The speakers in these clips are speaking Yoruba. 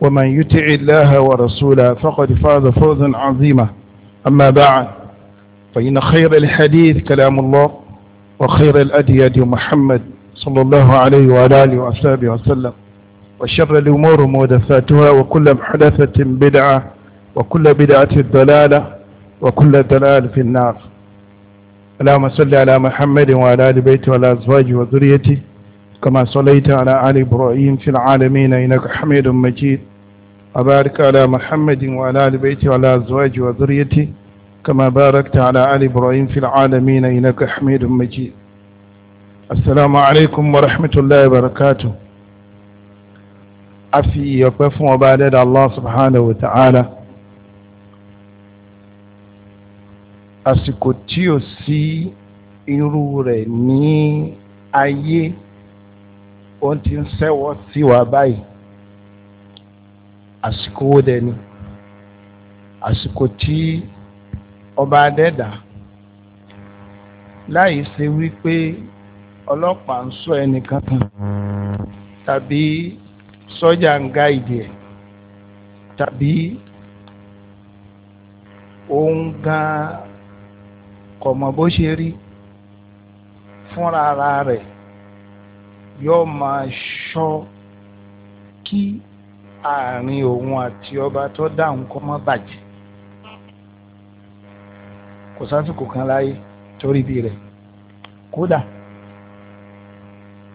ومن يطع الله ورسوله فقد فاز فوزا عظيما أما بعد فإن خير الحديث كلام الله وخير الأدي هدي محمد صلى الله عليه وعلى آله وصحبه وسلم وشر الأمور محدثاتها وكل محدثة بدعة وكل بدعة ضلالة وكل ضلال في النار اللهم صل على محمد وعلى آل بيته وعلى أزواجه وذريته كما صليت على آل إبراهيم في العالمين إنك حميد مجيد وبارك على محمد وعلى آل بيته وعلى أزواجه وذريته كما باركت على آل إبراهيم في العالمين إنك حميد مجيد السلام عليكم ورحمة الله وبركاته أفي يقف وبعد الله سبحانه وتعالى àsìkò tí ò sí irú rẹ̀ ní ayé ó ti ń ṣẹ́wọ́ sí wa báyìí àsìkò owó dẹni àsìkò tí ọba adẹ́dà láì ṣe wípé ọlọ́pàá ń sọ ẹnìkan kan tàbí sọ́jà ń ga ìdí ẹ̀ tàbí òun gan kò mọ̀ bó ṣe rí fúnra ara rẹ̀ yóò máa ṣọ́ kí àárín òun àti ọba tó dáhùn kó má bàjẹ́ kò sásìkò kan láyé torí bí rẹ̀ kódà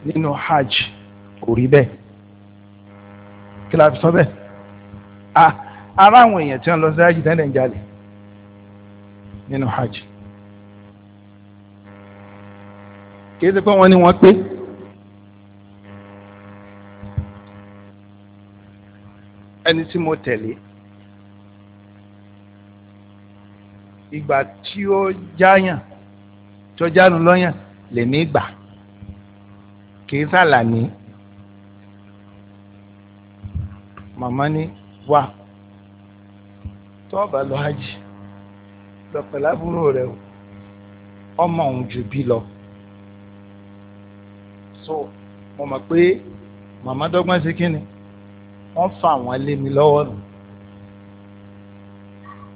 nínú hajj kò rí bẹ́ẹ̀ kí la fi sọ bẹ́ẹ̀ ah ara àwọn èèyàn tí wọ́n lọ sí hajj tẹ́lẹ̀ ń jalè nínú hajj kì í ṣe pé wọ́n ní wọ́n pé. ẹni tí mo tẹ̀lé ìgbà tí ó jáyàn tí ó jánu lọ́yàn lèmi gbà kìí sàlàní màmá ní wà tó bá lọ hajj lọ pẹ̀lú àbúrò rẹ̀ o ọmọ òun jù bí lọ so mo mọ̀ pé màmá dọ́gbọ́n sí kí ni wọ́n fà wọ́n lé mi lọ́wọ́ nù.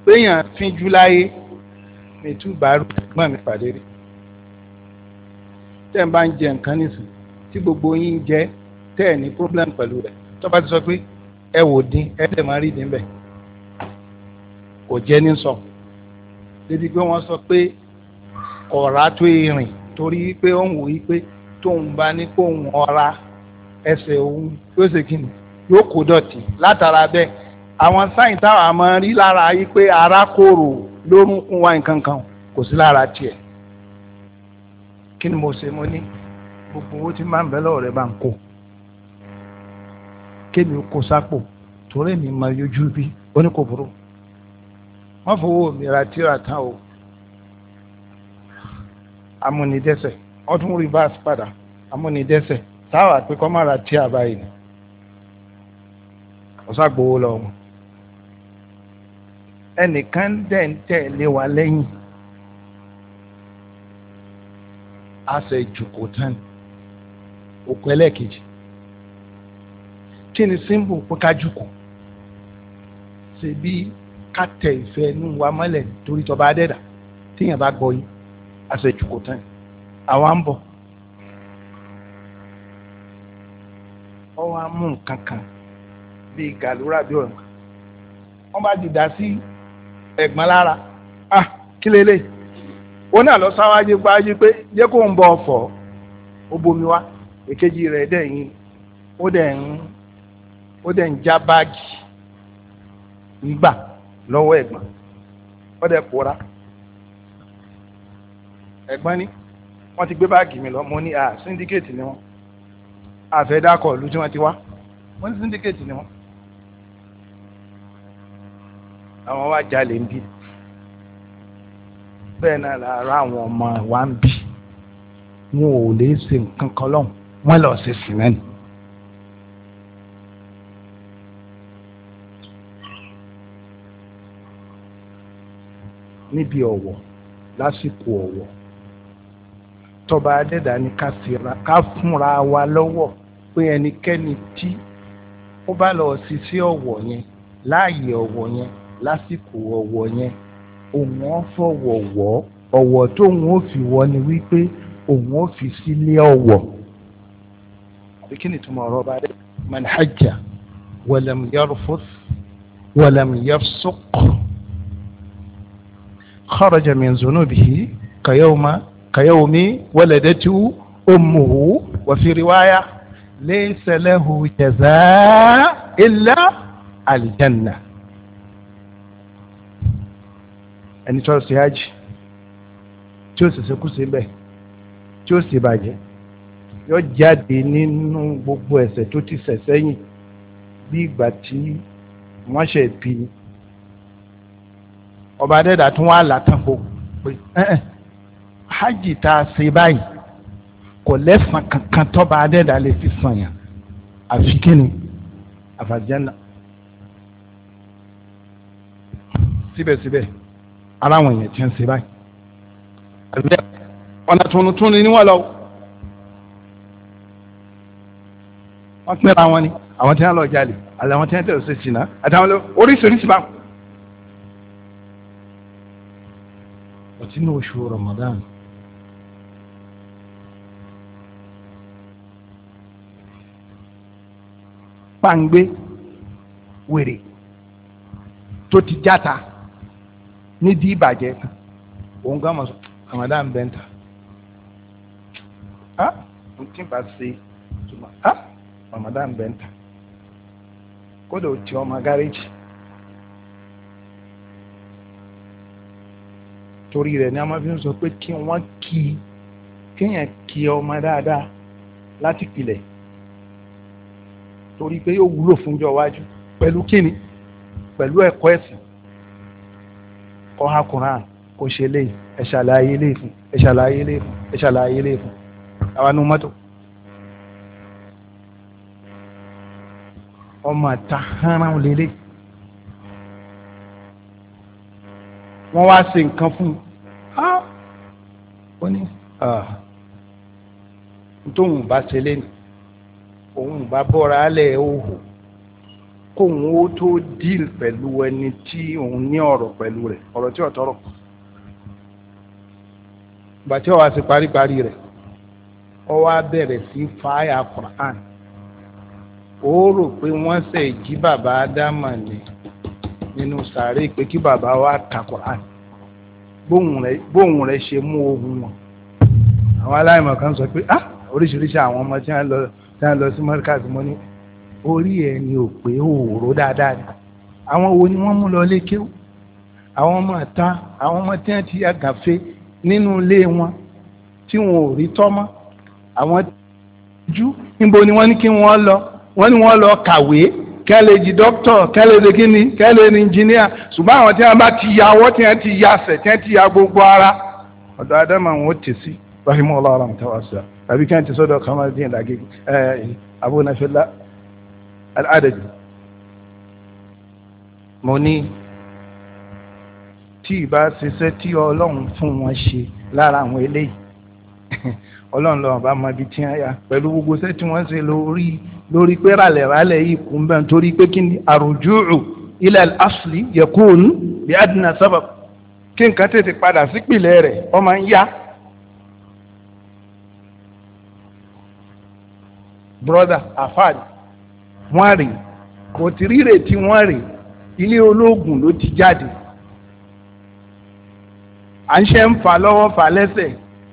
péyàn fínjú láyé mẹtú bàárù gbọ́n mi pàdé rí. tẹ́ ń bá ń jẹ nǹkan nísìn tí gbogbo yín ń jẹ tẹ́ ẹ̀ ní problem pẹ̀lú rẹ̀ tó bá ti sọ pé ẹ wò dín ẹ tẹ̀ máa rí dín bẹ̀ kò jẹ́ ní sọ. débi pé wọ́n sọ pé ọ̀rá tó irin torí pé ó ń wò yí pé tóun bá ní kóun ọ̀ra ẹsẹ̀ òun yóò ṣe kí ni yóò kó dọ̀tí látara bẹ́ẹ̀ àwọn sáyìn táwọn àmọ́ rí lára yìí pé ara kòrò lórúnkún wa nǹkan kan kò sí lára tiẹ̀ kí ni mo ṣe mo ní gbogbo owó tí máa ń bẹ lọ́wọ́ rẹ̀ bá ń kó kémi kó sápò torí mi máa yọjú bí oníkòbúrò wọ́n fowó mi ra tán o amúnidẹ́sẹ̀ ọdún rivers padà amúnidẹ́sẹ̀ táwa pé máa ra tíra báyìí ọ̀sàgbowó lọ wọn ẹnìkan dẹ̀ ń tẹ̀lé wa lẹ́yìn àṣẹ ìjòkó tán òkú ẹlẹ́ẹ̀kejì kí ni símbù pé ká jùkú ṣe bí ká tẹ ìfẹ́ inú wa mọ́lẹ̀ torí tọba adẹ́dà téèyàn bá gbọ́ yín àṣẹ ìjòkó tán àwa ń bọ̀ ọ wa mú nǹkan kan. kan bíi gàlúrà bíi ọ̀rùn wọ́n bá dìdá sí ẹ̀gbọ́n lára ah kí lélẹ̀ wọn náà lọ sáwájú páájú pé jẹ́ kó ń bọ ọ̀fọ̀ ó bomi wá èkejì rẹ̀ dẹ̀ yín ó dẹ̀ ń ó dẹ̀ ń já báàgì gbà lọ́wọ́ ẹ̀gbọ́n ó dẹ̀ pòórá ẹ̀gbọ́n ni wọ́n ti gbé báàgì mi lọ mo ní à síndíkèètì ni wọ́n àfẹ́dákọ̀ ìlú tí wọ́n ti wá wọ́n ní síndíkèètì ni wọ́n àwọn wá jalè ń bí bẹ́ẹ̀ náà lára àwọn ọmọ wa ń bí wọn ò lè ṣe nǹkan kan lọ́hùn wọ́n lọ ṣe sìn náà ni. níbi ọ̀wọ̀ lásìkò ọ̀wọ̀ tọba adẹ́dà ni ká fira ká fúnra wa lọ́wọ́ pé ẹnikẹ́ni tí ó bá lọ sí sí ọ̀wọ̀ yẹn láàyè ọ̀wọ̀ yẹn lásìkò ọ̀wọ̀ yẹn òun ó fọ̀wọ̀ wọ̀ ọ̀wọ̀ tóun ó fi wọ̀ ni wípé òun ó fi sílé ọ̀wọ̀. kí ni túmọ̀ ọ̀rọ̀ bá dé. man hajja walam yarfuth walam yafsuq kharaja min zunubihi kayawma kayawmi waladatu ummuhu wa fi riwaya ẹni tó ṣe hajj tí ó sì sekú sí bẹ́ẹ̀ tí ó sì bàjẹ́ yóò jáde nínú gbogbo ẹ̀ṣẹ̀ tó ti ṣẹ̀ sẹ́yìn bí ìgbà tí wọ́n ṣe bí ni ọba adẹ́dà tún wá látàn kó pé hajj tá a ṣe báyìí kò lẹ́sàn kankan tọ́ba adẹ́dà lè fi sàn àfi kí ni àfàjẹ́ náà síbẹ̀síbẹ̀ aláwọn èèyàn ti ń ṣe báyìí àbíbẹ́ ọ̀nà tuntun ni wọ́n lọ wọ́n pẹ́ra wọn ni àwọn tí wọ́n lọ jalè àti àwọn tí wọ́n tẹ̀lé ṣèṣì náà àtàwọn oríṣiríṣi báwọn. ọtí ní oṣù Ramadan pàǹgbé wèrè tó ti játa ní di ìbàjẹ́ kan òun gan mọ̀ sọ àmàdá ń bẹ́ ń ta ah òun tí ń bá ṣe tuma ah àmàdá ń kódà ó ọmọ gáréjì torí rẹ̀ ni a máa fi ń sọ pé kí wọ́n kí kéèyàn kí ọmọ dáadáa láti pilẹ̀ torí pé yóò wúlò fúnjọ́ iwájú pẹ̀lú kíni pẹ̀lú ẹ̀kọ́ ẹ̀sìn kó há Quran kó ṣe lè ẹ ṣàlàyé lè fún ẹ ṣàlàyé lè fún ẹ ṣàlàyé lè fún àwa nu mọ́tò. ọmọ ta hánà lélẹ̀ wọ́n wá ṣe nǹkan fún un tóun bá ṣe lé òun bá bọ́ra lẹ̀ òhò kóun ó tó díìl pẹ̀lú ẹni tí òun ní ọ̀rọ̀ pẹ̀lú rẹ̀ ọ̀rọ̀ tí ọ̀tọ́rọ̀ bàtí ọ̀wá sí paríparí rẹ̀ ọwọ́ abẹ̀rẹ̀ sí fáyà Quran ó rò pé wọ́n ṣe jí bàbá Ádámà ni nínú sàárè pé kí bàbá wa ka Quran bóun rẹ̀ ṣe mú ohun wọn àwọn aláìmọ̀ kan sọ pé ah oríṣiríṣi àwọn ọmọ tí wọ́n lọ sí mọ́ríkà tí mo ní orí ẹ̀ ni ò pé òòró dáadáa ni àwọn wo ni wọ́n mú lọ lé kéwù àwọn ọmọ àta àwọn ọmọ tí wọ́n ti àgàfe nínú ilé wọn tí wọn ò rí tọ́mọ́ àwọn jú níbo ni wọ́n ní kí wọ́n lọ wọ́n ní wọ́n lọ kàwé kẹ́lẹ́jì dókítọ̀ kẹ́lẹ́jì kíni kẹ́lẹ́jì ẹnjìníà ṣùgbọ́n àwọn tí wọ́n bá ti ya ọwọ́ tí wọ́n ti ya ẹsẹ̀ tí wọ́n ti ya gbogbo ara ọ̀dọ̀ adama wọn ó tẹ̀sí rahimu ọlọ́run tàwọn àṣà àbí kí wọ́n ti sọ́dọ̀ kàmáàdín ìdàgé ẹ̀ eh, abúnáfẹ́lá aládàjì mo ní tí ìbá ṣiṣẹ́ tí ọlọ́run fún wọn ṣe lára àwọn eléyìí ọlọ́run lọ́wọ́ bá mọ ibi tí wọ́n yà pẹ̀lú gbogbo iṣẹ́ tí wọ́n ṣe lórí lórí pé ràlẹ̀ràlẹ̀ yìí kún bẹ́ẹ̀ nítorí pé kí ni àròjúrò ilẹ̀ asli yẹ̀kún bí adìnnà sábà kí nǹkan tètè padà sípìlẹ̀ rẹ̀ ó máa ń yá. brother afáàdì wọ́n rè kò tí rírè tí wọ́n rè ilé ológun ló ti jáde à ń ṣe ń fà lọ́wọ́ fà lẹ́sẹ̀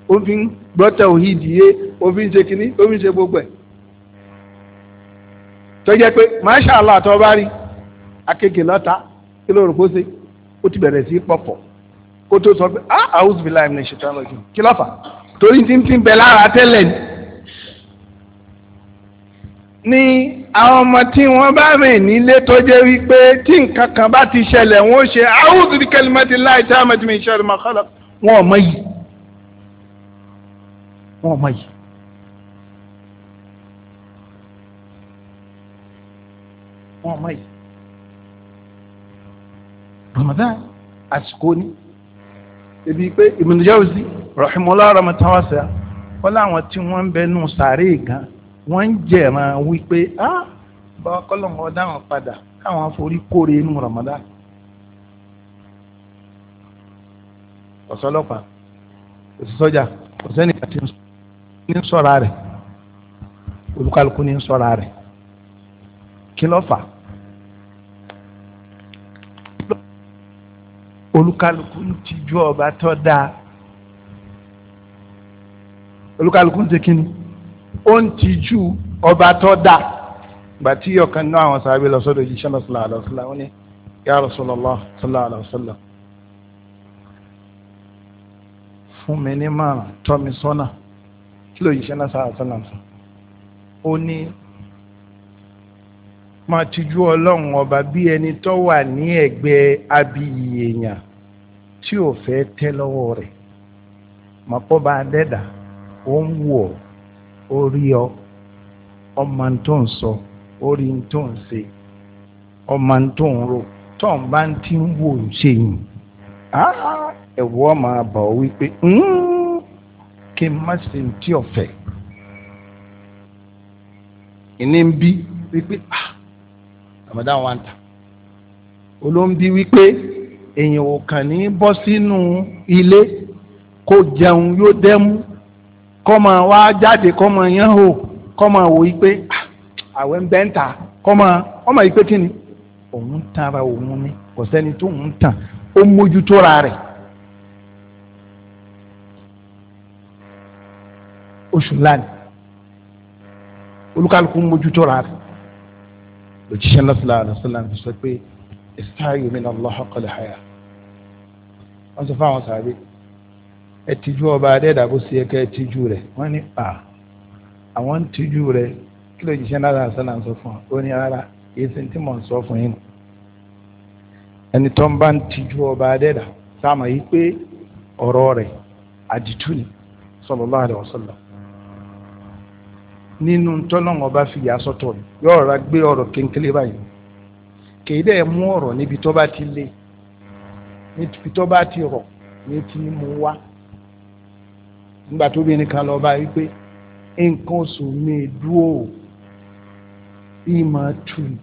ó fi ń gbọ́tẹ̀ òhìdìyé ó fi ń ṣe kínní ó fi ń ṣe gbogbo ẹ̀ tó jẹ́ pé masha Allah tó bá rí akéèké lọ́ta kí ló rò kó ṣe ó ti bẹ̀rẹ̀ sí pọ̀pọ̀ kó tó sọ pé ah àwùjọ bíi láì ní ṣètò àlọ́jù kí ló fà torí tí ń fi bẹ lára tẹ́lẹ̀ ni ni àwọn ọmọ tí wọ́n bá rìn nílé tó jẹ́ wípé tí nǹkan kan bá ti ṣẹlẹ̀ wọ́n ṣe a'udhu bi kalimati llahi tammati min sharri ma khalaq wọn ọmọ yìí wọn ọmọ yìí. wọn ọmọ yìí. Ramadan àsìkò ni ebi pé Ibn Jawzi rahimahullah rahmatan wasi'a wọn láwọn tí wọ́n ń bẹnu sàárè gan-an wọ́n ń jẹ̀ràn wípé báwa kọ́lọ́mọ dáhùn padà káwọn forí kóre inú Ramadan ọ̀sọ́lọ́pàá òṣìṣọ́jà òṣìṣẹ́nìkan ti ń sọ́ra rẹ̀ olúkálukú ní ń sọ́ra rẹ̀ kí ló fà olúkálukú ti ju ọba tó dáa olúkálukú ń ṣe kínni ó ń tijú ọba tó dà gbà tí ọ̀kan náà àwọn sàbẹ̀ lọ sọ́dọ̀ yìí sọ́dọ̀ sọ́dọ̀ àlọ́ sọ́dọ̀ ó ní ya Rasulullah sọ́dọ̀ àlọ́ sọ́dọ̀ fún mi ní márùn tọ́ mi sọ́nà kí ló yìí sọ́dọ̀ sọ́dọ̀ sọ́dọ̀ sọ́dọ̀ ó ní máa tijú ọlọ́run ọba bí ẹni tó wà ní ẹ̀gbẹ́ abiyì tí ò fẹ́ tẹ́ lọ́wọ́ rẹ̀ mọ̀pọ́ bá dẹ́dà ó ń wù orí ọ ọmọ tó ń sọ ó rí tó ń ṣe ọmọ tó ń rò tó ń bá ti ń wò ṣe yìí ẹ̀wọ́ máa bà ọ́ wípé kí n má ṣe tí ọ̀fẹ́ ìní ń bí wípé àmọ́dá wọn ta olóńbí wípé èèyàn ò kàn ní bọ́ sínú ilé kó jẹun yóò dẹ́mu kọ́mọ wá jáde kọ́mọ yẹn hò kọ́mọ wò yí pé ah, àwẹ̀ ń bẹ́ ń ta kọ́mọ ọmọ yí pé kí ni òun tàn ara òun ni kò sẹ́ni tó ń tàn ó mójútó ra rẹ̀. oṣù lánàá olúkálùkù ń mójútó ra rẹ̀ lójúṣẹ́ lọ́sọ̀lá àlọ́sọ̀lá ń sọ pé ìsáyọ̀ náà lọ́hàkọ́lẹ̀ háyà wọ́n sọ fún àwọn sàbẹ̀ ẹ tijú ọba adẹ́dà bó ṣe yẹ kẹ́ ẹ tijú rẹ̀ wọ́n ní à àwọn ń tijú rẹ̀ kí ló jíṣẹ́ náírà sọ́nà ń sọ fún ọ ó ní rárá èyí sì ń tí mò ń sọ fún yín ẹni tó ń bá ń tijú ọba adẹ́dà sáàmà yìí pé ọ̀rọ̀ rẹ̀ àdìtú ni sallallahu alaihi wasallam nínú tọ́lọ́mọ bá fi yà sọ́tọ̀ ni yóò rà gbé ọ̀rọ̀ kéńkéré báyìí kì mú ọ̀rọ̀ níbi tó bá ti lé níbi tó bá ti rọ̀ ní ti mú wá nígbà tó bìnrin kan lọ bá rí pé nǹkan oṣù mi dúró ìmọ̀ tù ní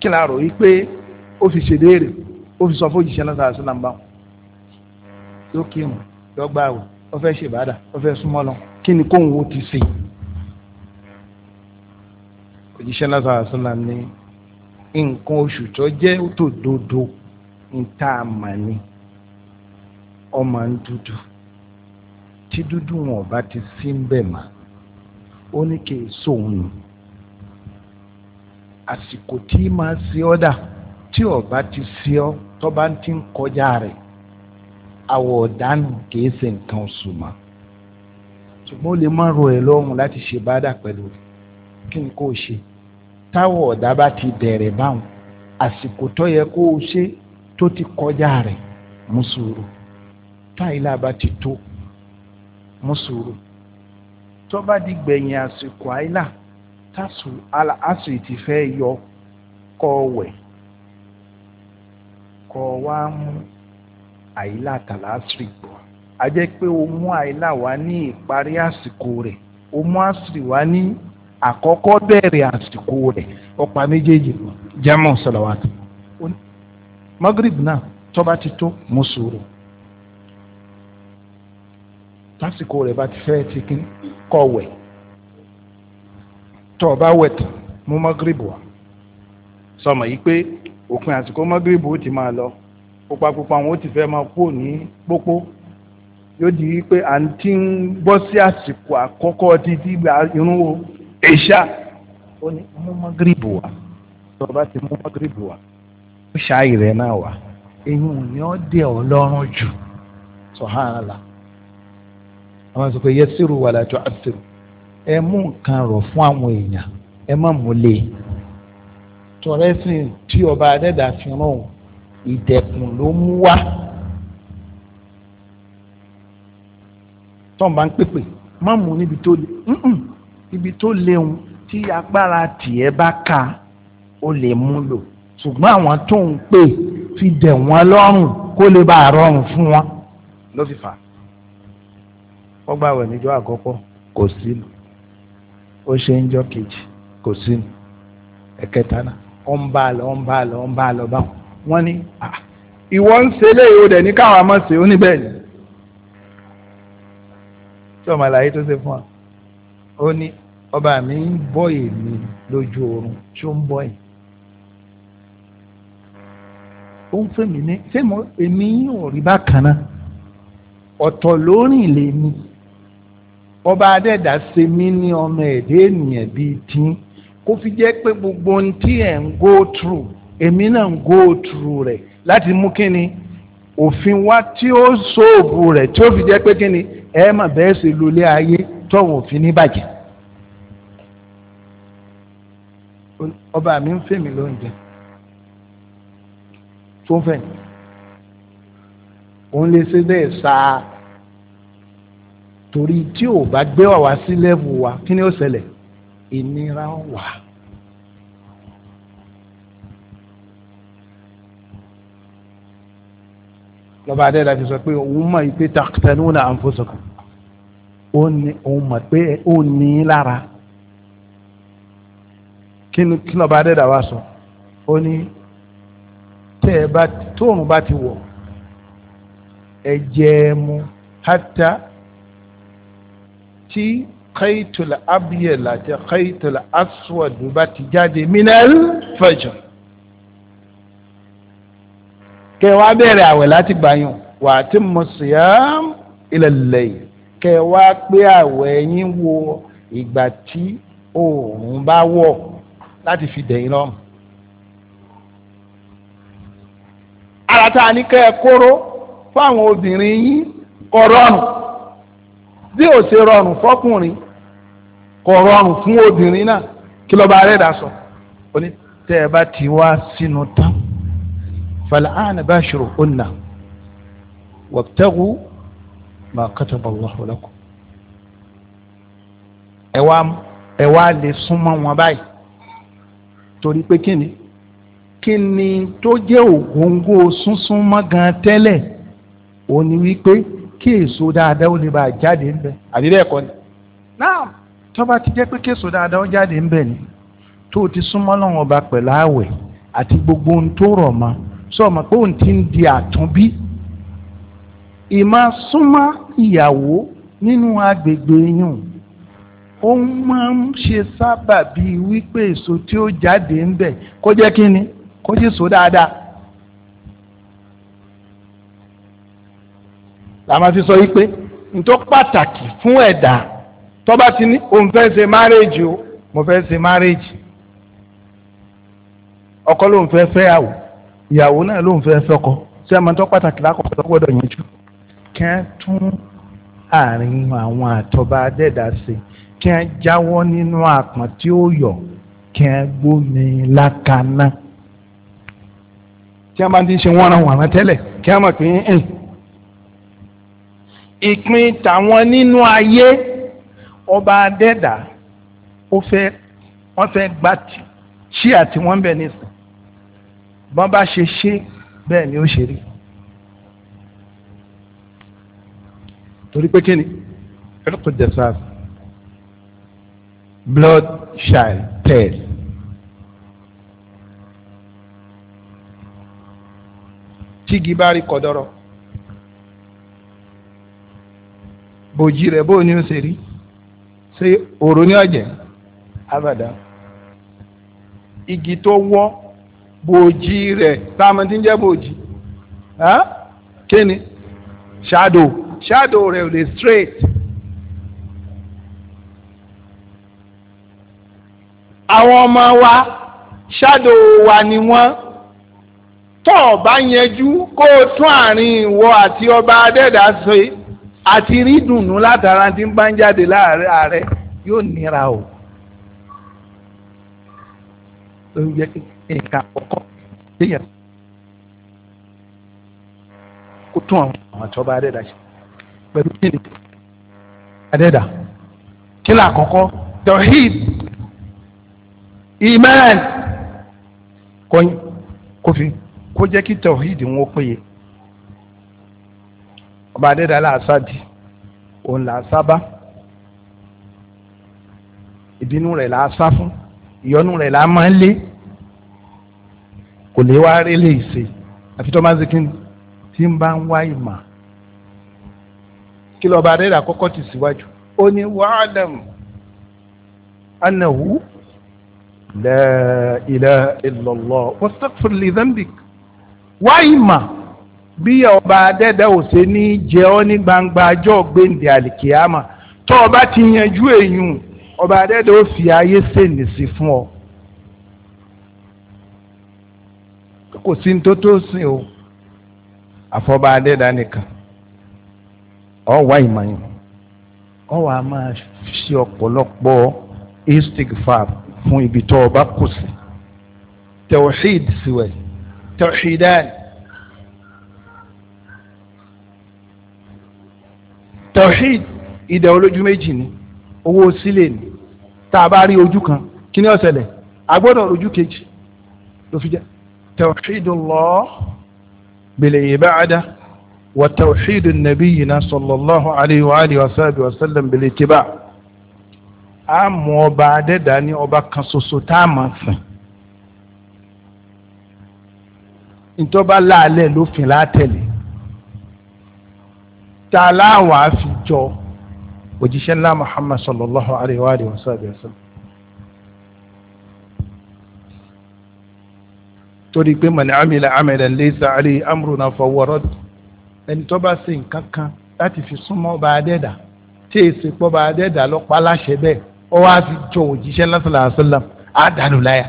kí la rò yí pé ó fi ṣèdéèrè ó fi sọ fún òjìṣẹ́ lọ́sàá sílám báwọn lókè ìmọ̀ lọ́gbà àwọ̀ ó fẹ́ ṣèbádà ó fẹ́ súnmọ́ lọ kí ni kóhùn ó ti ṣe òjìṣẹ́ lọ́sàá sílám ní nǹkan oṣù tó jẹ́ tòdodo ń tá a mà ní ọmọ ń dúdú tí dúdú wọn ọba ti sí ń bẹ̀ mà ó ní kí èso òun nù àsìkò tí máa ṣe ọ́ dà tí ọba ti ṣe ọ́ tọ́ba ti ń kọjá rẹ̀ àwọ̀ ọ̀dánù kìí ṣe nǹkan oṣù mọ́ ṣùgbọ́n ó lè má ro ẹ̀ lọ́rùn láti ṣe bádà pẹ̀lú rẹ̀ kí ni kò ṣe táwọ̀ ọ̀dá bá ti bẹ̀rẹ̀ báwọn àsìkò tó yẹ kó o ṣe tó ti kọjá rẹ̀ mú sùúrù táìlà bá ti tó mú sùúrù tó bá di gbẹ̀yìn àsìkò àìlà tásù àsìrì ti fẹ́ yọ kọ́ wẹ̀ kọ́ wá mú àìlà tàlásìrì gbọ́ a jẹ́ pé o mú àìlà wá ní ìparí àsìkò rẹ̀ o mú àsìrì wá ní àkọ́kọ́ bẹ̀rẹ̀ àsìkò rẹ̀ ọ̀pá méjèèjì lọ jámọ̀ sọ̀làwàtì magrib náà tó bá ti tó mú lásìkò rẹ̀ bá ti fẹ́ ti kí kọ́ wẹ̀ tọ́ ọ bá wẹ̀ tán mú mọ́gírìbù wá sọmọ yìí pé òpin àsìkò mọ́gírìbù ó ti máa lọ pupapupa wọn ó ti fẹ́ máa kú ní pópó yóò di wípé à ń tí ń bọ́ sí àsìkò àkọ́kọ́ títí gba irun o èṣà ó ní mú mọ́gírìbù wá tọ́ ọ bá ti mú mọ́gírìbù wá ó ṣáà ìrẹ́ náà wá eyín ò ní ọ́ dẹ̀ ọ́ lọ́rùn jù sọ̀hánà là àwọn sọ pé yẹsìrù wàlà tó àṣìrù ẹ mú nǹkan rọ̀ fún àwọn èèyàn ẹ má mú lé tọrẹ sìn tí ọba adẹ́dà fi ràn ọ́ ìdẹ̀kùn ló mú wá tọ́n bá ń pèpè má mú níbi tó le ibi tó léwu tí agbára tìẹ bá ka ó lè mú lò ṣùgbọ́n àwọn tó ń pè fi dẹ̀ wọ́n lọ́rùn kó lè bá a rọrùn fún wọn ló fi fà á ó gbàwẹ̀ níjọ́ àkọ́kọ́ kò sínú ó ṣe ń jọ́ kejì kò sínú ẹ̀kẹta náà ó ń bá a lọ ó ń bá a lọ ó ń bá lọ báwọn wọ́n ní ìwọ ń ṣe léyìí ó dẹ̀ ní káwọn àmọ́ ṣe ó ní bẹ́ẹ̀ ni tí ọmọ àlàyé tó ṣe fún wa ó ní ọba mi ń bọ́ èmi lójú oorun tí ó ń bọ́ ẹ̀ ó ń fẹ́ ní ṣé èmi yóò rí bákan náà ọ̀tọ̀ lórí ilé mi ọba adẹ́dà ṣe mí ní ọmọ ẹ̀dẹ́ ènìyàn bíi tín kó fi jẹ́ pé gbogbo ohun tí ẹ̀ ń go through èmi náà ń go through rẹ̀ láti mú kíni òfin wá tí ó ṣòòbù rẹ̀ tí ó fi jẹ́ pé kíni ẹ mà bẹ́ẹ̀ ṣe lólé ayé tọ̀wọ̀n òfin ní bàjẹ́. ọba mi ń fèmí lóúnjẹ tó ń fẹ̀ òun lè ṣe bẹ́ẹ̀ sáà torí tí ò bá gbé wà wá sí lẹ́vù wa kí ni ó ṣẹlẹ̀ ìnira wà. lọ́ba adéla fi sọ pé òun mọ̀ pé taqtanuna anfusakum òun mọ̀ pé ó ní í lára kí lọ́ba adéla wa sọ ó ní tẹ́ ẹ bá tóun bá ti wọ̀ ẹ jẹ́ ẹ mu hátà tí kaitul abiyel àti kaitul aswad bá ti jáde minel fajr kẹwàá bẹ̀rẹ̀ àwẹ̀ láti gbàyàn wà á ti mọ̀ síyàm ilẹ̀lẹ̀ kẹwàá pé àwẹ̀ yín wo ìgbà tí oòrùn bá wọ̀ láti fi dẹ̀yìn lọ́mù. ara tá kẹ́ ẹ kóró fún obìnrin yín kọ́ rọrùn bí ò ṣe rọrùn fọkùnrin kò rọrùn fún obìnrin náà kí lọ́ba rẹ̀ dà sọ. ó ní tẹ́ ẹ bá ti wá sínú tán fal'ana bashiruhunna wabtaghu ma kataba Allahu lakum. ẹ wá ẹ wá lè súnmọ́ wọn báyìí torí pé kí ni kí ni tó jẹ́ ògóńgó súnsún gan tẹ́lẹ̀ ó wípé kí èso dáadáa ó lè bá jáde ńbẹ àdídẹ́ ẹ̀kọ́ ni. náà tó bá ti jẹ́ pé kí èso dáadáa ó jáde ńbẹ ni tó o ti súnmọ́ lọ́wọ́ ọba pẹ̀lú àwẹ̀ àti gbogbo ohun tó rọ̀ mọ́ sọ̀mọ́ pé òun ti ń di àtúnbí. ìmọ̀ súnmọ́ ìyàwó nínú agbègbè yìí ó máa ń ṣe sábàbí wípé èso tí ó jáde ńbẹ kó jẹ́ kí ni kó jẹ́ èso dáadáa. làwọn fi sọ yìí pé ntọ́ pàtàkì fún ẹ̀dá tọ́ba ti ní òun fẹ́ ṣe márèèjì o mo fẹ́ ṣe márèèjì ọkọ ló ń fẹ́ fẹ́ àwò ìyàwó náà ló ń fẹ́ fẹ́kọ ṣé ẹ máa tọ́ pàtàkì lákọ̀ọ́ tó gbọ́dọ̀ yẹn jù kí wọ́n tún àárín àwọn àtọ́ba adẹ́dá ṣe kí wọ́n jáwọ́ nínú àpọ̀n tí ó yọ kí wọ́n gbómi lákaná kí wọ́n bá ti ṣe wọ́n ra tẹ́lẹ̀ kí wọ́n mọ̀ pé ń ìpín tàwọn nínú ayé ọba adẹ́dà ó fẹ́ wọ́n fẹ́ gba tí àti wọ́n bẹ̀ nísìn bọ́n bá ṣe ṣe bẹ́ẹ̀ ni ó ṣe rí torí pé kíni ẹ̀rọ̀kọ̀ jẹ̀sáàsì blood shall tell. tígi bá rí kọ̀dọ̀rọ̀ bòjì rẹ bóò ni ó ṣe rí ṣé òru ní ọ̀jẹ̀ abàdá igi tó wọ bòjì rẹ táwọn ti ń jẹ́ bòjì kíni shadow shadow rẹ̀ ò lè straight. àwọn ọmọ wa shadow wa ni wọ́n tọ́ ọ̀ bá yẹjú kó o tún àárín ìwọ àti ọba adẹ́dàá ṣe. àti rí dùnnú látara tí ń bá ń jáde láàárẹ̀ ààrẹ yóò nira o lórí jẹ́ kí nǹkan àkọ́kọ́ téèyàn kó tún àwọn àwọn àtọ́ba adẹ́dà ṣe pẹ̀lú kíni adẹ́dà kí àkọ́kọ́ tawhid iman kò jẹ́ kí tawhid wọn péye ọba adéda làásàdì òun làásábà ìbínú rẹ̀ làásá fún ìyọnu rẹ̀ làá máa ń lé kò lè wá rí lè ṣe àfi tó máa ń zikin tí ń bá ń wá ìmọ̀ kí lọ́ba adéda kọ́kọ́ ti síwájú ó ní wàhálàm anahu la ilaha illallah wastaghfir li dhanbik wá ìmọ̀ bí ọba adẹ́dẹ́ ò ṣe ní jẹ ọ́ ní gbangba ajọ́ gbèǹdé àlìkìyàmà tó ọba ti yanjú èyùn ọba adẹ́dẹ́ ó fi ayé sèǹdìsí fún ọ. kò sí ní tó tó sìn o àfọba adẹ́dá nìkan ọ wá ìmọ̀yàn ọ wàá máa ṣe ọ̀pọ̀lọpọ̀ istigfar fún ibi tó ọba kù sí tawhid siwẹ̀ tawhidan. tawhid ìdẹ̀ olójú méjì ni owó sílẹ̀ ni tá a bá rí ojú kan kí ni ó ṣẹlẹ̀ a gbọ́dọ̀ ojú kejì ló fi jẹ́ tawhidullah bil ibada wa tawhidun nabiyina sallallahu alayhi wa alihi wa sahbihi ta láwàá fi jọ òjíṣẹ́ ńlá muhammad sallallahu alayhi wa alihi wa sallam. torí pé mọ̀nà amílẹ̀ amílẹ̀ lẹ́sà àlẹ́ amúrúnà fọwọ́rọ́ ẹni tó bá ṣe nǹkan kan láti fi súnmọ́ bá a dẹ́dà tí èsì pọ́ bá a dẹ́dà lọ pa láṣẹ bẹ́ẹ̀ ọ wá fi jọ òjíṣẹ́ lásìlá àṣìlá àdánù láyà.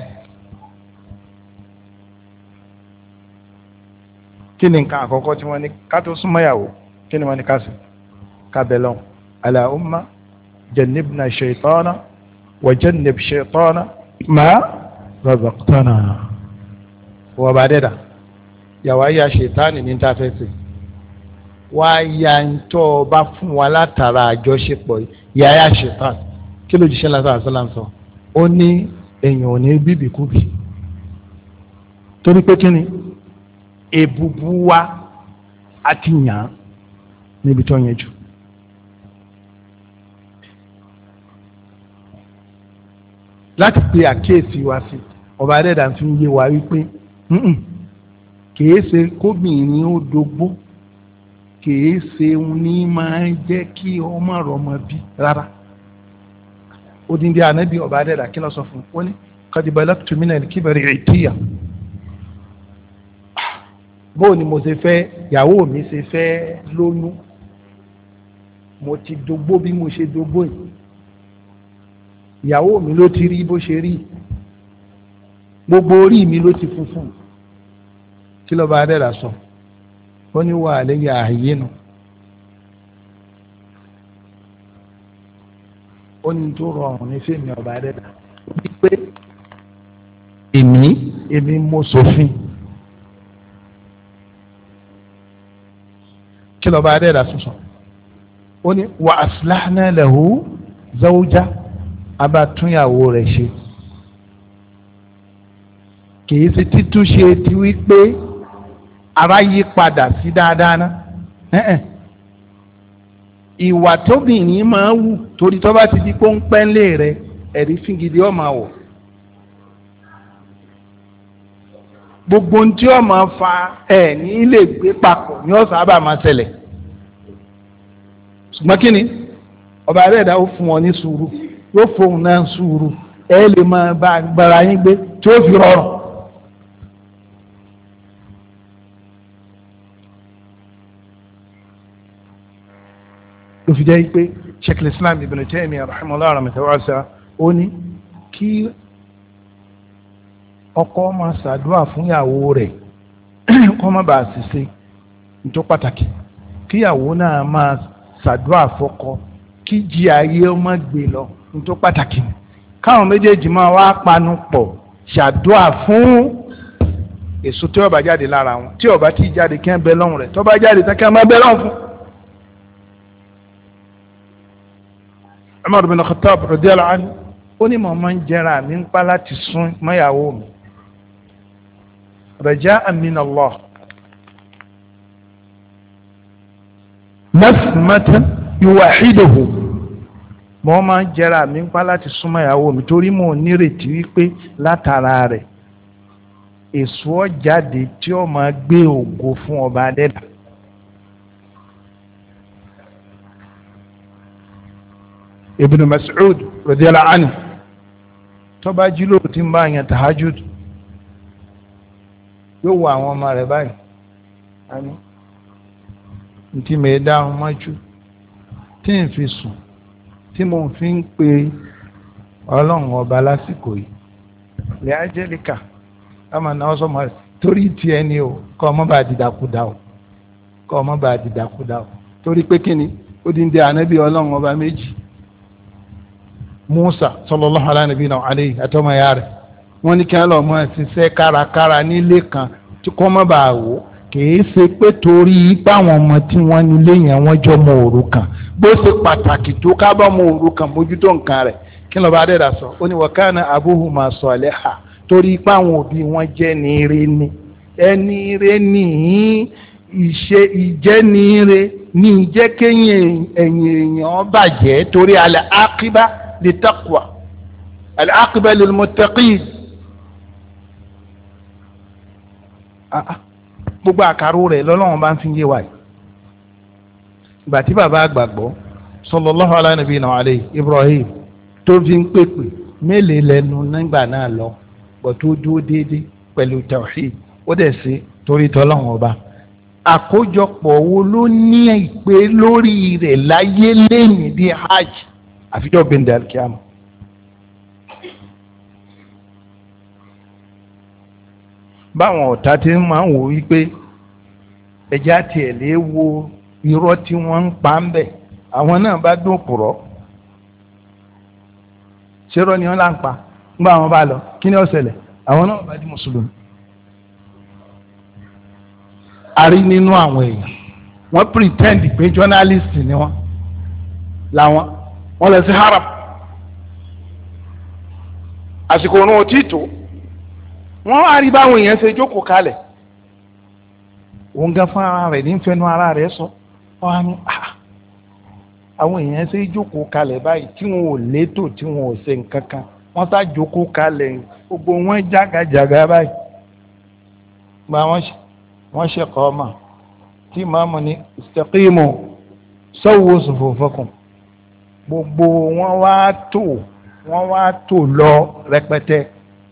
kí ni nǹkan àkọ́kọ́ tí wọ́n ní ká tó súnmọ́ yàwó kí ni wọ́n ní ká sọ kábẹ́lọ́n aláhùnmá jẹ̀nìbìnà ṣètọ́nà wọ̀jẹ̀nìbì ṣètọ́nà máa rọ̀bọ̀tọ́nà wọ́n bá dẹ́dà yàwá yà ṣètánì ní tàfẹ́sì wá yà ń tọ́ ọ bá fún wa látara àjọṣepọ̀ yà yà ṣètánì kí ló jíṣẹ́ lásán àṣọ láǹsọ̀ ó ní èèyàn ò ní bíbìkúbì torí pé kí ni èbùbù wa a yàn án níbi tó yẹn jù. láti pe àkíyèsí wa sí ọba adẹ́dà fi ń yé wa wípé kìí ṣe kóbìnrin ó dogbó kìí ṣe ní máa ń jẹ́ kí ọmọ rọmọ bí rárá odindi anabi ọba adẹ́dà kí ló sọ fún un ó ní kadìbọ̀lá tùmínà ìtìyà bóò ni mo ṣe fẹ́ yàwó mi ṣe fẹ́ lóyún mo ti dogbó bí mo ṣe dogbó yìí ìyàwó mi ló ti rí bó ṣe rí gbogbo orí mi ló ti funfun kí ló bá dẹ́ra sọ ó ní wà lẹ́yìn ààyè nu ó ní tó rọrùn ní fèmí ọba dẹ́ra wípé èmi èmi mo ṣòfin kí ló bá dẹ́ra sọ ó ní wà aslahna lahu zawja abatúnyàwó rẹ̀ ṣe kìí ṣe títúnṣe ti wípé ara yí padà sí dáadáa ná ìwà tóbìnrin máa wù torí tó bá ti di pọ́ńpẹ́ńlé rẹ̀ ẹ̀rí fíngidi ọ̀ máa wọ̀ gbogbo ohun tí ọ̀ máa fa ẹ̀ ní lè gbé papọ̀ ní ọ̀sán àbá máa ṣẹlẹ̀. ṣùgbọ́n ni ọba rẹ̀ dá fún wọn ní sùúrù yóò fóun náà sùúrù ẹ lè máa yín gbé tí ó fi rọrùn. fi pé sheikh islam ibn Taymiyyah rahimahullah rahmatawasa ó ní kí ọkọ máa ṣàdúrà fún ìyàwó rẹ̀ kó má a ṣiṣẹ́ nítorí pàtàkì kíyàwó náà máa ṣàdúrà fọ́kọ kí jí ayé ọmọ gbé lọ ní tó pàtàkì ni káwọn méjèèjì máa wá panu pọ̀ ṣàdúrà fún èso tí ó bá jáde lára wọn tí ó bá ti jáde kí ẹ bẹ lọ́hùn rẹ̀ tó bá jáde tán kí ẹ máa bẹ lọ́hùn fún. Umar bin Khattab radiyallahu anhu ó ní mo máa ń jẹra mi ń pa láti sún mọ́yàwó mi raja'a min Allah mẹ́sìmẹ́tẹ́ ìwà ìdòwò mo máa ń jẹra mi pa láti súnmọ́ ìyàwó mi torí mo nírètí wípé látara rẹ̀ èso ọ̀jáde tí ó máa gbé ògo fún ọba adẹ́dà. Ibn Mas'ud radiyallahu anhu tọ́ba jí lóòótọ́ tí ń bá yẹn tahajjud yóò wọ àwọn ọmọ rẹ̀ báyìí. ntí mi dá ọ mọ́jú tí n fi sùn tí mo fi ń pe ọlọ́run ọba lásìkò yìí lè ájẹ́líkà ọmọ náà sọmọ rẹ torí ti ẹni o kọ́ ọmọ bá dìdàkudà o kọ́ ọmọ bá dìdàkudà o torí pé kíni ó di ń ọlọ́run ọba méjì Musa sallallahu alaihi nabi náà alẹ́ ya wọ́n ní kí wọ́n lọ́ọ́ mọ́ ẹ kan tí kọ́ ọmọ kìí ṣe pé torí báwọn ọmọ tí wọ́n nílé yẹn wọ́n jọ mọ òrukàn bó ṣe pàtàkì tó ká bá mọ òrukàn mójútó nǹkan rẹ̀ kí lọ́ba adẹ́dà sọ ó ní wọ́kánà abúhùmá sọ̀lẹ́hà torí báwọn òbí wọn jẹ́ ní ire ni ẹni ire ní ìṣe ìjẹ́ ní ire ní ìjẹ́ kéyìn ẹ̀yìn èèyàn bàjẹ́ torí alẹ́ akíbá lè taqwa alẹ́ akíbá lil muttaqin. Ah, ah gbogbo àkàrò rẹ̀ lọ́lọ́run bá ń fi yé wa yìí ìgbà tí bàbá àgbàgbọ́ sallallahu ala nabiyina wa alayhi Ibrahim tó fi ń pèpè mélèé lẹ́nu nígbà náà lọ bọ̀ tó dúró déédéé pẹ̀lú tawhid ó dẹ̀ sí torí tọ́lọ́run ọba àkójọpọ̀ wo ló ní ìpè lórí rẹ̀ láyé lẹ́yìn bíi hajj àfijọ́ bíi ndàlkíámù báwọn ọ̀tá ti máa ń wò wípé ẹja tiẹ̀ lè wo irọ́ tí wọ́n ń pa ń bẹ̀ àwọn náà bá dún òpùrọ́ ṣerọ́ ni wọ́n là ń pa nígbà wọn bá lọ kí ni ó àwọn náà bá di mùsùlùmí. a rí nínú àwọn èèyàn wọ́n pretend pé journalist ni wọ́n làwọn wọ́n lọ sí harap àsìkò òun ò tí tó wọ́n wá rí báwọn èèyàn ṣe jókòó kalẹ̀ òun gan fún ara rẹ̀ ní fẹnu ara rẹ̀ sọ wọn ah, ah. àwọn èèyàn ṣe jókòó kalẹ̀ báyìí tí wọn ò létò tí wọn ò ṣe nǹkan kan wọ́n sá jókòó kalẹ̀ gbogbo wọn jágajàga báyìí gba wọ́n ṣe kọ́ ọ́mà tí màmú ni istaqimu sawwu sufufakum gbogbo wọn wá tò wọn wá tò lọ rẹpẹtẹ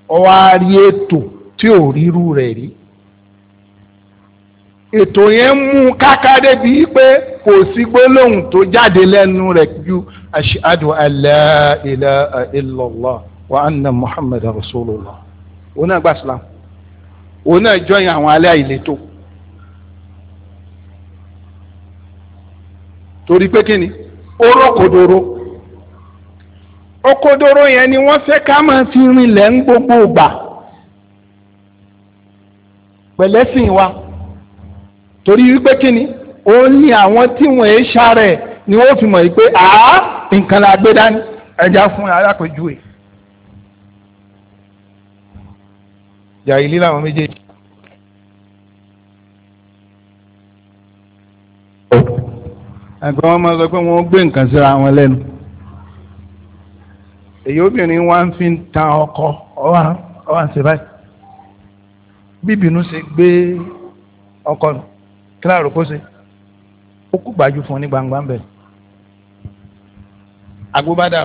ó wá rí ètò tí ò ríru rẹ̀ rí ètò yẹn mú káká débi pé kò sí gbólóhùn tó jáde lẹ́nu rẹ̀ ju ashhadu an la ilaha illallah wa anna muhammad rasulullah òun náà gba islam òun náà jọyìn àwọn aláìlétò torí pé kí ni ó rọ́kòdòrò. Okodoro yẹn ni wọ́n fẹ́ ká máa fi rinlẹ̀ ń gbogbo ìgbà pẹ̀lẹ́sìn wa torí wípé kíni ó ní àwọn tí wọ́n ẹ̀ ṣàrẹ̀ ni wọ́n fi mọ̀ yìí pé àá nǹkan la gbé dání ẹja fún alápèjúwe. jàìlí làwọn méjèèjì. ẹ̀gbọ́n wọn máa sọ pé wọ́n gbé nǹkan síra wọn lẹ́nu èyí obìnrin wa ń fi ta ọkọ ọwà ọwà ń ṣe báyìí bíbínú ṣe gbé ọkọ nù kíláàrò kó ṣe ó kú gbájú fún ní gbangba ń bẹ agbóbádà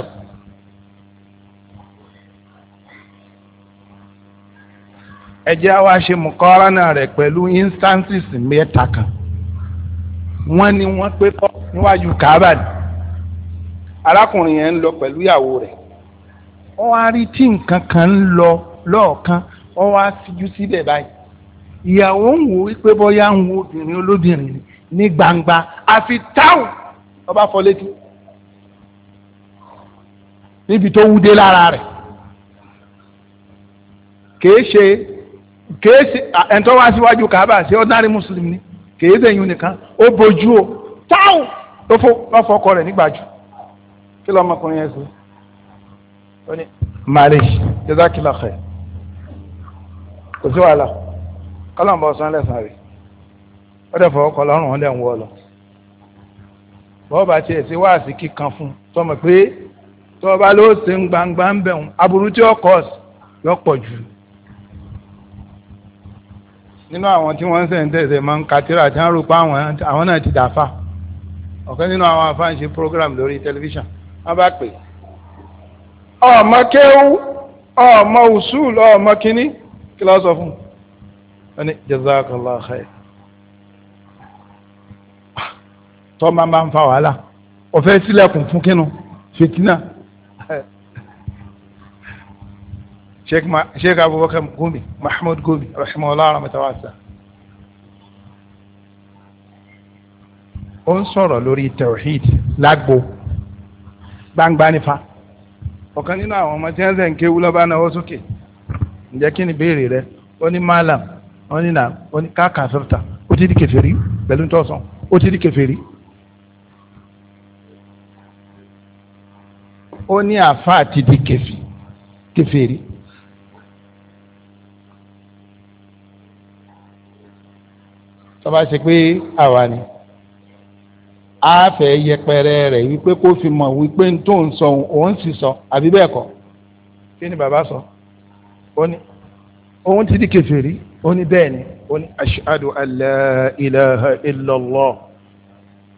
ẹ jẹ́ wá ṣe mùkọ́ránà rẹ̀ pẹ̀lú instances mẹ́ta kan wọ́n ní wọ́n pé kọ́ níwájú kábàdì arákùnrin yẹn ń lọ pẹ̀lú ìyàwó rẹ̀ ọ wá rí tí nǹkan kan ń lọ lọ́ọ̀kan ọ wá fijú síbẹ̀ báyìí ìyàwó ń wò wípé bọ́yá ń wo obìnrin olóbìnrin ní gbangba àfi táwọn ọba fọ létí níbi tó wú lára rẹ̀ kìí ṣe kìí ṣe ẹni wá síwájú kàábà ṣe ordinary muslim ni kìí ṣe nìkan ó bojú o táwọn ló rẹ̀ nígbàjú kí lọ́mọkùnrin yẹn sọ ó ní marriage jẹ́sàkìlọ̀ ọ̀fẹ́ kò sí wàhálà kọ́lọ́mbọ̀ sàn lẹ́sàn rẹ̀ ó dẹ̀ fọwọ́ kọ́ lọ́rùn ọ̀lẹ́ ń wọ́ lọ bọ́ọ̀ bá tiẹ̀ sí wáàsí kíkan fún tọmọ pé tọ́ ọba ló ṣe ń gbangba ń bẹ̀rùn aburú tí ó kọ́ yọ pọ̀ jù nínú àwọn tí wọ́n ń sẹ̀ǹtẹ̀sẹ̀ máa ń katira tí wọ́n rò pé àwọn náà ti dàáfà ọ̀kan nínú àwọn afáǹṣe program lórí tẹlifíṣàn wọ́n bá pè é ọmọ kéwú ọmọ usul ọmọ kíní kí ló sọ fún un ní jazakallah khair ah, tọ́ máa máa ń fa wàhálà ọ̀fẹ́ sílẹ̀kùn fún kínú fìtínà sheikh abubakar gumi mahmud gumi rahimahullah rahmatawasa ó ń sọ̀rọ̀ lórí tawhid lágbo gbangba nífa ọ̀kan nínú àwọn ọmọ tí wọ́n sẹ̀ ń ké wúlọ́ bá náwó sókè ǹjẹ́ kí ni béèrè rẹ ó ní malam ó ní na, ó ní káàkà sọ́tà ó ti di pẹ̀lú tọ́sán ó ti di ó ní àfa àti di ṣe pé àwa ni. a fẹ́ yẹpẹrẹ rẹ̀ wípé kó fi mọ̀ wípé n tó ń sọ òun sì sọ àbí bẹ́ẹ̀ kọ́ kí ni bàbá sọ ó ní òun ti di kèfèrí ó ní bẹ́ẹ̀ ni ó ní ashhadu an la ilaha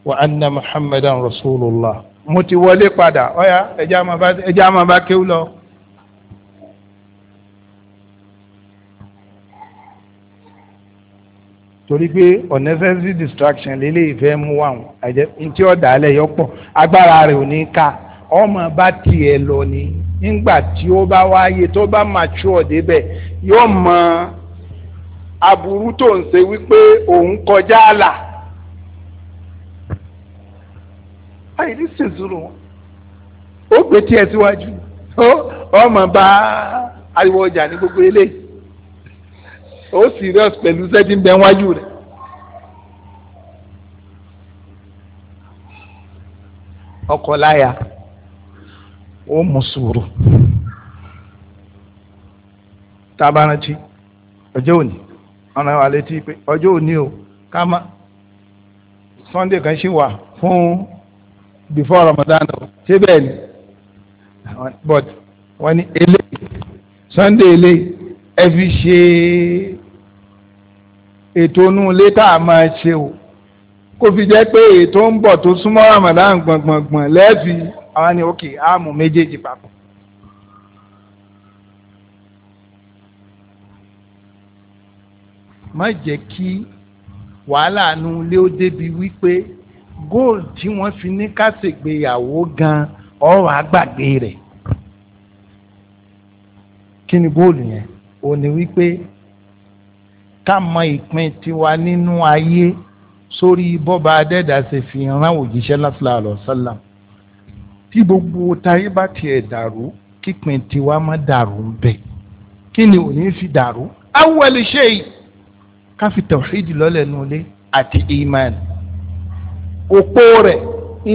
wa anna muhammadan rasulullah mo ti wọlé padà ọ̀ya ẹ̀já máa bá kéwú lọ. torí pé unnecessary distraction lélẹ̀ ìfẹ́ mú wà wọn àjẹ ntí ọ̀dà alẹ́ yọ pọ̀ agbára rẹ̀ ò ní ká ọmọ bá tiẹ̀ lọ ni nígbà tí ó bá wáyé tó bá mature débẹ̀ yóò mọ aburú tó ń ṣe wípé òun kọjá àlà ayé ní sèzúrò wọn ó gbé tiẹ̀ síwájú ọmọ bá ariwo ọjà ní gbogbo eléyìí. ó serious pẹ̀lú sẹ́tí ń bẹ wájú rẹ̀. ọkọ o ó mú sùúrù tábàrántí ọjọ́ òní ọjọ́ òní o ká má sunday kan ṣì wà fún before Ramadan o ṣé bẹ́ẹ̀ ni but wọ́n ní eléyìí sunday eléyìí ẹ ètò inú ilé tá a máa ṣe o kó fi jẹ́ pé ètò ń bọ̀ tó súnmọ́ Ramadan gbọ̀ngbọ̀ngbọ̀n lẹ́ẹ̀fì àwọn ni òkè àmú méjèèjì papọ̀. má jẹ́ kí wàhálà inú ilé ó débi wípé góòlù tí wọ́n fi ní kásìgbéyàwó gan ọ̀rọ̀ àgbàgbé rẹ̀ kí ni góòlù yẹn ò wípé ká mọ ìpín tiwa nínú ayé sórí bọ́ba adẹ́dà ṣe fi rán òjíṣẹ́ lásìlá àlọ́sálàm tí gbogbo táyé bá tiẹ̀ dàrú kípin tiwa má dàrú ń bẹ̀ kí ni òní fi dàrú awwal shay ká fi tawhidi lọ́lẹ̀ nulẹ̀ àti iman òpó rẹ̀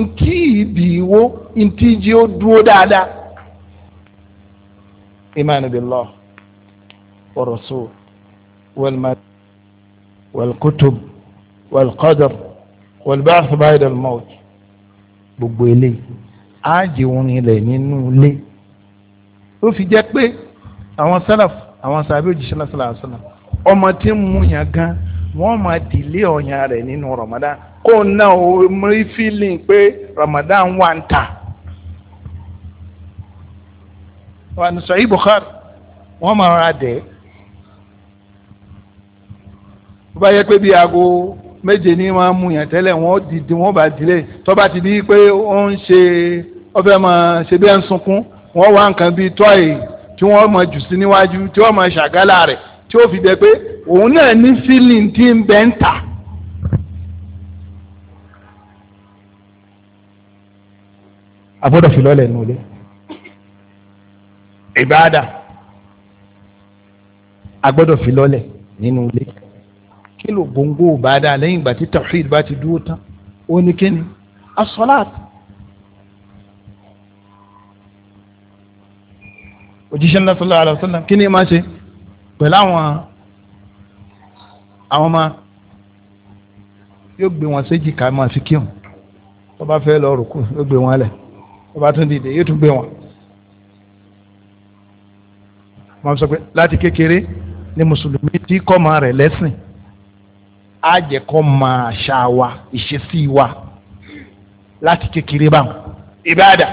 ntí ìbí wo ntí jí ó dúró dáadáa iman billah wa rasul. والمال والكتب والقدر والبعث بعد الموت gbogbo ilé áàjì orin ilẹ̀ nínú ilé ó fi jẹ́ pé àwọn sálàf àwọn sàbí òjíṣẹ́ náà sálàf sálàf ọmọ tí ń mú yàn gan wọ́n máa dìlé ọ̀yàn rẹ̀ nínú Ramadan kó náà ó mú fílìn pé Ramadan wà ń tà wà ní sọ ibùkár wọ́n ra dẹ̀ tó bá yẹ pé bí aago méje ní máa mú yàn tẹ́lẹ̀ wọ́n dìde wọ́n bá dìlẹ̀ tó bá ti di pé ó ń ṣe ó fẹ́ máa ṣe bí ẹ̀ ń sunkún wọ́n wá nǹkan bíi tọ́ì tí wọ́n máa jù sí níwájú tí wọ́n máa ṣàgálà rẹ̀ tí ó fi dẹ pé òun náà ní fílìn tí ń bẹ́ ń tà. àbọ̀dọ̀ fi lọ́lẹ̀ nù ìbáàdà àgbọ́dọ̀ fi nínú ilé kí ló gbòǹgbò bá dá lẹ́yìn ìgbà tí tawhid bá ti dúró tán ó ní kíni asọ́láàt òjíṣẹ́ ńlá sallallahu alaihi wasallam kí ni máa ṣe pẹ̀lú àwọn àwọn ọmọ yóò gbé wọn séjì ká máa fi kírun tó bá fẹ́ lọ rùkú yóò gbé wọn lẹ̀ tó bá tún dìde yóò tún gbé wọn. wọ́n sọ pé láti kékeré ni mùsùlùmí tí kọ́ máa rẹ̀ lẹ́sìn á jẹ́ kó máa ṣá wa ìṣesí wa láti kékeré báwọn ìbáàdà.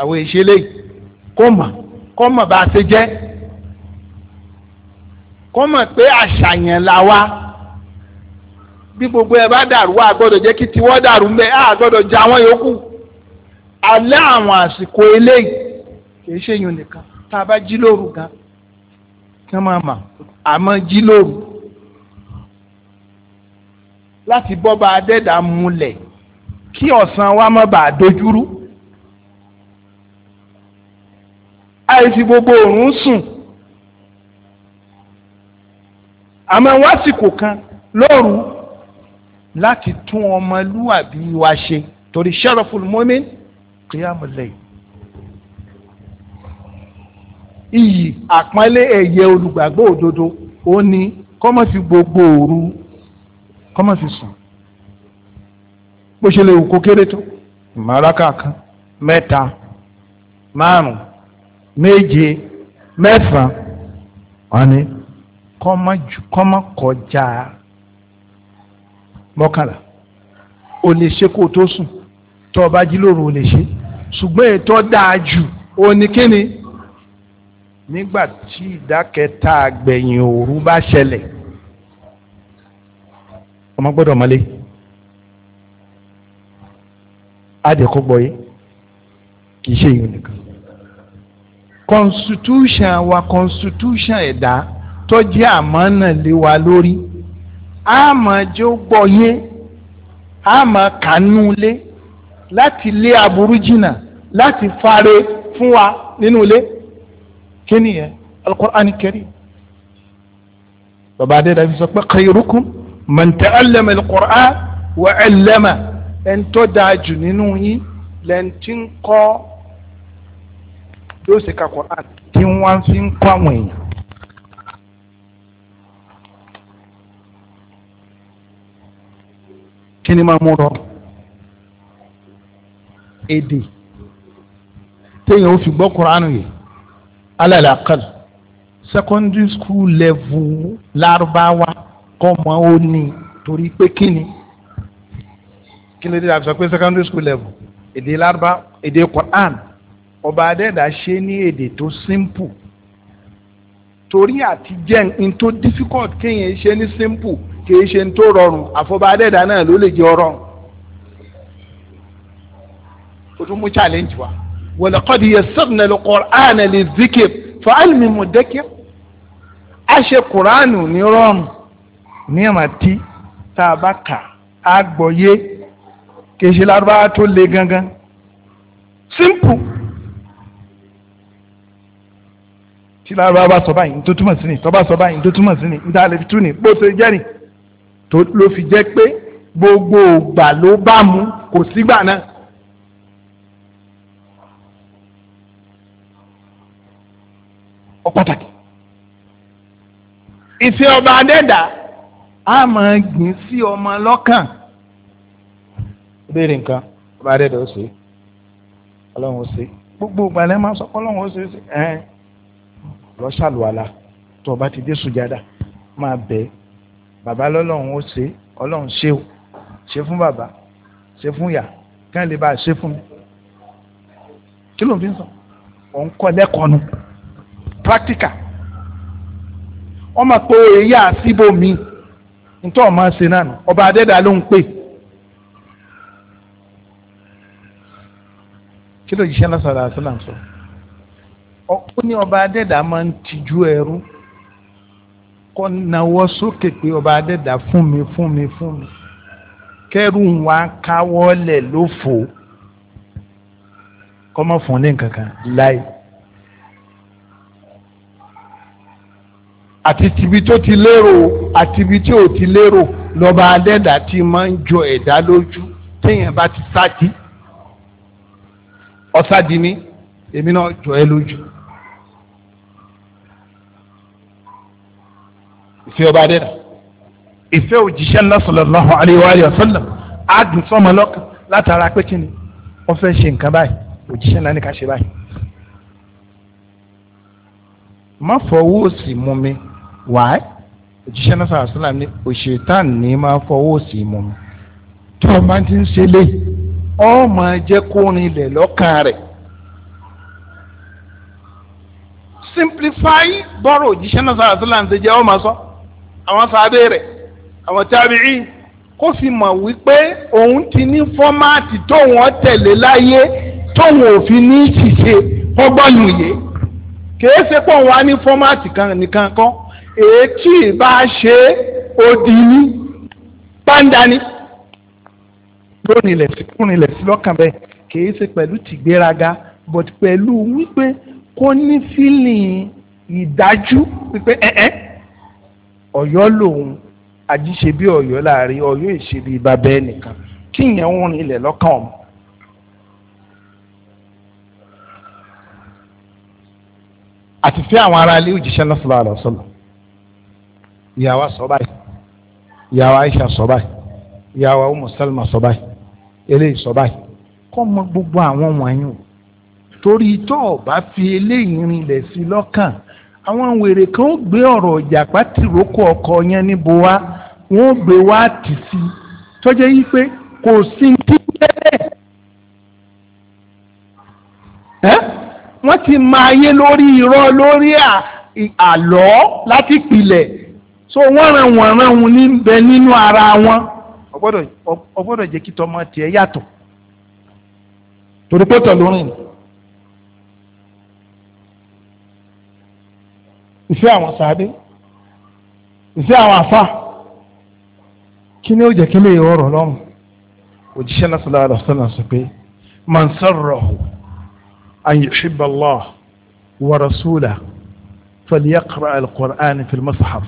àwọn ìṣẹ̀lẹ̀ kó mà kó mà bá a ṣe jẹ́ kó mà pé àṣàyàn la wa bí gbogbo ẹ bá dàrú wa gbọ́dọ̀ jẹ́ kí tiwọ́ dàrú mbẹ a gbọ́dọ̀ jẹ àwọn yòókù alẹ́ àwọn àsìkò eléyìí kì í ṣe yun nìkan tá a bá jí lóru gan kí wọ́n máa mà àmọ́ jí lóru láti bọ́ba adẹ́dà múlẹ̀ kí ọ̀sán wa má bàa dojúrú àìsí gbogbo òrùn sùn àmọ́ wásìkò kan lóru láti tún ọmọlúwàbí wa ṣe torí sharaful mu'min qiyamul layl iyì àpọ́nlé ẹ̀yẹ olùgbàgbọ́ òdodo ó ní kọ́mọ̀sí gbogbo òru kọ́mọ̀sí sùn bó ṣe lè wù kó kéré tó màrákà kan mẹ́ta márùn méje mẹ́fà wọ́n ní kọ́mọ kọjá mọ́kànlá o lè ṣe kó o tó sùn tó o jí lóru o lè ṣe ṣùgbọ́n ètò dáa jù o ní kíni nígbà tí ìdákẹ́ta àgbẹ̀yìn òru bá ṣẹlẹ̀ ọmọ gbọ́dọ̀ mọ́lé adẹ́kọ́gbọ́yé kìí ṣe èèyàn nìkan constitution wa constitution ẹ̀dá tó jẹ́ àmọ́nà lé wa lórí àmọ́jó gbọ́yé àmọ́ kánúlé láti lé aburú jìnnà láti fare fún wa nínú ilé kí ni yẹn alukur'an kẹrì baba adé dàbí sọ pé khayrukum man ta'allama alukur'an wa 'allama ẹni tó dáa jù nínú yín lẹ́ǹtí ń ka kur'an tí wọ́n fi ń kọ́ àwọn èèyàn. kí ni máa fi gbọ́ kur'an yìí alálàkàlù secondary school level lárúbáwá kọ́mọ ó ní torí pé kí ni kí ló dé àfi sọ pé secondary school level èdè lárúbá èdè Quran ọba adẹ́dà ṣe ní èdè tó simple torí àti jẹ́ n tó difficult kéèyàn ṣe ní simple kéèyàn ṣe n tó rọrùn àfọba adẹ́dà náà ló lè jẹ́ ọrọ̀ o tún mú challenge wa walaqad yassarna al-Qur'ana lidh-dhikr fa'hal min mudakkir a ṣe kuraanu ní rọrùn ní ìrántí tá a bá kà á gbọ́yé kì í ṣe lárúbáwá tó le gangan simple tí lárúbáwá bá sọ báyìí tó túmọ̀ sí ni tó sọ báyìí tó túmọ̀ sí ni níta lè tú ni bó ṣe jẹ́ ni tó ló fi jẹ́ pé gbogbo ògbà ló bá mu kò sígbà náà ó pàtàkì. ìsìn ọba adẹ́dà a máa gbìn sí ọmọ lọ́kàn. béèrè nǹkan ọba adẹ́dà ó ṣe ọlọ́run ó ṣe gbogbo ìgbàlẹ́ máa sọ ọlọ́run ó ṣe ẹ lọ ṣàlùwàlà tó o bá ti dé sùjádà máa bẹ̀ bàbá lọ́lọ́run ó ṣe ọlọ́run ṣe o ṣe fún bàbá ṣe fún ìyá kí wọ́n lè bá a ṣe fún mi kí ló ń fi sọ òun kọ́ lẹ́kọ̀ọ́ nu. practical wọ́n máa pe èyí àsíbòmí nítorí wọ́n máa ṣe náà ọba adẹ́dà ló ń pè kí ló yíṣẹ́ lásàrà àti sọ ọba adẹ́dà máa ń tijú ẹrú kọ́ nawọ́ sókè pé ọba adẹ́dà fún mi fún mi fún mi kẹ́rù wa káwọ́ lẹ̀ lófo fún ní nǹkan kan láì. àti tibi tó ti lérò àti ibi tí ò ti lérò lọ́ba adẹ́dà ti máa ń jọ ẹ̀dá lójú téèyàn bá ti sáàdì ọ̀sáàdì ni èmi náà jọ ẹ lójú. ìfẹ́ ọba adẹ́dà ìfẹ́ òjíṣẹ́ ńlá sallallahu alayhi wa sallam á dùn lọ́kàn látara pé kí ni wọ́n fẹ́ ṣe nǹkan báyìí òjíṣẹ́ ńlá ní ká ṣe báyìí. má fọwọ́ sí mú mi. Why? òjíṣẹ́ náà sàrà sílám ní òṣètàn ní máa fọwọ́ sí i mú mi tí wọ́n bá ti ń ṣe lé ọ́ máa jẹ́ kó rin ilẹ̀ lọ́kàn rẹ̀ simplify bọ́rọ̀ òjíṣẹ́ náà sàrà sílám ṣe jẹ́ ọ́ máa sọ àwọn sábẹ́ rẹ̀ àwọn tábìrì kó fi mọ̀ wípé òun ti ní fọ́máàtì tóun ọ́ tẹ̀lé láyé tóun ò fi ní ṣìṣe kọ́gbọ́n lùyè kèé ṣe pé òun á ní fọ́máàtì kan nìkan kọ́ ètí bá ṣe odi ní pàǹdà ni kúrinlẹ̀ sí lọ́kàn bẹ́ẹ̀ kìí ṣe pẹ̀lú tìgbéraga but pẹ̀lú wípé kó ní fílìn ìdájú wípé ẹ̀ẹ́ ọ̀yọ́ lòun àjíṣe bí ọ̀yọ́ láàrin ọ̀yọ́ ìṣe bí bàbá ẹnìkan kí ìyẹn ń rin ilẹ̀ lọ́kàn ọ̀mọ́. àti fẹ́ àwọn ará òjíṣẹ́ náà sọ̀rọ̀ àlọ́ sọ̀rọ̀ ìyàwó sọ báyìí ìyàwó Aisha sọ báyìí ìyàwó Umu Salma sọ báyìí eléyìí sọ báyìí kọ́ mọ gbogbo àwọn wọ̀nyí o torí tó o bá fi eléyìí rinlẹ̀ sí lọ́kàn àwọn wèrè kan ó gbé ọ̀rọ̀ ìjàpá tìrókò ọkọ yẹn níbo wá wọ́n gbé wá tì sí i tọ́jẹ́ yí pé kò sí ti bẹ́ẹ̀ ẹ́ wọ́n ti máa yé lórí irọ́ lórí àlọ́ láti pilẹ̀ so wọ́n ràn wọ́n ràn wọ́n níbẹ̀ nínú ara wọn ọgbọ́dọ̀ jẹ́ kí tọmọ tiẹ̀ yàtọ̀ torí pé tọ̀ ló rìn ìfẹ́ àwọn sàádé ìfẹ́ àwọn àfà kí ni ó jẹ́ kí lè ọ̀rọ̀ lọ́rùn òjíṣẹ́ náà sallallahu alaihi wasallam sọ pé man sarrahu an yuhibba Allah wa rasulahu falyaqra al-Qur'an fil mushaf.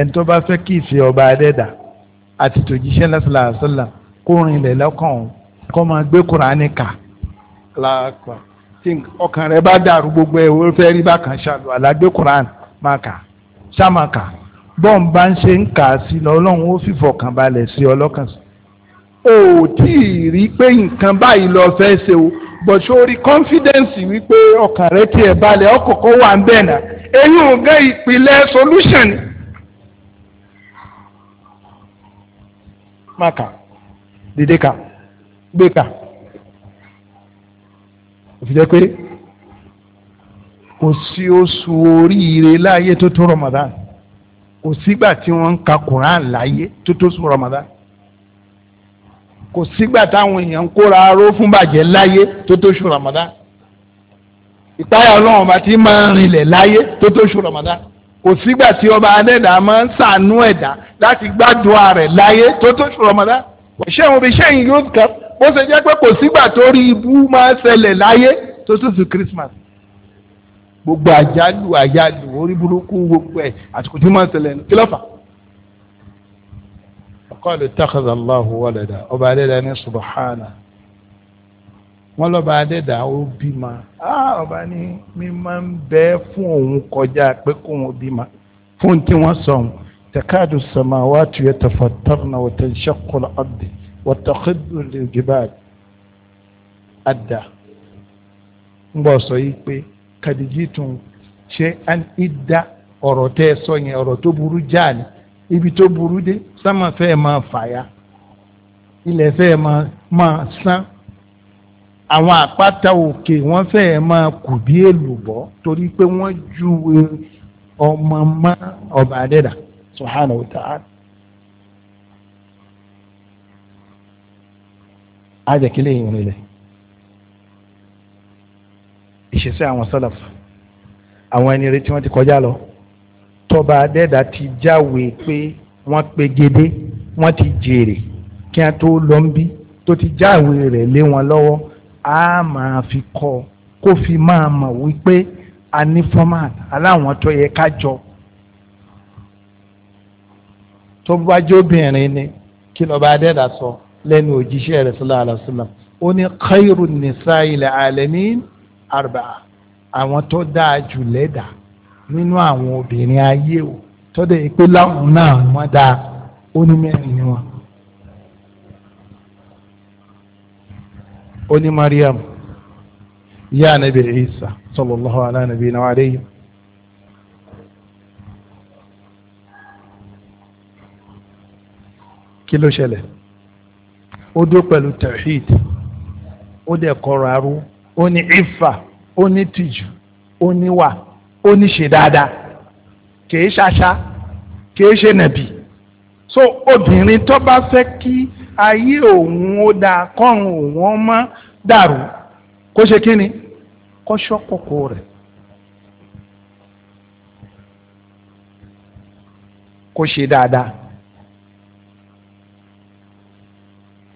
ẹni bá fẹ́ kí ìfẹ́ ọba adẹ́dà àti tòjíṣẹ́ lásìlá àṣìlá kó rin ilẹ̀ lọ́kàn òun kó máa gbé kà tí ọkàn bá dàrú gbogbo ẹ̀ wọ́n fẹ́ rí bákan ṣàlù àlágbé kùránì máa kà ṣáma bọ́ọ̀n bá ń ṣe ń kà sí lọ ọlọ́run ó balẹ̀ sí o ò tí ì rí pé nǹkan báyìí lọ o but confidence wípé ọkàn rẹ tiẹ̀ balẹ̀ ọkọ̀ọ̀kọ̀ wà ń bẹ̀ náà eyín solution Maka, kà dìde kà gbé kà òfin jẹ́ pé kò sí oṣù oríire láàyè tó tó Ramadan kò sígbà tí wọ́n ń ka Quran láàyè tó tó sùn Ramadan kò sígbà táwọn èèyàn ń kóra aró fún bàjẹ́ láyé tó tó sùn Ramadan ìpáyà ọlọ́run bá ti máa ń rinlẹ̀ láyé tó tó sùn Ramadan kò sígbà tí ọba adẹ́dà máa ń sànú ẹ̀dá láti gbádùn ààrẹ láyé tó tó rọmọdá ṣéun bí ṣéun yóò kà bó ṣe jẹ́ pé kò sígbà tó rí ibú máa ṣẹlẹ̀ láyé tó tó sùn Christmas gbogbo àjálù àjálù orí burúkú gbogbo ẹ̀ àsìkò tí máa ṣẹlẹ̀ kí ló fà. ọkọ ìlú takhadha Allahu walada ọba adẹ́dà ní subhana wọ́n lọ́ba adẹ́dà ó bímọ ọba ní mímọ́ ń bẹ fún òun kọjá pé kó wọn bímọ fún tí wọ́n sọ òun takadu samawati yatafattarna wa tanshaqqu al-ardu wa takhiddu al-jibal adda ń bọ̀ sọ yìí pé kadijitun ṣe an idda ọ̀rọ̀ tẹ́ sọ yẹn ọ̀rọ̀ tó burú jáà ibi tó burú dé sámà fẹ́ máa fàya ilẹ̀ fẹ́ máa máa sán àwọn àpáta òkè wọ́n fẹ́ẹ́ máa kù bí èlùbọ́ torí pé wọ́n ju ọmọ mọ́ ọba adẹ́dà subhanahu wa ta'ala. ajẹ́kílẹ̀ yìí nílẹ̀ ìṣesí àwọn sọ́làf àwọn ẹni retí wọ́n ti kọjá lọ tọba adẹ́dà ti jáwé pé wọ́n pegedé wọ́n ti jèrè kí wọ́n tó lọ ń bí tó ti jáwé rẹ̀ lé wọn lọ́wọ́ a máa fi kọ́ kó fi máa mọ̀ wípé a ní format aláwọn tó yẹ ká jọ tó bá jóbìnrin ni kí ló bá dẹ́dà sọ lẹ́nu òjíṣẹ́ rẹ̀ sallallahu alaihi wasallam ó ní khairu nisa'il alamin arba'a àwọn tó dáa jù lẹ́dà nínú àwọn obìnrin ayé o tó dẹ̀ pé láwọn náà wọ́n dáa ó ní mẹ́rin ni wọ́n. Onye Mariam ya anabi Isa sallallahu ala nabiyina wa alayhi. kí ló ṣẹlẹ̀ ó dó pẹ̀lú tawhid ó dẹ̀ kọrọ arú ó ní ifa ó ní tìjú ó ní wà ó ní ṣe dáadáa kìí ṣaṣa kìí ṣe nàbì so obìnrin tó bá fẹ́ kí ayé òun ó dáa kọ́run òun ọmọ dàrú kó ṣe kí ni kó ṣọ́kòkò rẹ̀ kó ṣe dáadáa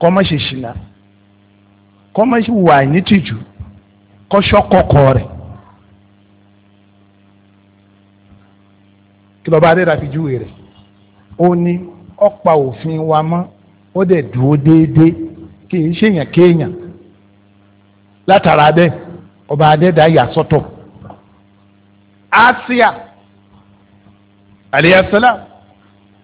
kó má ṣe ṣìnà kó má ṣe wà nítìjú kó ṣọ́kòkò rẹ̀. kí lọ́ba adé ra fi júwe rẹ̀ ó ní ọ̀pá òfin wa mọ́ wọ́n dẹ̀ dúró déédéé kì í ṣèyàn kéèyàn látara ọba adẹ́dá yà Asia aleyhisselam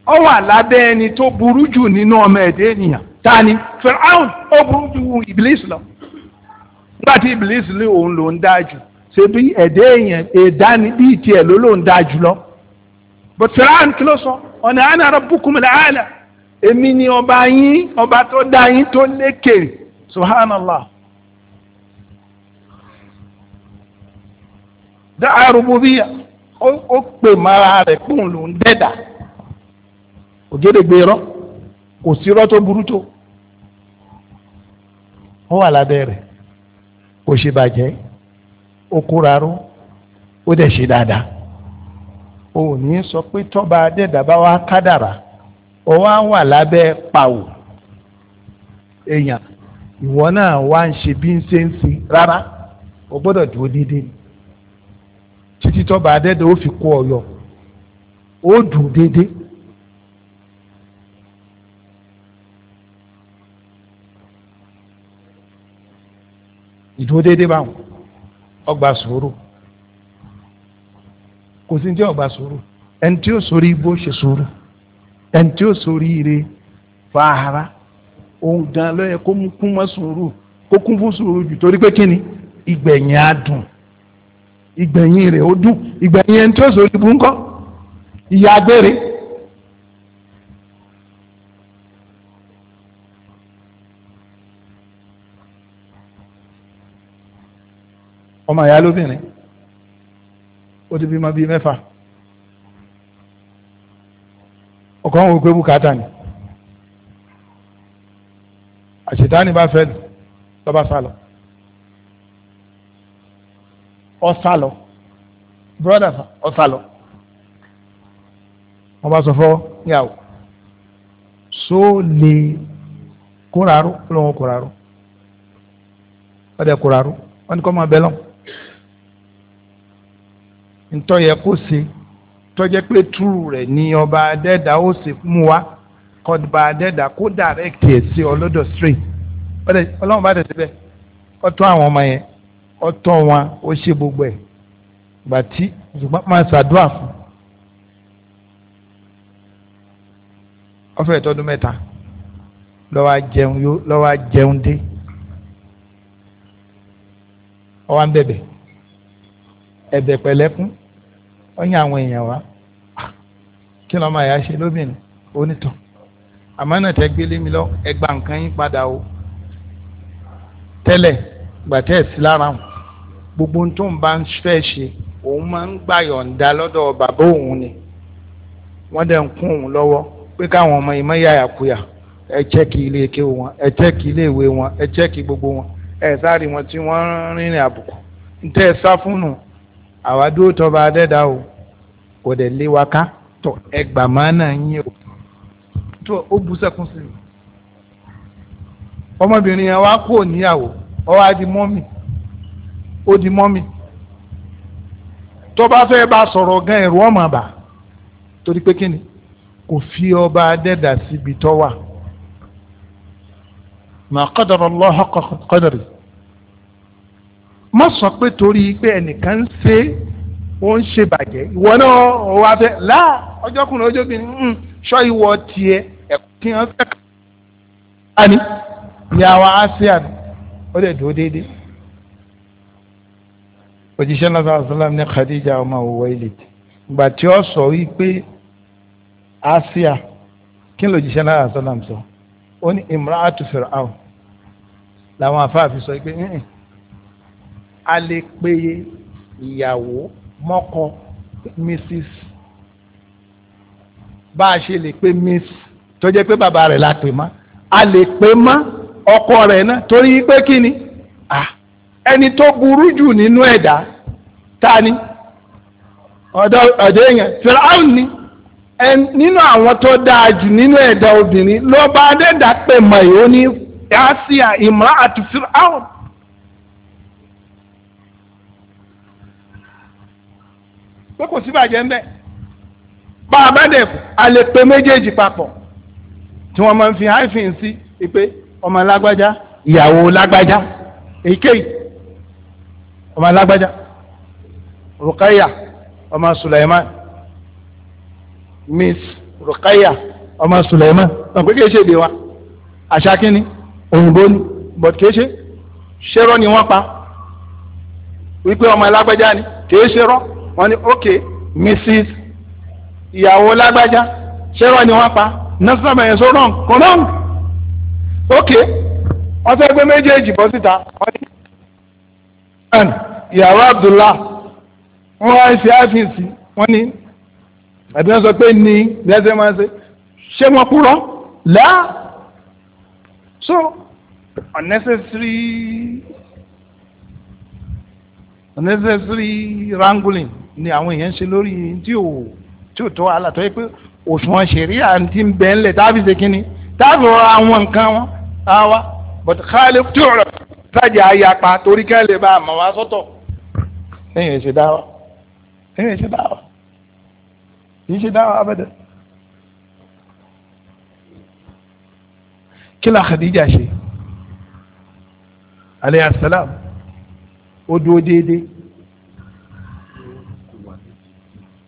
ọ wà lábẹ́ ẹni tó burú jù nínú ọmọ ẹ̀dẹ́ ènìyàn tani Firaun ó burú jù Iblis lọ nígbà tí Iblis lé òun ló ń dá jù ṣe bí ẹ̀dẹ́ èèyàn ẹ̀dání bíi tiẹ̀ ló ló ń dá jù lọ but Firaun kí ló sọ ọ̀nà àná èmi ni ọba yín ọba tó dá yín tó lékè subhanallah dáa ó pè mara rẹ̀ pòun ló ń dẹ́dà ògédègbè rọ kò sí rọ tó burú tó ó wà lábẹ́ rẹ̀ kò ṣe bàjẹ́ ó kóra ó dẹ̀ ṣe dáadáa ní sọ pé tọ́ba dẹ́dà bá wá ó wá ń wà lábẹ́ pàwò èèyàn ìwọ náà wá ń ṣe bí ń ṣe ń ṣe rárá o gbọ́dọ̀ dúró déédéé ni títí tọ́ba adẹ́dẹ́ ó fi kó ọ yọ ó dùn déédéé. ìdúró báwọn ọgbà sùúrù kò sí ní tí ọgbà sùúrù ẹni tí ó sórí igbó ṣe sùúrù ẹni tí ó sórí ire fàáhara ohun gan lọ́yẹ kó kún mọ́ sùúrù kó kún fún sùúrù jù torí pé kíni ìgbẹ̀yìn á dùn ìgbẹ̀yìn rẹ̀ ó dùn ìgbẹ̀yìn ẹni tí ó sórí ibú ńkọ́ ìyà agbére. ọmọ ìyá lóbìnrin ó ti bímọ bíi mẹ́fà. ọkọ̀ wọn pé bùkátà ni àṣetáni bá fẹ́ lọ́ba sálọ ọ sálọ brọ́dà ọ sálọ wọ́n bá sọ fọ́ yàwó so le kóraró lọ́wọ́ kóraró ọdẹ kóraró wọ́n ní kọ́ máa bẹ́ lọ́wọ́ ntọ́ yẹ kó se tọ́jẹ́ pé túrú rẹ̀ ni ọba adẹ́dà ó sì mú wa kọ́ba adẹ́dà kó direct ẹ̀ sí ọlọ́dọ̀ straight ọlọ́run bá tẹ̀sí bẹ́ẹ̀ ọtọ́ àwọn ọmọ yẹn ọtọ́ wọn ó ṣe gbogbo ẹ̀ gbàtí ṣùgbọ́n máa ṣàdúrà fún ọfẹ́ ìtọ́dún mẹ́ta lọ́wọ́ jẹun yó lọ́wọ́ jẹun dé ọwọ́ ń bẹ̀bẹ̀ ẹ̀bẹ̀ pẹ̀lẹ́kún wọ́n yàn àwọn èèyàn wá ah, kí lọ́mọ àyà ṣe lóbìnrin onítọ̀ àmọ́ náà tẹ́ gbélé mi lọ ẹgbà nǹkan yín padà o tẹ́lẹ̀ gbàtẹ́ sí lára wọn gbogbo tó ń bá ń fẹ́ ṣe òun máa ń gbàyọ̀ǹda lọ́dọ̀ bàbá òun ni wọ́n dẹ̀ ń kún òun lọ́wọ́ pé káwọn ọmọ ìmọ̀ yàyà kuyà ẹ chẹ́kì ilé ike wọn ẹ chẹ́kì ilé ìwé wọn ẹ chẹ́kì gbogbo wọn ẹ sáré wọn tí wọ́n rìnrìn àbùkù ntẹ́ sá fún nù àwa dúró tọba adẹ́dá o kò dẹ̀ lé wa ká tọ ẹgbà máa náà o o bu sẹ́kún sí mi ọmọbìnrin yẹn wá kúrò níyàwó wá di mọ́mì ó di mọ́mì tó fẹ́ bá sọ̀rọ̀ gan ẹ̀rù ọmọ torí pé kí kò fi ọba adẹ́dà síbi tọ́ wà mà qadara Allah haqqa má sọ pé torí pé ẹnìkan ń ṣe ó ń ṣe bàjẹ́ ìwọ náà ó wá fẹ́ láà ọjọ́kùnrin ọjọ́bìnrin hmm, ṣọ́ ìwọ tiẹ̀ ẹ̀kọ́ kí wọ́n fẹ́ kà á ní ìyá wa Àsíyà ni ó dẹ̀ dúró déédéé òjíṣẹ́ náà sọ̀rọ̀ sọ́lá ní Khadija ọmọ òwò ilé ìgbà tí ó sọ wípé Àsíyà kí lòjíṣẹ́ náà sọ́lá sọ ó ní imra'atu Fir'aun làwọn afáàfin sọ pé a lè pe ìyàwó mọ́kọ mrs bá a ṣe lè pe miss tó jẹ́ pé bàbá rẹ̀ la pè mọ́ a lè pe mọ́ ọkọ rẹ̀ náà torí pé kí ni ẹni tó burú jù nínú ẹ̀dá ta ni ọ̀dọ̀ ọ̀dọ̀ èèyàn fìràún ni nínú àwọn tó dáa jù nínú ẹ̀dá obìnrin ló bá dẹ́dà pè pé kò sí bàjẹ́ ń bẹ̀ bá a bá dẹ̀ a lè pe méjèèjì papọ̀ tí wọ́n máa ń fi hyphen sí i pé ọmọ lágbájá ìyàwó lágbájá èyíkéyìí ọmọ lágbájá Rukaya ọmọ Sulaiman Miss Rukaya ọmọ Sulaiman ọ̀pẹ́ kìí ṣe èdè wa àṣà kínní òyìnbó ni but kìí ṣe ṣẹ́rọ́ ni wọ́n pa wípé ọmọ lágbájá ni kìí ṣe wọ́n ní ok mrs ìyàwó lágbájá ṣẹ́rọ ni wọ́n pa nọ́sítàmù yẹn so wrong kò wrong ok wọ́n fẹ́ gbé méjèèjì bọ́ síta wọ́n ní ìyàwó abdullah wọ́n wá sí áfíìsì wọ́n ní àbí wọ́n sọ pé ní lẹ́sẹ̀ máa ṣe ṣé wọ́n kúrọ́ láà so unnecessary unnecessary wrangling ni àwọn èèyàn ń ṣe lórí tí ò tí ò tó wàhálà tó yẹ pé òṣùwọ̀n ṣẹ̀ríà ti ń bẹ ńlẹ̀ táàbì ṣe kínní táàbì rọra àwọn nǹkan wọn àwa but káàlẹ́ tí ò rẹ̀ sájà ayapa torí kẹ́lẹ́ bá a mọ̀ wá sọ́tọ̀ ẹ̀yìn ẹ̀ dá wa ẹ̀yìn ẹ̀ dá wa kì ṣe dá wa abẹ́dẹ̀. kí la Khadija ṣe alayhi salam ó dúró déédéé.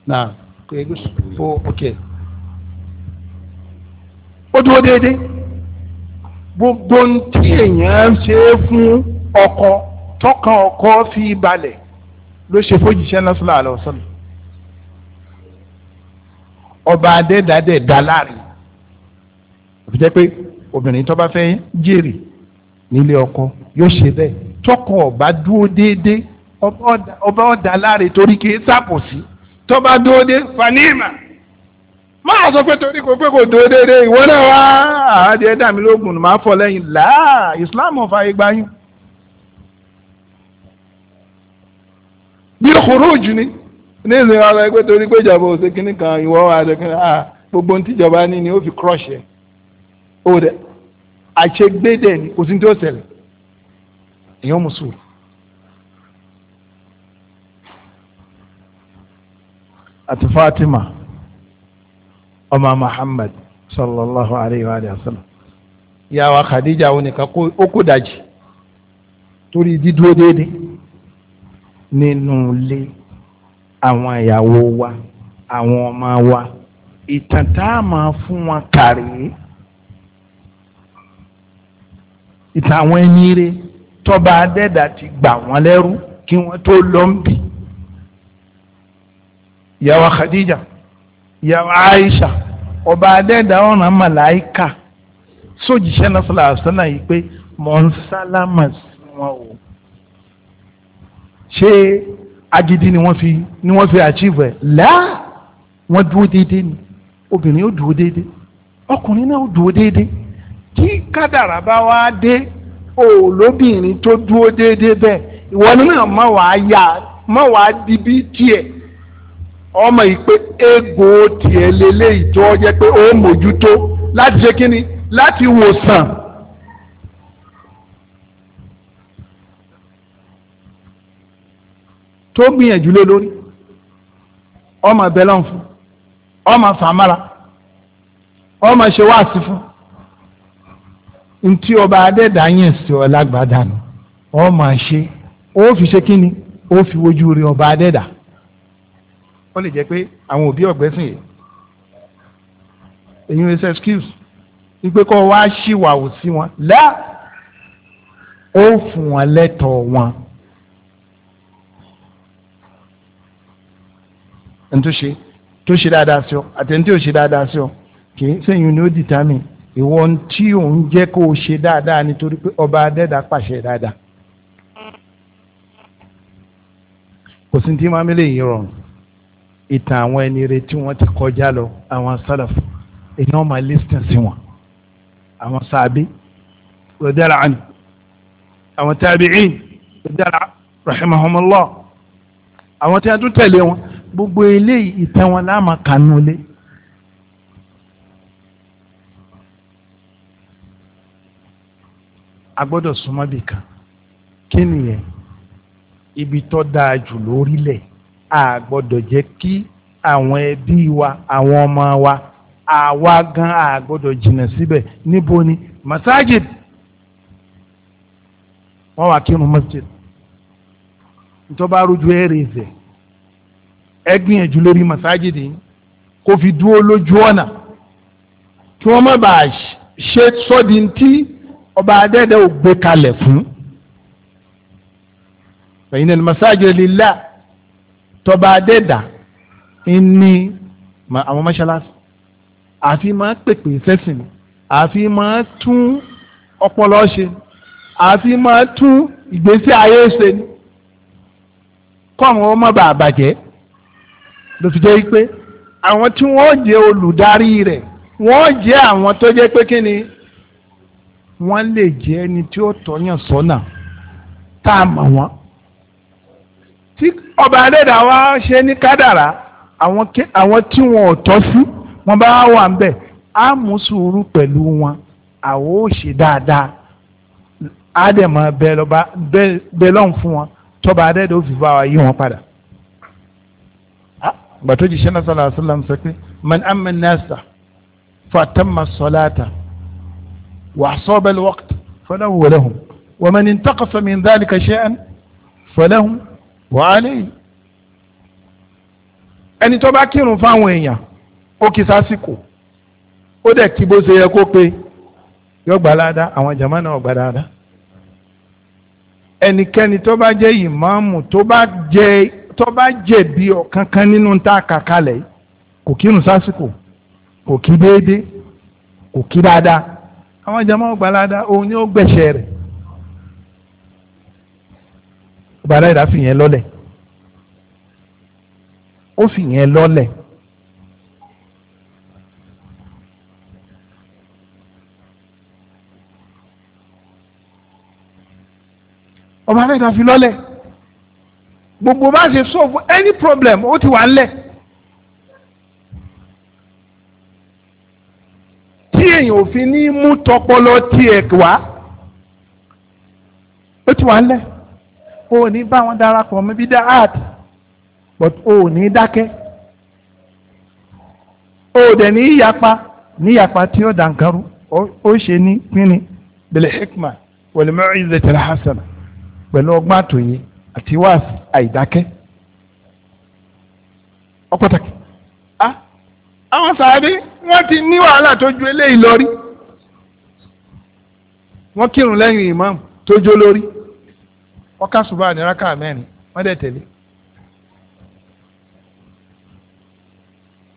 náà ok ó dúró déédéé gbogbo tí èèyàn ṣe é fún ọkọ tọkàn ọkọ fi balẹ̀ ló ṣe fójìṣẹ́ náà sọ́lá àlọ́ sọ́lá ọba adẹ́dàdẹ́ dá láàrin òfin jẹ́ pé obìnrin tó bá fẹ́ jèrè nílé ọkọ yóò ṣe bẹ́ẹ̀ tọkọ ọba dúró déédéé ọba ọ̀dà láàrin torí kì í ṣàbòsí tọba dóde fanima máa sọ pé torí kò pé kò dó dédé ìwọ náà wá àádé ẹ̀dá mi lógun máa fọ lẹ́yìn láà islam ọ̀fà igba yín bí khuruj ni ní ìsìn ọ̀rọ̀ ẹgbẹ́ torí pé ìjọba òsè kínní kan ìwọ àdẹ̀kínní à gbogbo ohun tíjọba ní ni ó fi crush ẹ̀ ó dẹ̀ àṣegbédè ni kò sí ní tí ó èèyàn mùsùlùmí. àti Fatima ọmọ Muhammad sallallahu alayhi wa sallam yàwá Khadija òun nìkan ó kó dajì torí dídúró déédéé nínú ilé àwọn ìyàwó wa àwọn ọmọ wa ìtàn máa fún wọn kàrí ìtàn ẹni rẹ tọba adẹ́dà ti gbà wọ́n lẹ́rú kí wọ́n tó lọ́ǹbì ìyàwó Khadija ìyàwó Aisha ọba adẹ́dà ọ̀ràn màláìka sójìṣẹ́ náà fúnra àṣánà yìí pé mọ̀ ń sálámà sí wọn o ṣé agídí ni wọ́n fi ni wọ́n fi achieve ẹ̀ láà wọ́n dúró déédéé ni obìnrin ó dúró déédéé ọkùnrin náà ó dúró déédéé kí kádàrà bá wá dé òòlóbìnrin tó dúró déédéé bẹ́ẹ̀ ìwọ ni náà má wàá yá má wàá di tiẹ̀ ọmọ yìí pé egbò tiẹ̀ lélẹ́yìí tó jẹ́ pé ó mójútó láti ṣe kínni láti wòsàn. tó gbìyànjú lé lórí ọmọ bẹlọ́n fún ọmọ fàmárà ọmọ ṣe wáàsí fún ntí ọba adẹ́dá yẹn sí ọ lágbàdànù ọmọ ṣe ó fi ṣe kínni ó fi wojú rí ọba adẹ́dá ó lè jẹ́ pé àwọn òbí ọ̀gbẹ́sìn yìí èyí ń ṣe excuse wípé kó wá ṣìwàwù sí wọn lá ó fún wọn lẹ́tọ̀ọ́ wọn. ntúṣe tó ṣe dáadáa sí ọ àtẹ̀ntí ò ṣe dáadáa sí ọ kì í sẹ́yìn ni ó dìtámì ìwọ tí òun jẹ́ kó o ṣe dáadáa nítorí pé ọba adẹ́dàá pàṣẹ dáadáa kò sí ní tí máa mélèyìn rọrùn ìtàn àwọn ẹni rẹ tí wọ́n ti kọjá lọ àwọn salaf èèyàn máa listen sí wọn àwọn sàbí rọdẹ́lá àná àwọn tabi'in rọdẹ́lá rahimahumullah àwọn tí a tún tẹ̀lé wọn gbogbo eléyìí ìtàn wọn láàmà kanú lé. a gbọ́dọ̀ súnmọ́ bì kí nìyẹn ibi tó dáa jù lórílẹ̀ a gbọ́dọ̀ jẹ́ kí àwọn ẹbí wa àwọn ọmọ wa àwa gan a jìnnà síbẹ̀ níbo ni masajid wọ́n wà kírun masjid ntọ́ba rújú ẹ̀rẹ̀ ẹ̀fẹ̀ ẹ gbìyànjú lórí masajid yìí kó fi dúró lójú ọ̀nà kí wọ́n má bàa ṣe sọ́di ntí ọba adẹ́dẹ́ ò gbé kalẹ̀ fún. fẹ̀yìn ní masajid lillah tọba adẹ́dà ní àwọn mọ́ṣáláṣí àfi máa pèpè sẹ́sìn àfi máa tún ọpọlọ ṣe àfi máa tún ìgbésí ayé ṣe ni kọ́ọ̀mù ó má bàjẹ́ ló fi jẹ́ pé àwọn tí wọ́n jẹ́ olùdarí rẹ̀ wọ́n jẹ́ àwọn tó jẹ́ pé kí ni wọ́n lè jẹ́ ẹni tí ó tọ́yàn sọ́nà tá a mọ̀ wọ́n ọba adẹ́dà wa ṣe ní kádàrá àwọn tí wọn ò tọ́ sí wọn bá wà ń bẹ̀ á mú sùúrù pẹ̀lú wọn àwọn ò ṣe dáadáa á dẹ̀ mọ bẹ́ẹ̀ lọ́n fún wọn tọba adẹ́dà ó fi bá wa yí wọn padà. gbàtó jìṣẹ́ náà sọ̀rọ̀ àṣọ làǹṣẹ́ pé man amẹ́ nẹ́ẹ̀sà fatamma sọ̀láta wàásọ̀ bẹ́ẹ̀ lọ́kùtà fọlẹ́hùn wọlẹ́hùn wọ́n mẹ́ni ń tọ́kọ̀sọ̀ mi ń dálìkà ṣẹ́ẹ́n fọlẹ́hùn wàhálẹ́ yìí ẹni tó bá kírun fáwọn èèyàn ó kí sásìkò ó dẹ̀ kí bó ṣe yẹ kó pé yóò gbà ládàá àwọn jàmá náà gbà dáadáa ẹnikẹ́ni tó bá jẹ́ ìmáàmù tó bá jẹ́ tó bá jẹ̀bi ọ̀kan kan nínú tá a kà kalẹ̀ kò kírun sásìkò kò kí déédéé kò kí dáadáa àwọn jama ó gbà ládàá òun ni ó gbẹ̀ṣẹ̀ rẹ̀. ọba aláìdá fi yẹn lọ́lẹ̀ ó fi yẹn lọ́lẹ̀ ọba aláìdá fi lọ́lẹ̀ gbogbo bá ṣe solve any problem ó ti wà ńlẹ̀ tí èèyàn ò fi ní mú tọpọlọ tiẹ̀ wá ó ti wà ńlẹ̀. o ò ní bá wọn darapọ̀ mọ́ art but o ò ní o ò dẹ̀ ní yapa ní yapa tí ó ni ó ṣe ní pínni bẹ̀lẹ̀ hikma hasana pẹ̀lú ọgbọ́n àtòyè àti wáàsí àìdákẹ́ ọpọtàkì àwọn sàádé wọ́n ti ní wàhálà tó ju eléyìí lọ rí wọ́n kírun lẹ́yìn wọ́n suba ṣùgbọ́n àní rákà mẹ́rin wọ́n dẹ̀ tẹ̀lé.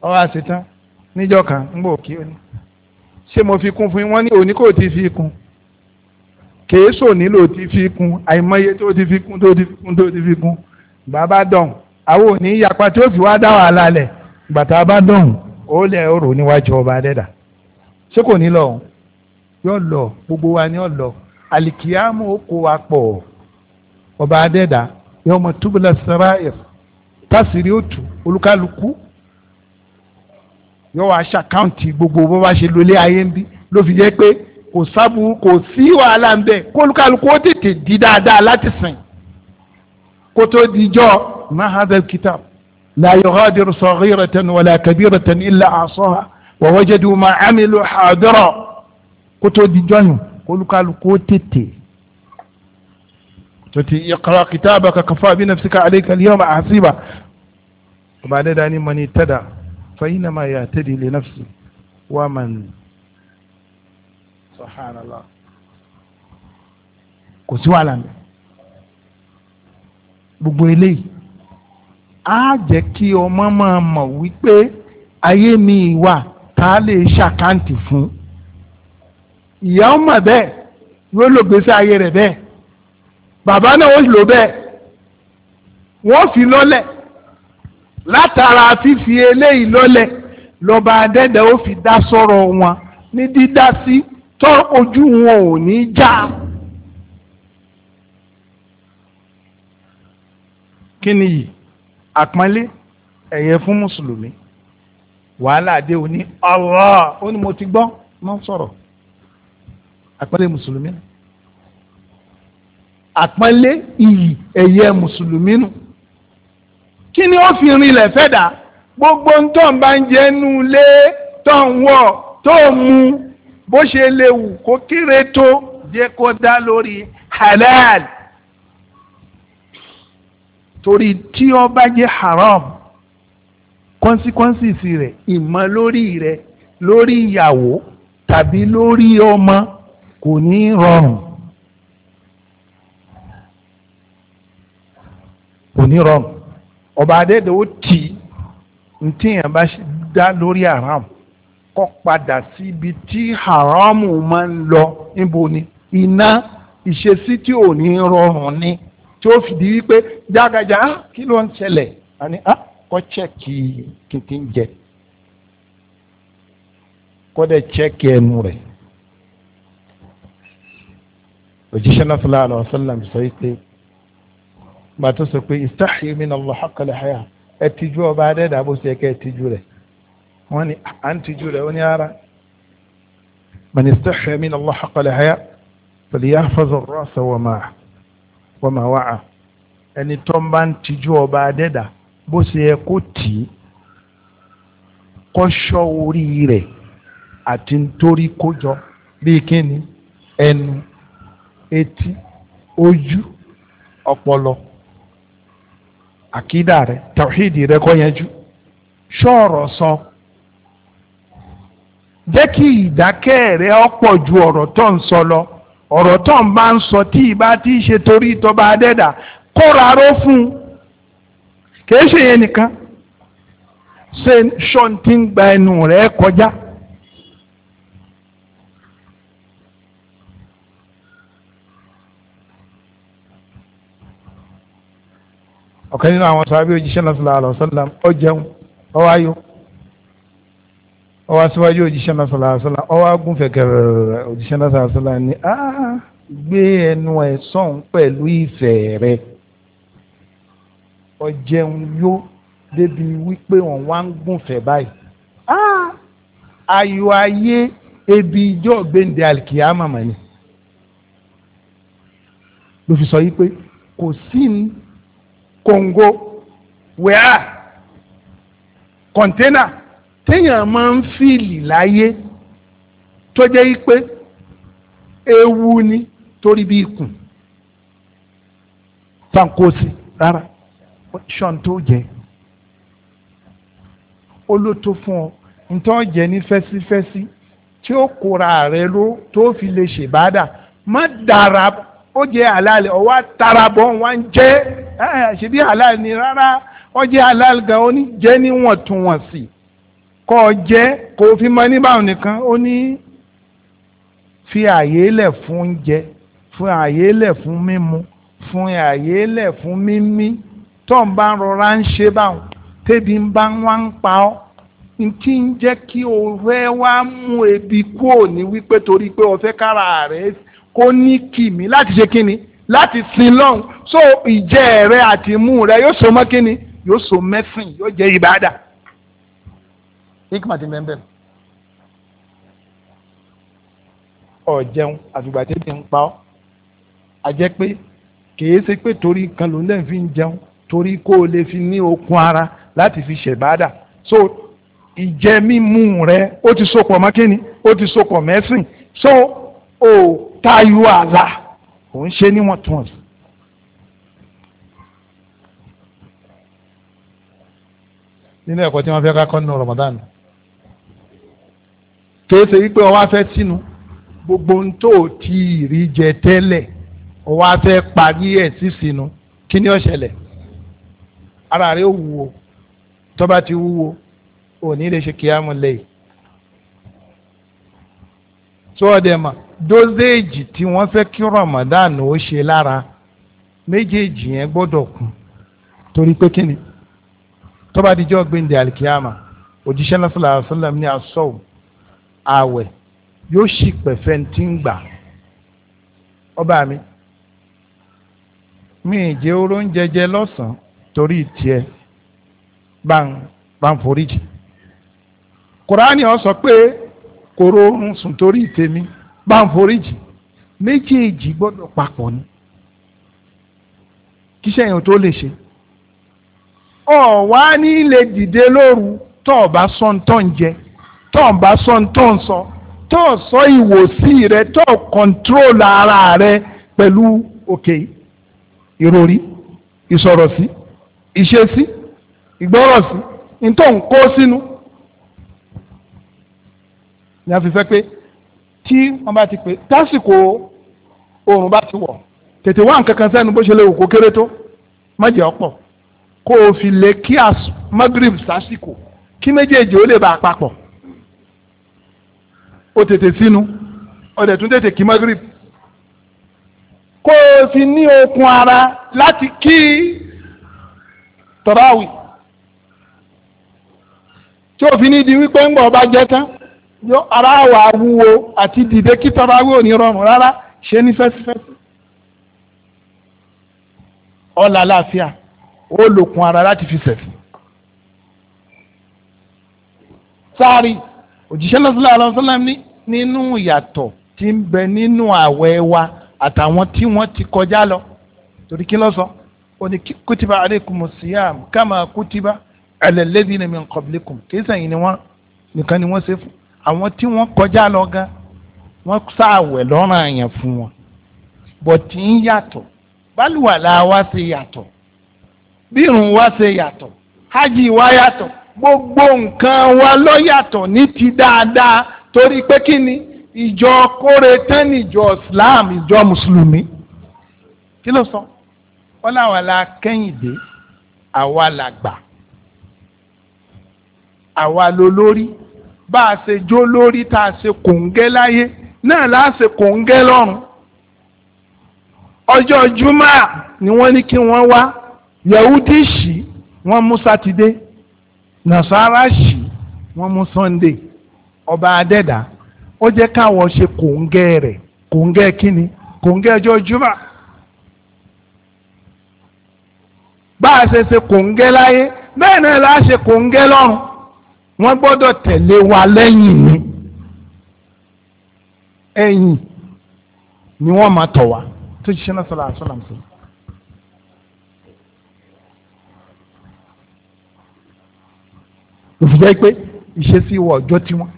ọwọ́ àṣetán níjọ́ kan ń gbò kí ó ní. ṣé mo fi kún fún yín wọ́n ní òní kò tí fi kún kèésò nílò tí fi kún àìmọye tó ti fi kún tó ti fi kún tó ti fi kún bàbá dọ̀n àwọn òní ìyapa tí ó fi wá dá wàhálà lẹ̀ gbàtà bá dọ̀n ó lẹ̀ ó rò níwájú ọba adẹ́dà ṣé kò ní lọ yọ lọ gbogbo wa ni ọ lọ àlìkíyàmù ó kó wa pọ̀ ọba adẹ́dà yọmọ túbúlẹ̀ sẹ́ráyẹ̀ tásìrí òtù olúkálukú yọ wá ṣàkáǹtì gbogbo bó bá ṣe lólé ayé ń bí ló fi jẹ́ pé kò sábù kò sí wàhálà ń bẹ̀ kó olúkálukú ó tètè di dáadáa láti sìn kó tó dijọ́ mahadum kitab la yughadiru saghiratan wala kabiratan illa ahsaha wa wajadu ma amilu hadira kó tó dijọ́ yìí kó olúkálukú ó tètè tòtí iqra kitabaka kafa bi nafsika alayka al-yawma hasiba ọba adẹ́dá ni mọ̀ ní tẹ́dà fainama ya'tadi li nafsi wa man subhanallah kò sí wàhálà mi gbogbo eléyìí á jẹ́ kí ọmọ máa mọ̀ wípé ayé mi wà tá a lè ṣàkáǹtì ìyá ọmọ bẹ́ẹ̀ yóò lògbèsè ayé rẹ̀ bẹ́ẹ̀ bàbá náà ó lò bẹ́ẹ̀ wọ́n fi lọ́lẹ̀ látara fífi eléyìí lọ́lẹ̀ lọ́ba adẹ́dẹ́ ó fi dá sọ̀rọ̀ wọn ní dídá sí tọ́ ojú wọn ò ní já. kí ni yìí àpọ́nlé ẹ̀yẹ fún mùsùlùmí wàhálà dé o ní Allah ó ní mo ti gbọ́ mọ́ sọ̀rọ̀ àpọ́nlé mùsùlùmí náà àpọ́nlé iyì ẹ̀yẹ mùsùlùmí nù kí ni ó fi rinlẹ̀ fẹ́dà gbogbo ń tọ́ bá ń jẹ́ nú lé tọ́ ń wọ̀ tó mu bó ṣe lè wù kó kéré tó jẹ́ kó dá lórí halal torí tí ó bá jẹ́ haram consequences rẹ̀ ìmọ̀ lórí rẹ̀ lórí ìyàwó tàbí lórí ọmọ kò ní rọrùn. kò ọba adéde ó tì í ntí yẹn bá dá lórí haram kọ padà síbi tí haramu máa ń lọ níbo ni iná ìṣesí tí ò ní ni tí ó fìdí wípé jágajá ah, kí ló ń ṣẹlẹ̀ àní kọ́ kìntìn jẹ gbàtọ́ sọ pé istahyi min Allah haqqa al-haya ẹ tijú ọba adẹ́dà bó ṣe kẹ́ ẹ tijú rẹ̀ wọ́n ní à ń tijú rẹ̀ wọ́n ní ara man istahya min Allah haqqa al-haya falyahfaz ar-ra'sa wa ma wa'a ẹni tó ń bá ń tijú ọba adẹ́dà bó ṣe yẹ kó tì í kó ṣọ́ orí rẹ̀ àti nítorí kójọ bíi kíni ẹnu etí ojú ọpọlọ àkídà rẹ tàwíìdì rẹ kọ́ yanjú ṣọ́ọ̀rọ̀ sọ jẹ́ kí ìdákẹ́ rẹ ọ̀pọ̀ ju ọ̀rọ̀ tó ń sọ lọ ọ̀rọ̀ tó ń bá ń sọ tí ìbá tí í ṣe torí tọba adẹ́dà kóra ró fún un kìí ṣe yẹn nìkan ṣe ṣọ́ntì ń gba ẹnu rẹ kọjá. ọ̀kan nínú àwọn sábẹ́ òjíṣẹ́ náà sallallahu alaihi wasallam ó jẹun ó wá yó ó wá síwájú òjíṣẹ́ náà sallallahu alaihi wasallam ó wá gúnfẹ̀ kẹrẹrẹ òjíṣẹ́ náà sallallahu alaihi wasallam ní gbé ẹnu ẹ̀ sọ̀hún pẹ̀lú ìfẹ́ rẹ̀ ó jẹun yó débi wípé wọ́n wá ń gúnfẹ̀ báyìí ayọ̀ ayé ebi ijó gbẹ̀ǹdẹ̀ àlìkìyàmàmà ni ló fi sọ yí pé kò sí ní kòǹgò wẹ́à kọ̀ńténà téèyàn máa ń fìlì láyé tó jẹ́ pé ewu ni torí bí ikùn tankosi rárá sean tó jẹ olóto fún ọ ntọ́ jẹ ní fẹ́sífẹ́sí tí ó kóra rẹ ló tó fi lè ṣèbádà má dára ó jẹ́ halal ọwọ́ tarabọ̀ wọn jẹ́ eh, ṣebí halal ni rárá ó jẹ́ halal gan ó ní jẹ́ níwọ̀ntúnwọ̀nsì kọ́ ọ jẹ́ kó o fi mọ níbàwọ̀n nìkan ó ní fi àyè lẹ̀ fún oúnjẹ fún àyè lẹ̀ fún mímu fún àyè fún mímí tó ń bá rọra ń ṣe báwọn tẹ́bi ń bá wá ń pa ọ́ tí ń jẹ́ kí o fẹ́ wá mú ebi kúò ní wípé torí pé o fẹ́ kára rẹ̀ kó ní kìmí láti ṣe kíni láti sin lọ́hùn so ìjẹ́ rẹ àti imú rẹ yóò so mọ́ kíni yóò so mẹ́sìn yóò jẹ́ ìbáàdà. hikmati mẹ́mbẹ́ ọ̀jẹun àfìgbà tí ti ń pa ọ́ a jẹ́ pé kìí ṣe pé torí kan ló ń dẹ̀ fi ń jẹun torí kó o lè fi ní okun ara láti fi ṣèbáàdà so ìjẹ́ mímú rẹ ó ti sopọ̀ mọ́ kíni ó ti sopọ̀ mẹ́sìn so ò tayọ àlà òun ṣe níwọ̀ntúnwọ̀nsì. nínú ẹ̀kọ́ tí wọ́n fẹ́ ká nínú Ramadan kìí ṣe wípé ọwọ́ afẹ́ sínú gbogbo ń tó tí ì rí jẹ tẹ́lẹ̀ ọwọ́ afẹ́ parí ẹ̀ sí sínú kí ni ó ara rẹ̀ wúwo tó ti wúwo òní lè ṣe kíámù lẹ́yìn tó ọdẹ mà dosage tí wọ́n fẹ́ kí Ramadan ó ṣe lára méjèèjì yẹn gbọ́dọ̀ kún torí pé kíni tó bá gbẹ̀ndẹ̀ alikiyama òjíṣẹ́ náà ní asọ́wò àwẹ̀ yóò ṣì pẹ̀fẹ́ tí ń gbà ọba mi mi ì jẹ́ lọ́sàn-án torí tiẹ̀ bá ń foríjì kùránì bá ń foríjì méjèèjì gbọ́dọ̀ papọ̀ ni kíṣẹ́ yẹn tó lè ṣe ọ̀wá ní lè dìde lóru tó o bá sọ tó ń jẹ tó o bá sọ tó ń sọ tó o sọ ìwòsí rẹ tó o kọ̀ǹtírólù ara rẹ pẹ̀lú òkè ìròrí ìsọ̀rọ̀sí ìṣesí ìgbọ́rọ̀sí ní tó ń kó sínú ni a fi fẹ́ pé tí wọ́n bá ti pè tásìkò oòrùn bá ti wọ̀ tètè wá nǹkan kan sẹ́nu bó ṣe lè wò kó kéré tó má jẹ́ ọ̀pọ̀ kó o fi lè kí magrib sásìkò kí méjèèjì ó lè bá a papọ̀ o tètè sínú o dẹ̀ tún tètè kí magrib kó o fi ní okun ara láti kí tọ́ráwì tí o fi ní di wípé ń bọ̀ ọba jẹ́ tán ara wà wúwo àti dìde kí tarawí ò ní rọrùn rárá ṣe ní fẹ́sífẹ́sí ọ̀la àlàáfíà ó lòkun ara láti fi sẹ̀sì. sáárì òjíṣẹ́ lọ́sọ́lá àlọ́sọ́lá nínú ìyàtọ̀ tí ń bẹ nínú àwẹ̀ wa àtàwọn tí wọ́n ti kọjá lọ torí kí lọ́sọ̀ ó ní kútìbà alaykumu siyam kama kútìbà ala alladhina min qablikum kì í sẹ́yìn ni wọ́n nìkan ni wọ́n ṣe fún àwọn tí wọ́n kọjá lọ gan wọ́n sáàwẹ̀ lọ́rùn àyàn fún wọn bọ̀tí ń yàtọ̀ bálùwàlà wa ṣe yàtọ̀ bírun wa ṣe yàtọ̀ hajj wa yàtọ̀ gbogbo nǹkan wa lọ yàtọ̀ ní ti dáadáa torí pé kí ni ìjọ kóre tán níjọ Islam ìjọ mùsùlùmí kí ló sọ wọn làwọn la kẹ́yìndé àwa làgbà àwa lolórí bá a ṣe jó lórí tá a ṣe kòńgẹ́ láyé náà láà ṣe kòńgẹ́ lọ́run ọjọ́ jumá ni wọ́n ní kí wọ́n wá yahudi ṣì wọ́n mú sátidé nasara ṣì wọ́n mú sunday ọba adẹ́dà ó jẹ́ káwọn ṣe kòńgẹ́ rẹ̀ kòńgẹ́ kíni kòńgẹ́ ọjọ́ jumá. bá a ṣe ṣe kòńgẹ́ láyé bẹ́ẹ̀ náà láà ṣe kòńgẹ́ lọ́run wọ́n gbọ́dọ̀ tẹ̀lé wa lẹ́yìn ni ẹ̀yìn ni wọ́n máa tọ̀ wá tó ṣiṣẹ́ náà sọ̀rọ̀ àṣọ làǹṣẹ́. òfìjẹ́ pé ìṣesí wọ ọjọ́ tí wọ́n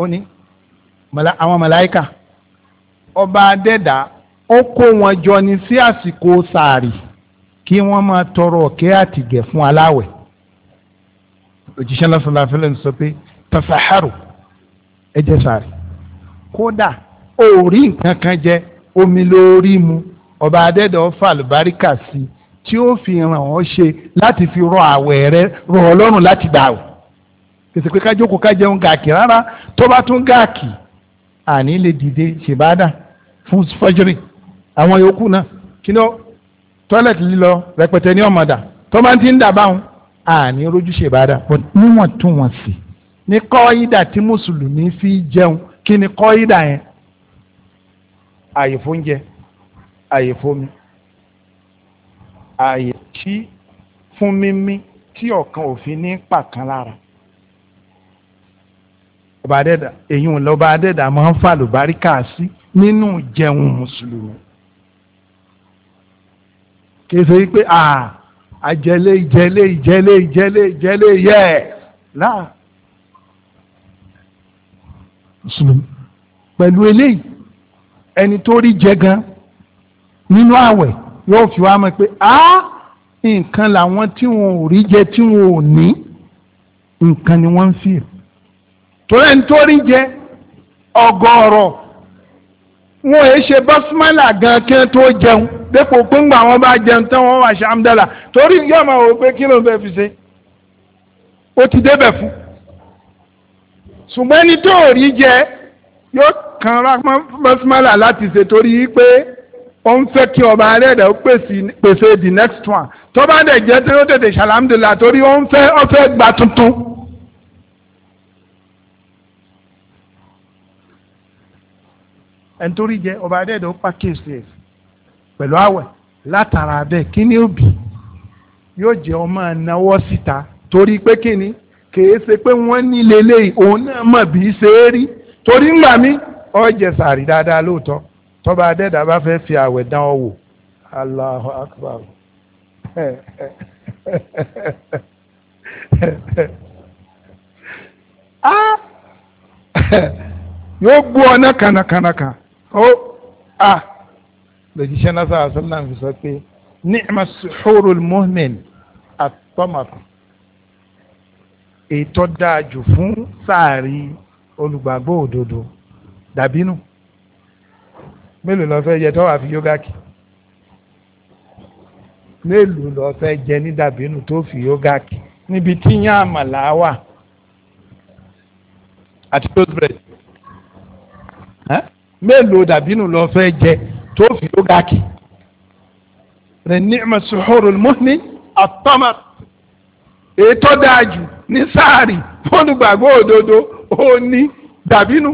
ó ní àwọn màláíkà ọba adẹ́dà ó kó wọn jọ ní sí àsìkò sàárì. Si kí wọ́n máa tọrọ ọ̀kẹ́ àtìgbẹ̀ fún aláwẹ̀ òjíṣẹ́ lọ́sọ̀lá fẹ́lẹ́ ń sọ pé tafaharu ẹ jẹ sààrì kódà ó rí nǹkan kan jẹ omi lórí mu ọba adẹ́dọ̀ fàlùbáríkà sí tí ó fi ràn ọ́ ṣe láti fi rọ àwẹ̀ rẹ rọ ọ́ lọ́rùn láti gbà wẹ̀ pèsè pé kájókòó ká gààkì rárá tó bá tún gààkì àní lè dìde ṣèbádà fún fọjúrì àwọn yòókù náà kí ni ó tọ́lẹ̀tì lílọ rẹpẹtẹ ní ọ̀mọ̀dà tó bá ti ń dà báwọn àní rójúṣe ìbáda níwọ̀ntúnwọ̀nsì ní kọ́ídà tí mùsùlùmí fi jẹun kí ni kọ́ídà yẹn àyè fóúnjẹ àyè fómi àyè tí fún mímí tí ọ̀kan òfin ní pàkan lára ọba adẹ́dà èyí ò lọ́ba adẹ́dà máa ń fàlùbáríkà sí nínú jẹun mùsùlùmí kì í ṣe wípé à àjẹlé ìjẹlé ìjẹlé ìjẹlé ìjẹlé yẹ láà mùsùlùmí pẹ̀lú eléyìí ẹni tó rí jẹ gan nínú àwẹ̀ yóò fi wá mọ̀ pé a nǹkan làwọn tí wọn ò rí jẹ tí wọn ò ní nǹkan ni wọ́n ń fi torí ẹni tó rí jẹ ọgọ́rọ̀ wọn ò ṣe basmala gan kí wọn tó jẹun dépò pínpín àwọn bá jẹun tán wọn wà ṣe amdala torí yóò máa wò pé kí ló ń fẹ́ fi ṣe ó ti débẹ̀ fún ṣùgbọ́n ẹni tó rí jẹ yóò kàn ra basmala láti ṣe torí pé ó ń fẹ́ kí ọba arẹ́rẹ́ ó pèsè the next one tó bá dẹ̀ jẹ́ tó tètè ṣàlámdùlà torí ó ń fẹ́ ó fẹ́ gba tuntun. ẹnitórí jẹ ọba adẹ́dẹ́ ó pàkíyèsí ẹ̀ pẹ̀lú àwẹ̀ látara abẹ́ kíní òbí yóò jẹ́ ọmọ náwó síta torí pé kíní kìí ṣe pé wọ́n nílé léyìí òun náà mọ̀ bí í torí ńgbà mi ọ sàrí dáadáa lóòótọ́ tọba adẹ́dàá bá fẹ́ fi àwẹ̀ dán ọ wò ó à lòjíṣẹ́ náà àṣàlá fi sọ pé ni'ma suhurul mu'min àtọ́màtà ètò dáa jù fún sáàrí olùgbàgbọ́ òdodo dàbínú mélòó lọ fẹ́ jẹ tó wà fi yógà kì mélòó lọ fẹ́ jẹ ní dàbínú tó fi yógà kì níbi tí yán àmàlà wà àti toast bread. Huh? mélòó dàbínú lọ fẹ́ jẹ tó fi ló gàkì rẹ̀ ni'ma suhurul mu'min at-tamar ètò dájú ní sáàrì fọ́nùgbàgbọ́ òdodo ó ní dàbínú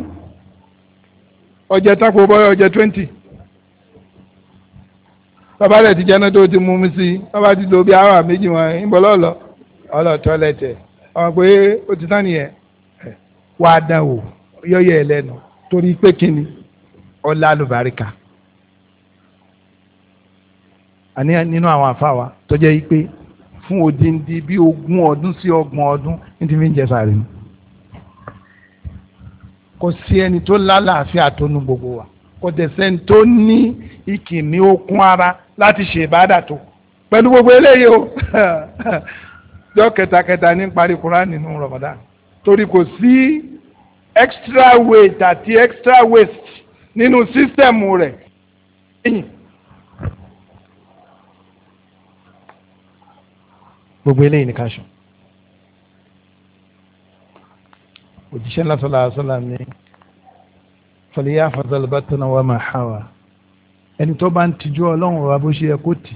ọjẹ tako bọ́yọ̀ ọjẹ twenty bàbá rẹ̀ ti jẹ́nà tó ti mú mi sí bàbá ti lo bí àwọn méjì wọn ń bọ̀ lọ́lọ́ ọlọ́ tọ́lẹ̀tẹ̀ ọmọ pé ó ti tán nìyẹn wàá dán o yọ̀yẹ̀ ẹlẹ́nu torí pé kíni ọlá àlùbáríkà àní nínú àwọn àfáwà tó jẹ́ pé fún odindi bí ogún ọdún sí ọgbọ̀n ọdún ní ti fi ń jẹ sàárè mu kò sí ẹni tó lálàáfíà tó nu gbogbo wa kò dẹ̀sẹ̀ tó ní ìkìní okun ara láti ṣe ìbádà tó pẹ̀lú gbogbo eléyìí o jọ kẹtakẹta ní parí Kùránì nínú Ramadan torí kò sí extra weight àti extra waste nínú sísítẹ̀mù rẹ̀ gbogbo eléyìí ni ká sùn òjíṣẹ́ lásọ̀lá àṣọlá ni fọlíyà fàzọlùbá tọ́nà wà máa há wa ẹni tó bá ń tijú ọlọ́run ọba bó ṣe yẹ kó tì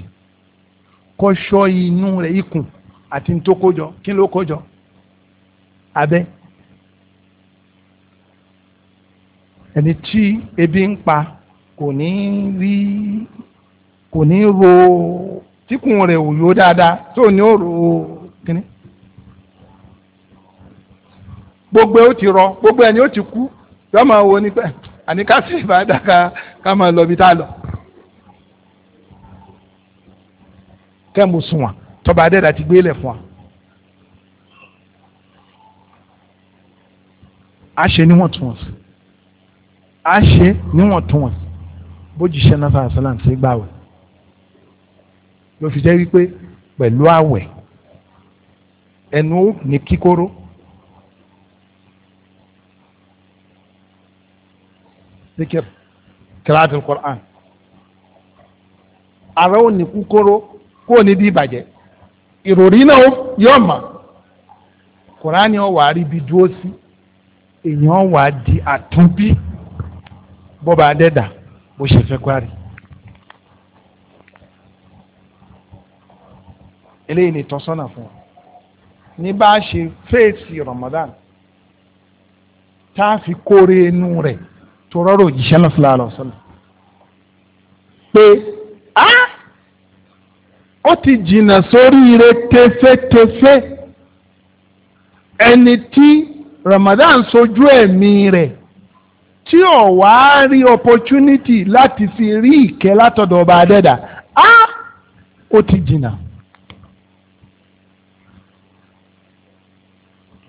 kó ṣọ́ inú rẹ̀ ikùn àti ní kí ló kójọ abẹ́ ẹni tí ebi ń pa kò ní rí kò ní ro tíkùn rẹ̀ ò yó dáadáa tó ní ó ro kíní. gbogbo ẹ ó ti rọ gbogbo ẹni ó ti kú yọọ máa wo ni pé eh, àní ká sì bá dàka ká máa lọ bí tá a lọ. kẹ́mu sùn wọn tọba adẹ́dà ti gbé lẹ̀ fún wa. a ṣe ni a ṣe níwọ̀ntúnwọ̀nsì bójúṣe náà sàrà sàlám sí gbàwẹ̀ ló fi jẹ́ wípé pẹ̀lú àwẹ̀ ẹnu ní kíkóró. zikir kiraatul Qur'an ara ó ní kúkóró kó ní bí ìbàjẹ́ ìròrí náà yóò mọ̀ Qur'an yóò wá rí bí dúró sí èèyàn wá di àtúnbí bọ́ba adẹ́dà bó ṣe fẹ́ kwari. eléyìí ni tọ́sọ́nà fún wa ní bá a ṣe fèsì Ramadan tá a fi kóore inú rẹ̀ tó rọrùn òjíṣẹ́ náà fúlà lọ sọ́nà pé á ó ti jìnnà sórí ire tẹfẹ́tẹfẹ́ ẹni tí Ramadan sojú ẹ̀mí rẹ̀ tí ò wá rí opportunity láti fi rí ìkẹ́ látọ̀dọ̀ ọba adẹ́dà á ó ti jìnnà.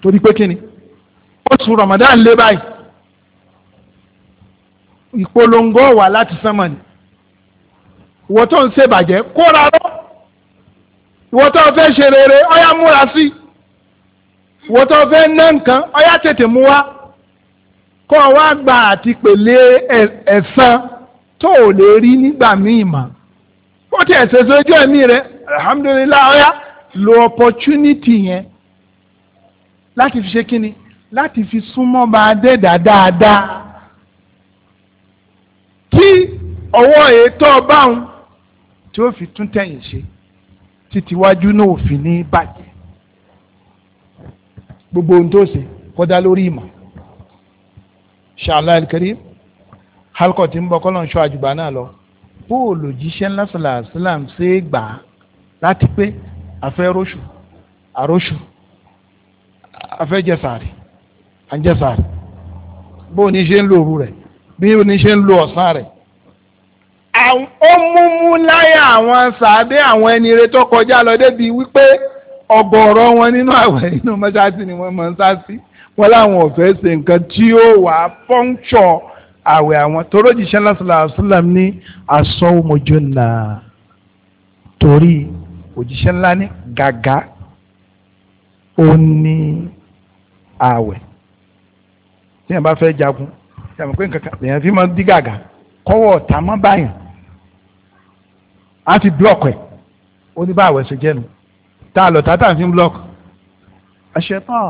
torí pé kíni oṣù Ramadan lé báyìí ìpolongo wà láti sánmọ̀ ni ìwọ tó ń ṣèbàjẹ́ kóra lọ ìwọ tó fẹ́ ṣe rere ọyá múra sí ìwọ tó fẹ́ ná nǹkan ọyá tètè mú wá kọ́ ọ wá gba àti pèlè ẹ̀san tó ò lè rí nígbà míì mọ́ ó ti ẹ̀sẹ̀ sójú ẹ̀mí rẹ alhamdulilayi ọ̀yá lo opportunity yẹn láti fi ṣe kíni láti fi súnmọ́ bá a dẹ́dà dáadáa kí ọwọ́ ètò ọbaun tí ó fi tún tẹ̀yìn ṣe títí wájú náà ò fi ní bàjẹ́ gbogbo ohun tó ṣe kódà lórí ìmọ̀ ṣàlá ìkẹrí halkọ̀ tí ń bọ̀ kọ́lọ̀ ń ṣọ́ àjùbá náà lọ bóòlù jíṣẹ́ ńlá sàlàsílàm ṣe é gbà á láti pé àfẹ́ róṣù àróṣù àfẹ́ jẹsàárì àjẹsàárì bóò ní ṣe ń lo òru rẹ̀ bí ó ní ṣe ń lo ọ̀sán rẹ̀ ó múmú láyà àwọn sàádé àwọn ẹni ire tó kọjá lọ débi wípé ọ̀gọ̀ọ̀rọ̀ wọn nínú àwẹ̀ inú mọ́ṣáláṣí ni wọ́n mọ̀ ń sá sí wọ́n láwọn ọ̀fẹ́ ṣe nǹkan tí ó wà á pọ́ńṣọ̀ àwẹ̀ àwọn tóró jíṣẹ́ lásìlá àṣìlám ní aṣọ òmòjò náà torí òjíṣẹ́ ńlá ní gàgà ó ní àwẹ̀ tí yẹn bá fẹ́ jagun yàtọ̀ pé nǹkan kan lèyàn fi máa ń dí gàgà kọ́wọ́ ọ̀tá mọ́ báyìí á ti blọ́ọ̀kì ẹ̀ ó ní bá àwẹ̀ ṣe jẹ́ nu tá a lọ tá a tà fi ń blọ́ọ̀kì tán.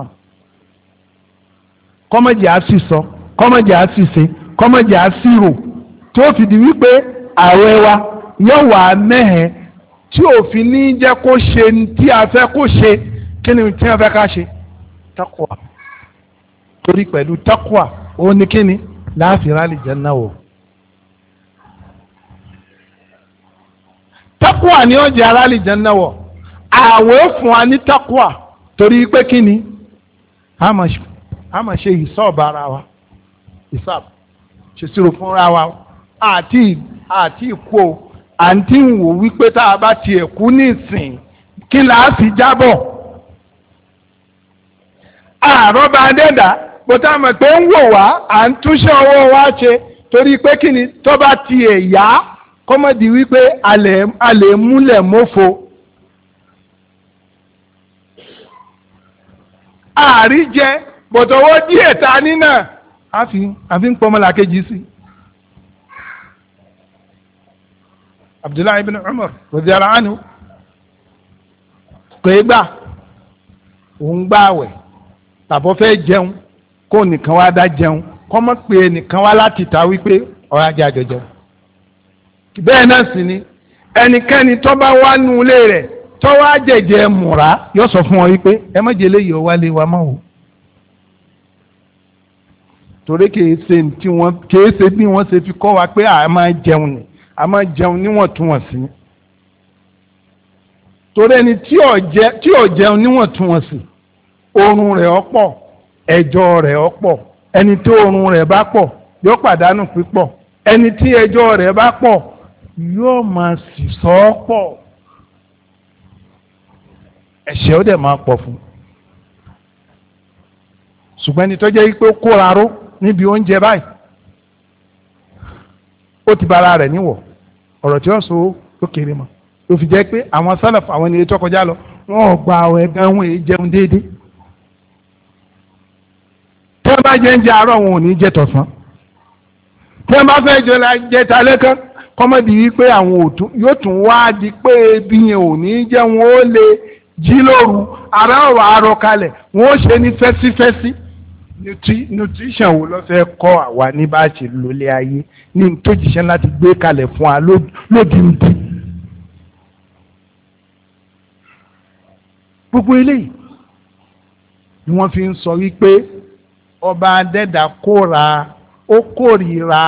kọ́mọ̀jì á sọ kọ́mọ̀jì á se, ṣe kọ́mọ̀jì á sì rò tí ó fi di wípé ààrẹ wa yóò wà mẹ́hẹ̀ẹ́ tí òfin ní jẹ́ kó ṣe tí a fẹ́ kó ṣe kí ni tí a fẹ́ ká ṣe takwa torí pẹ̀lú takwa ó ní kí ni láàfin rálì jẹ́ náà wò. takwa ni ó jẹ́ rálì jẹ́ náà wò àwẹ̀ fún wa ní takwa torí pé kí ni. a máa ṣe ìsọ́ọ̀bù ara wa ìsọ́ọ̀bù ṣèṣirò fúnra wa àti àti ìkó àǹtí ń wò wípé tá a bá tiẹ̀ kú nísìn kí là á fi jábọ̀ àárọ̀ bá dẹ́dà bó tá a mọ̀ pé ń wò wá à ń túnṣe ọwọ́ wa ṣe torí pé kí ni tó bá tiẹ̀ yá kọ́mọ̀dì wípé a lè múlẹ̀ mófo. àárí jẹ́ bọ̀tọ̀ owó díẹ̀ ta ní náà a fi a fi ń pọ́ ọmọlá kejì sí. Abdullahi ibn Umar radiyallahu anhu pé gbà òun gbà àwẹ̀ tàbọ̀ fẹ́ jẹun kó nìkan wá dá jẹun kọ́ mọ́ pé nìkan wá láti ta wípé ọ̀rọ̀ ajé àjọ bẹ́ẹ̀ náà sì ni ẹnikẹ́ni tó bá wá nu ilé rẹ̀ tó wá jẹ̀jẹ̀ mùrà yóò sọ fún ọ wípé ẹ má jẹ́ léyìí ọ wálé wa mọ́ o torí kìí ṣe tí wọ́n kìí ṣe bí wọ́n ṣe fi kọ́ wa pé a máa jẹun ni a máa jẹun níwọ̀ntúnwọ̀nsì torí ẹni tí ò jẹun níwọ̀ntúnwọ̀nsì oorun rẹ̀ ọ́ pọ̀ ẹjọ́ rẹ̀ ọ́ pọ̀ ẹni tí oorun rẹ̀ bá pọ̀ yóò pàdánù pípọ̀ ẹni tí ẹjọ́ rẹ̀ bá pọ̀ yóò máa sì sọ ọ́ pọ̀ ẹ̀ṣẹ̀ ó dẹ̀ máa pọ̀ fún ṣùgbọ́n ẹni tó jẹ́ pé kóra ró níbi oúnjẹ báyìí ó ti bara rẹ̀ níwọ̀ ọ̀rọ̀ tí ó so ó kéré mọ́ ló fi jẹ́ pé àwọn sálàfù àwọn ènìyàn tó kọjá lọ wọn ò gba àwọn ẹ̀gbẹ́ wọn èyí jẹun déédéé tí wọ́n bá jẹ oúnjẹ àárọ̀ wọn ò ní jẹ tọ̀sán tí wọ́n bá fẹ́ jẹ talẹ́ kan kọ́mọ́dì wípé àwọn òtún yóò tún wá di pé ebi yẹn ò ní jẹ́ ó lè jí lóru ara ọ̀rọ̀ àròkalẹ̀ wọn ó ṣe ní fẹ́sífẹ́sí nutrition wo ló fẹ́ kọ́ àwa ní bá a ṣe lólé ayé ní tó jíṣẹ́ láti gbé kalẹ̀ fún wa lódìndín. gbogbo eléyìí ni wọ́n fi ń sọ wípé ọba adẹ́dà kóra ó kórìíra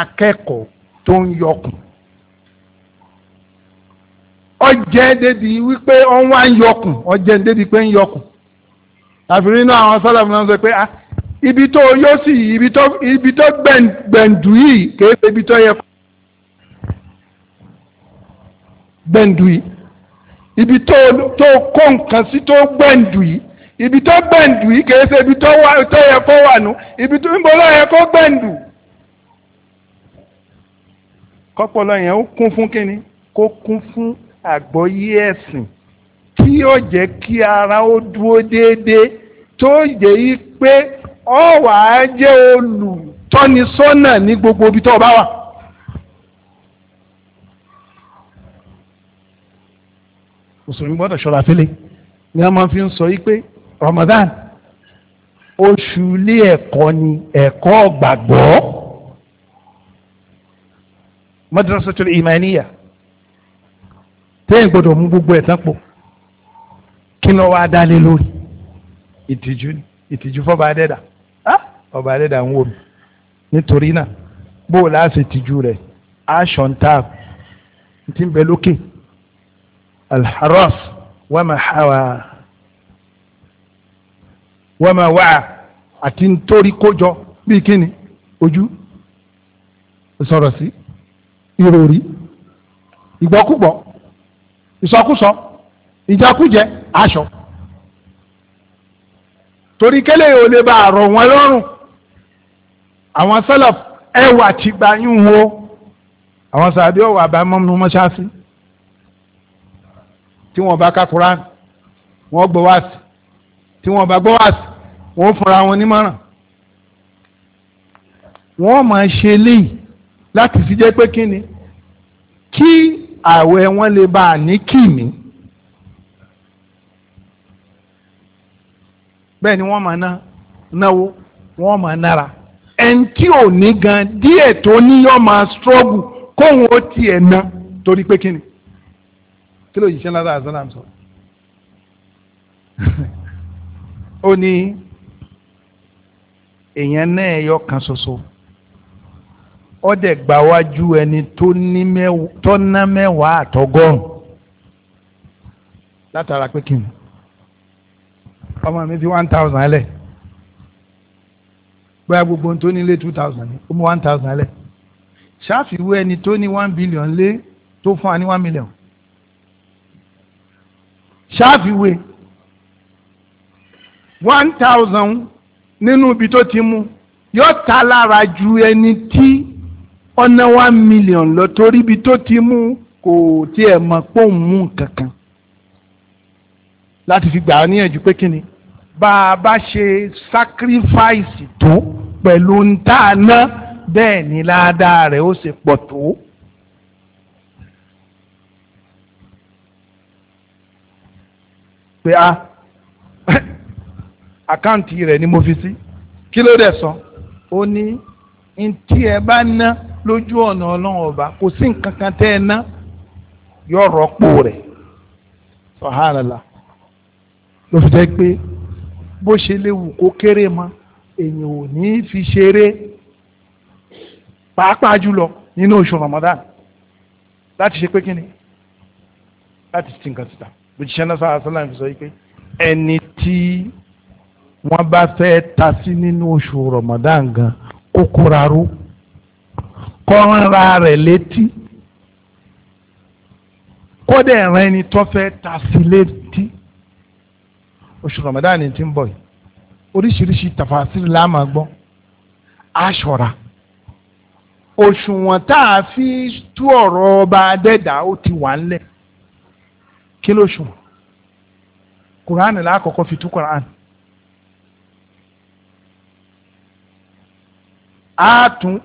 akẹ́kọ̀ọ́ tó ń yọkùn ọjẹ́ débi wípé ọ̀n wá ń yọkùn ọjẹ́ débi pé ń yọkùn àfihàn nínú àwọn sálàmù náà sọ pé ah, ibi tó yóò sì ibi tó gbẹ̀ǹdù yìí kèé ṣe ibi tó yẹ kó gbẹ̀ǹdù yìí ibi tó kó nǹkan sí tó gbẹ̀ǹdù yìí ibi tó gbẹ̀ǹdù yìí kèé ṣe ibi tó yẹ kó wà nù ibi tó ń bọ̀ lọ́ yẹ kó gbẹ̀ǹdù kọ́pọ̀lọ́ yẹn ó kún fún kínní kó kún fún àgbọ́yé ẹ̀sìn tí yóò jẹ́ kí ara ó dúró déédéé tó jẹ́ yí pé ọ wà á jẹ́ olùtọ́nisọ́nà ní gbogbo ibi tó o bá wà. mùsùlùmí gbọ́dọ̀ ṣọ́ra fẹ́lẹ́ ni wọ́n máa fi ń sọ yí pé Ramadan oṣù ilé ẹ̀kọ́ ni ẹ̀kọ́ gbàgbọ́ madrasatul imaniya tẹ́yìn gbọ́dọ̀ mú gbogbo ẹ̀ tán pọ̀ kí ló wá dálé lórí ìtìjú ni ìtìjú fọba adẹ́dà ọba adẹ́dà ń wò mí nítorí náà bó o láàfin ìtìjú rẹ̀ aṣọ ń tà ti ń bẹ lókè alharas wàmà hawa wàmà wà àti nítorí kójọ bíi kíni ojú sọ̀rọ̀ sí ìròrí ìgbọ́kúgbọ́ ìsọkúsọ. So ìjàkújẹ aṣọ torí kẹlẹ ò lè bá àrọ wọn lọ́rùn àwọn sálàf ẹwà ti gbayún wo àwọn sàbí ọwọ àbámọmú mọṣáṣí tí wọn bá ka Quran wọn gbọ́ wáàsí tí wọn bá gbọ́ wáàsí wọn fúnra wọn nímọ̀ràn wọn máa ṣe léyìí láti fi jẹ́ pé kí ni kí ààwẹ̀ wọn lè bá a ní kìmí. bẹ́ẹ̀ ni wọ́n máa ná náwó wọ́n máa nára ẹni tí ò ní gan díẹ̀ tó ní yọ máa struggle kóhun ó tiẹ̀ ná torí pé kíni kí ló yìí ṣe lára àzọ́là sọ ó ní èèyàn náà ẹyọ kan ṣoṣo ó gbàwájú ẹni tó ná mẹ́wàá àtọ́gọ́rùn látara pé kíni ọmọ mi fi one thousand lẹ̀ bóyá gbogbo tó nílé two thousand ó mú one thousand lẹ̀ ṣáàfiwé ẹni tó ní one billion lé tó fún wa ní one million ṣáàfiwé one thousand nínú ibi tó ti mú yóò ta lára ju ẹni tí ọ̀nà one million lọ torí ibi tó ti mú kò tiẹ̀ mọ̀ pé mú nǹkan láti fi gbà á níyànjú pé kí ni bá a bá ṣe sacrifice tó pẹ̀lú ń tà ná bẹ́ẹ̀ ni ládàá rẹ̀ ó ṣe pọ̀ tó. pé a ah, àkáǹtì rẹ̀ ni mo fi sí kí ló dẹ̀ sọ ó ní ntí ẹ bá ná lójú ọ̀nà ọlọ́run ọba kò sí nǹkan kan tẹ́ ẹ ná yọ rọ́pò rẹ̀ sọ̀hánàlá ló fi jẹ́ pé bó ṣe léwu kó kéré mọ́ èyàn ò ní fi ṣeré pàápàá jùlọ nínú oṣù Ramadan láti ṣe pé kíni láti ti nǹkan síta òjíṣẹ́ náà sáà sálàm fi sọ yìí pé ẹni tí wọ́n bá fẹ́ ta sí nínú oṣù Ramadan gan kó kóra ró kọ́ńra rẹ̀ létí kódà ẹ̀rọ ẹni tó fẹ́ ta sí létí oṣù Ramadan ti ń bọ̀ yìí oríṣiríṣi tafasiri la máa gbọ́ aṣọra òṣùwọ̀n tá a fi tú ọ̀rọ̀ ọba adẹ́dà ó ti wà ńlẹ̀ kí ló ṣùwọ̀n kùránì lákọ̀ọ́kọ́ fi tú kùránì á tún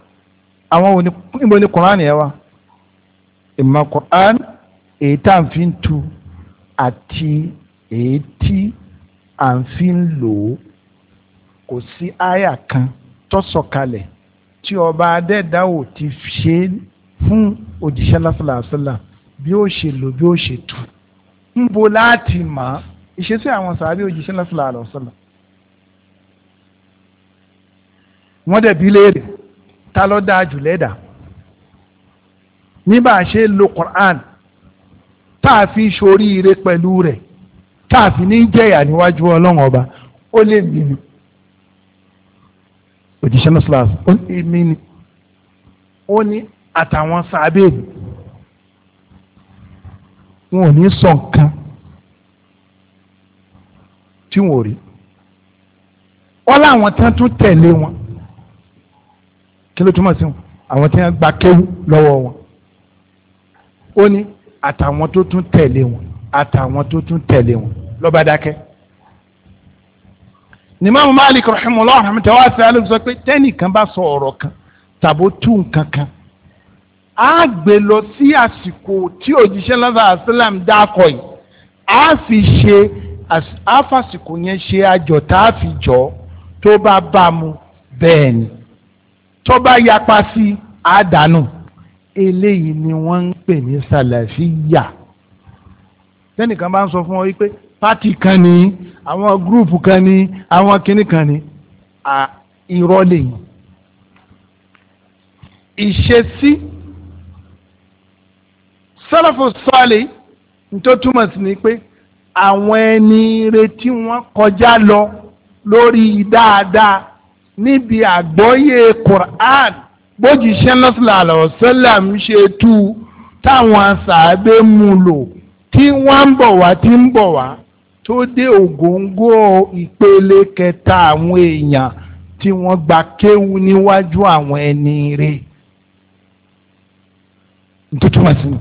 àwọn òní níbo ni kùránì ẹ wá ìmọ̀ kùránì èyí tá à fi ń tu àti èyí tí à ń fi ń lò ó kò sí àyà kan tó sọ̀kalẹ̀ tí ọba adẹ́dáwò ti ṣe fún òjíṣẹ́ lásìlàsílà bí ó ṣe lò bí ó ṣe tù ń bo láti mọ̀ ìṣesí àwọn sàábí òjíṣẹ́ lásìlàsílà wọ́n dẹ̀bi léèrè ta ló dáa jù lẹ́dà ní bá a ṣe lo Qur'an tá a fi ṣoríire pẹ̀lú rẹ̀ káàfi ní jẹ̀yà níwájú ọlọ́run ọba ó lè mí ni òjíṣẹ́ náà sọ́la ó lè mí ni ó ní àtàwọn sábẹ́ẹ̀lì wọn ò ní sọ nǹkan tí wọn ò rí wọn láwọn tán tún tẹ̀lé wọn kí ló túmọ̀ sí wọn àwọn tí wọn gba kéwú lọ́wọ́ wọn ó ní àtàwọn tó tún tẹ̀lé wọn àtàwọn tó tún tẹ̀lé wọn lọ́ba dákẹ́. Ìmáàmù Malik rahimahullah rahmatulahi wa sallam sọ pé tẹ́nìkan bá sọ ọ̀rọ̀ kan tàbó tú nǹkan kan a gbé lọ sí àsìkò tí òjíṣẹ́ lọ́sà àṣìlám dákọ̀ yìí a fi ṣe àfàsìkò yẹn ṣe àjọ tá a fi jọ tó bá bá mu bẹ́ẹ̀ ni tó bá yapa sí àdánù eléyìí ni wọ́n ń pè ní sàlàfíyà tẹ́nìkan bá ń sọ fún ọ wípé pátì kan ni àwọn gúrùpù kan ni àwọn kinní kan ni irọ́ lèyìn ìṣesí sálàfù sọ́ọ̀lì tó túmọ̀ sí ni pé àwọn ẹni retí wọn kọjá lọ lórí dáadáa níbi àgbọ́yé Qur'an bójì sẹ́nọ́sílà àlọ́sẹ́là ń ṣe tú táwọn sàábé mú lò tí wọ́n ń bọ̀ wá tí ń bọ̀ wá tó dé ògóńgó ìpele kẹta àwọn èèyàn tí wọ́n gba kéwu níwájú àwọn ẹni rẹ̀ tó túmọ̀ sí ni.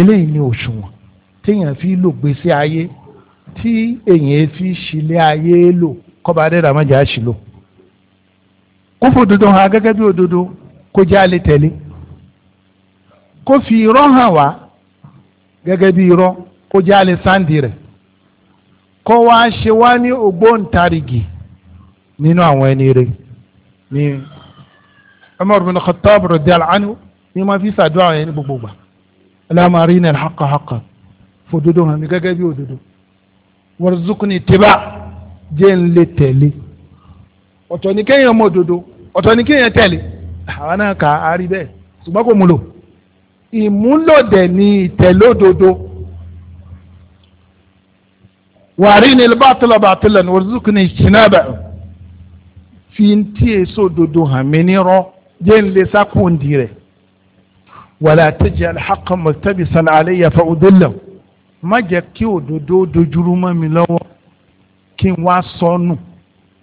eléyìí ni òṣùwọ̀n téèyàn fi lò gbèsè ayé tí èèyàn fi ṣílẹ̀ ayé lò kọ́ba adẹ́rẹ́ àmọ́jà ṣìlò kófò òdodo hàn gẹ́gẹ́ bí òdodo kó jẹ́ àlè tẹ̀lé kó fi irọ́ hàn wá gẹ́gẹ́ bí irọ́ kó jẹ́ àlè sáǹdì rẹ̀ kó wá ṣe wá ní ògbóǹtarìgì nínú àwọn ẹni rẹ̀ ní Umar bin Khattab radiyallahu anhu ní wọ́n fi ṣàdúrà àwọn ẹni gbogbo gbà Allahumma arina al-haqqa fòdodo hàn mí gẹ́gẹ́ bí òdodo warzuqni ittiba jẹ́ ń tẹ̀lé ọ̀tọ̀ ni kéèyàn mọ òdodo ọ̀tọ̀ ni kéèyàn tẹ̀lé àwọn náà kà á rí bẹ́ẹ̀ ṣùgbọ́n kò múlò ìmúlòdẹ̀ ni ìtẹ̀lódodo wàrí ni bàtìlà bàtìlà ni wòlùsùkù ni ìṣìnàbà fi ń tí èso dodo hàn mí ní rọ jẹ́ ń lè sákòndì rẹ̀ wàlá àtẹ̀jẹ́ alḥàkàn mọ̀tẹ́bí sàn àlẹ́ yàfa òdòlẹ̀ má jẹ́ kí òdodo dojúrú mọ́ mi lọ́wọ́ kí n wá sọnù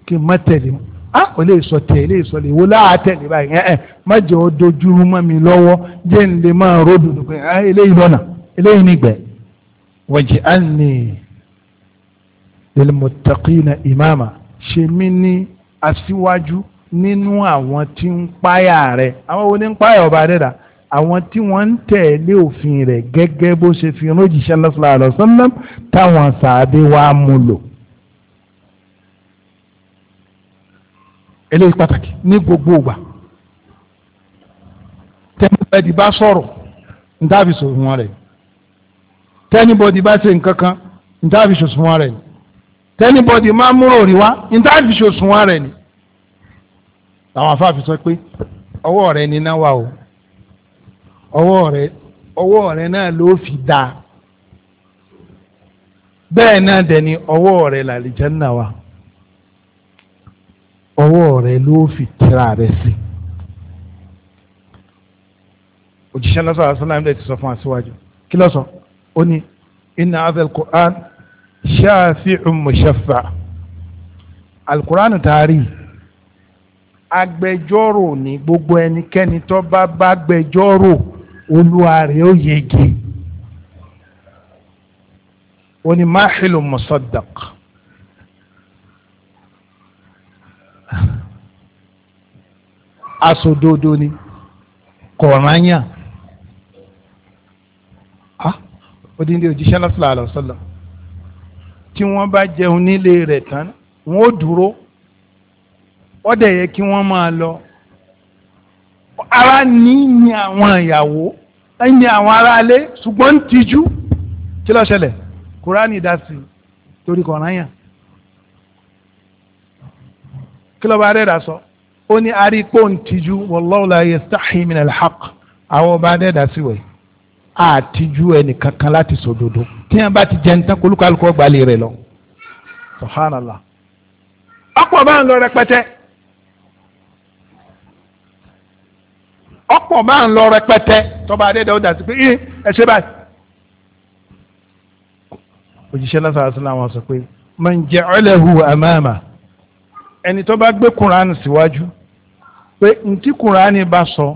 kí n má tẹ̀lé mu a ah, kò lè sọ tẹ̀ lè sọ lè wo láàtẹ̀lé báyìí ẹ̀ ẹ̀ má jẹ́ ọ dojúrú mọ́ mi lọ́wọ́ jẹ́ ń lè máa ròdùn pé ẹ̀ ah, eléyìí lọ́nà eléyìí nígbẹ̀ wọ̀jì á ní lilmuttaqina imama ṣe mí ní aṣíwájú nínú àwọn tí ń páyà rẹ̀ àwọn wo ni ń páyà ọba rẹ̀ dà àwọn tí wọ́n ń tẹ̀lé òfin rẹ̀ gẹ́gẹ́ bó ṣe fi rán òjíṣẹ́ sallallahu alaihi táwọn sàábé wa mú lò. eléyìí pàtàkì ní gbogbo ìgbà tẹnibọdì bá sọ̀rọ̀ ntàbí sòsùnwọn rẹ̀ tẹnibọdì bá ṣe nǹkan kan ntàbí sòsùnwọn rẹ̀ tẹnibọdì máa múrò rí wá ntàbí sòsùnwọn rẹ̀ ni làwọn afáàfin sọ pé ọwọ́ rẹ̀ ní náwà o ọwọ́ rẹ̀ ọwọ́ rẹ̀ náà ló fi dáa bẹ́ẹ̀ náà dẹ̀ ni ọwọ́ rẹ̀ náà wà. ọwọ́ rẹ ló fi tira rẹ sí. òjíṣẹ́ lọ́sọ̀ àṣàlámù dẹ̀ ti sọ fún aṣíwájú kí ló sọ ó ní inna hadha al-Qur'an shafi'un mushaffa' taari agbẹjọ́rò ní gbogbo ẹnikẹ́ni tó bá bá gbẹjọ́rò olúwa ó yege ó ní máhìlù musaddaq. aṣòdodo ni kọ̀ọ̀rányà odindi òjíṣẹ́ lọ́sọ̀lá àlọ́sọ̀lá tí wọ́n bá jẹun nílé rẹ̀ tán wọ́n ó dúró ó dẹ̀ yẹ kí wọ́n máa lọ ara ní ní àwọn ìyàwó ní àwọn aráalé ṣùgbọ́n ń tijú kí ló ṣẹlẹ̀ kúránì dá torí kọ̀ọ̀rányà kí ló bá rẹ̀ So? ó ní arípò ń tijú wallahu la yastahi min alhaq àwọn ọba adẹ́dà sí wẹ̀ àtijú ẹnì kankan láti sòdodo tí wọn bá ti jẹ nǹkan kólúkálukọ gbalẹ̀ rẹ̀ lọ subhanallah ọ̀pọ̀ bá ń lọ rẹpẹtẹ. ọ̀pọ̀ máa ń lọ rẹpẹtẹ tọba adédè ó dàtí pé ẹ ẹṣẹ báyìí. òjíṣẹ́ lásán àṣìlá wọn sọ pé man ja'alahu amama ẹni tó bá gbé Qur'an síwájú pé ntí kùránì bá sọ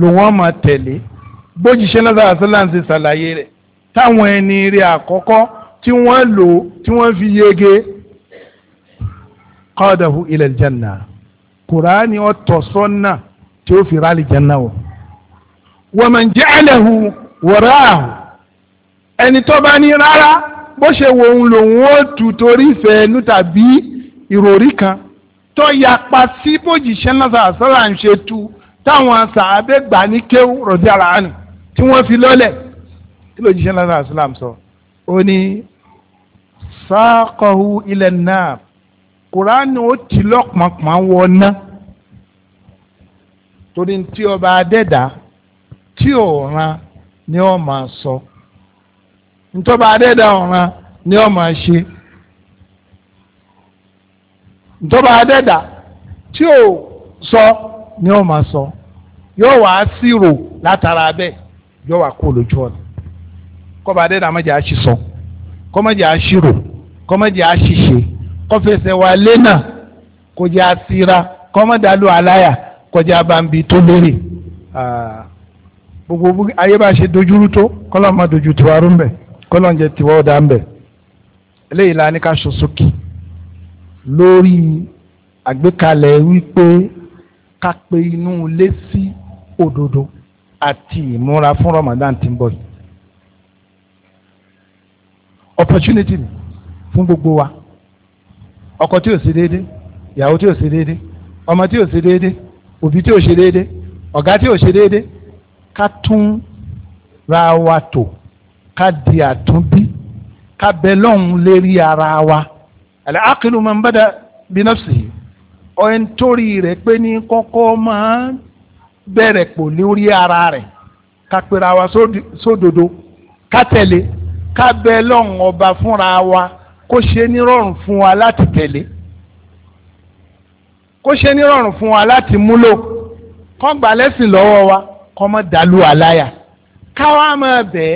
lòun ọmọ tẹ̀lé bójìṣẹ́ lọ́sàá àṣálàn ti ṣàlàyé rẹ̀ táwọn ẹni rí àkọ́kọ́ tí wọ́n lò tí wọ́n fi yege qadahu ila aljanna kùránì ọ̀tọ̀ sọ́nà tí ó fi rálì janna wọ̀ wa man ja'alahu wara'ahu ẹni tó bá ní rárá bó ṣe wo òun lòun ó tù torí ìfẹ́ ẹnu tàbí ìròrí kan tó yapa sí bójìṣẹ́ náà sàrà ń ṣe tu táwọn sàábẹ́ gbà ní kéwù rọ̀dí ara àánú tí wọ́n fi lọ́lẹ̀ tí lójìṣẹ́ náà sàrà sọ ó ní sáàkọ̀hu ilẹ̀ náà kùránì ó ti lọ́pọ̀npọ̀n wọ ná torí tí ọba adẹ́dà tí ò ran ni ó máa sọ ntọ́ba adẹ́dà ọ̀ran ni ó máa ṣe ìjọba adẹ́dà tí ò sọ ni ó máa sọ yóò wá sírò látara bẹ́ẹ̀ yóò wá kó lójú ọ̀nà kọ́ba adẹ́dà má jẹ́ àṣìṣọ kọ́má jẹ́ àṣìrò kọ́má àṣìṣe kọ́fẹsẹ̀ wa lé náà kó jẹ́ àṣìra kọ́má dàlú aláyà kọjá bambi tó lérè ah, gbogbo ayé bá ṣe dojúrú tó kọ́lọ́ máa dojú tiwa rú ń bẹ̀ kọ́lọ́ ń jẹ ọ̀dà ń bẹ̀ eléyìí la ní ká ṣoṣo kìí lórí àgbékalẹ̀ wípé ká pe inú ilé sí òdodo àti ìmúra fún Ramadan tí ń bọ̀ yìí opportunity ni fún gbogbo wa ọkọ tí ò sí déédé ìyàwó tí ò sí déédé ọmọ tí ò sí déédé òbí tí ò ṣe déédé ọ̀gá tí ò ṣe déédé ká tún ra wa tò ká di àtúnbí ká bẹ lọ́hùn lérí ara wa al-aqilu man bada bi nafsihi ọ̀hún torí rẹ̀ pé ní kọ́kọ́ máa bẹ̀rẹ̀ pò lórí ara rẹ̀ ká pera wa sódodo ká tẹ̀lé ká bẹ lọ́hùn ọba fúnra wa kó ṣe nírọ̀rùn fún wa láti tẹ̀lé kó ṣe nírọ̀rùn fún wa láti múlò kọ́ gbà lẹ́sìn lọ́wọ́ wa kọ́ mọ́ dàlú àláyà ká wá máa bẹ̀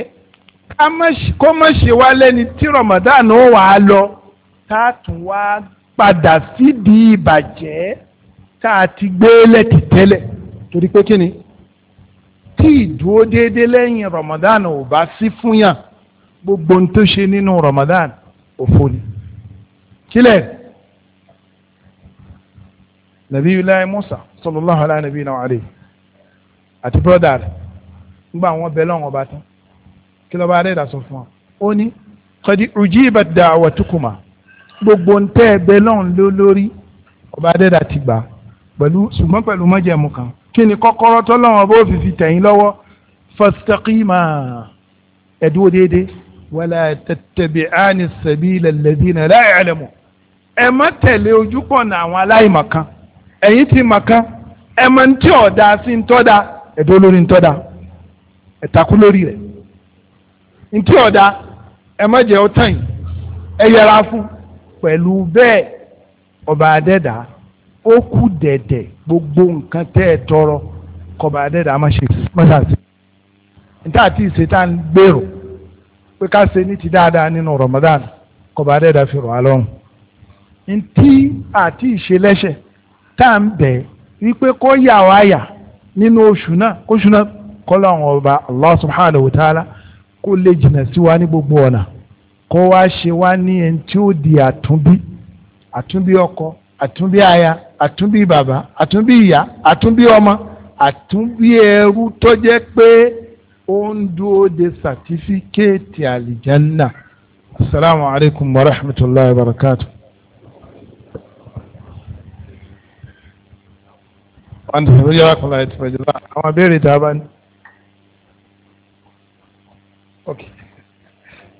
ẹ́ kó má ṣe wá lẹ́ni tí Ramadan ó wà á táàtún wá padà sídìí ìbàjẹ́ tá a ti gbé lẹ́tì tẹ́lẹ̀ torí pé kí ni tí ìdúró déédé lẹ́yìn Ramadan ò bá sí fún yàn gbogbo ohun tó ṣe nínú Ramadan òfo ni kílẹ̀ Nabiyullah Musa sallallahu alaihi nabiyina wa alaihi àti broda rẹ̀ nígbà wọn bẹ lọ́wọ́n ọba tán kí lọ́ba adé dà sọ fún wa ó ní qad ujibat da'watukuma gbogbo ń tẹ́ ẹgbẹ́ náà ló lórí ọba adẹ́dà ti gbà pẹ̀lú ṣùgbọ́n pẹ̀lú mọ́jẹ̀mú kan kí ni kọ́kọ́rọ́ tọ́lọ́wọ́n bó fi fi tẹ̀yìn lọ́wọ́ fastaqima ẹ̀dúró déédéé wala tattabi'ani sabila alladhina la ya'lamu ẹ má tẹ̀lé ojúpọ̀ náà àwọn aláìmọ̀kan ẹ̀yin ti mọ̀kan ẹ mọ̀ ní tí ọ̀dà sí ń tọ́da ẹ̀dúró lórí ń tọ́da ẹ̀takú lórí rẹ̀ ní tí ọ̀dà ẹ má jẹ́ ọ̀tàn yìí ẹ yẹra fún un pẹ̀lú bẹ́ẹ̀ ọba adẹ́dà ó kú dẹ̀dẹ̀ gbogbo nǹkan tẹ́ ẹ tọrọ kọba adẹ́dà má ṣe mọ́sàtì níta àti ìṣètà ń gbèrò pé ká ṣe ní ti dáadáa nínú Ramadan kọba adẹ́dà fi rọ̀ alọ́run ntí àti ìṣẹlẹ́ṣẹ̀ tá à ń bẹ̀ wípé kó yà wá yà nínú oṣù náà kóṣù náà kọ́lọ́ àwọn ọba Allah subhanahu wa ta'ala kó lè jìnnà sí wa ní gbogbo ọ̀nà. kó wá ṣe wá ní ẹni tí ó di àtúnbí àtúnbí ọkọ àtúnbí aya àtúnbí bàbá àtúnbí ìyá àtúnbí ọmọ àtúnbí ẹrú tó jẹ́ pé ó ń dúró de sàtífíkẹ́ẹ̀tì àlìjánná asalaamu alaykum wa rahmatulahi wa barakatu. wọ́n ti sọ yàrá kọlá ètò ìjọba àwọn abéèrè tá bá ní. okay.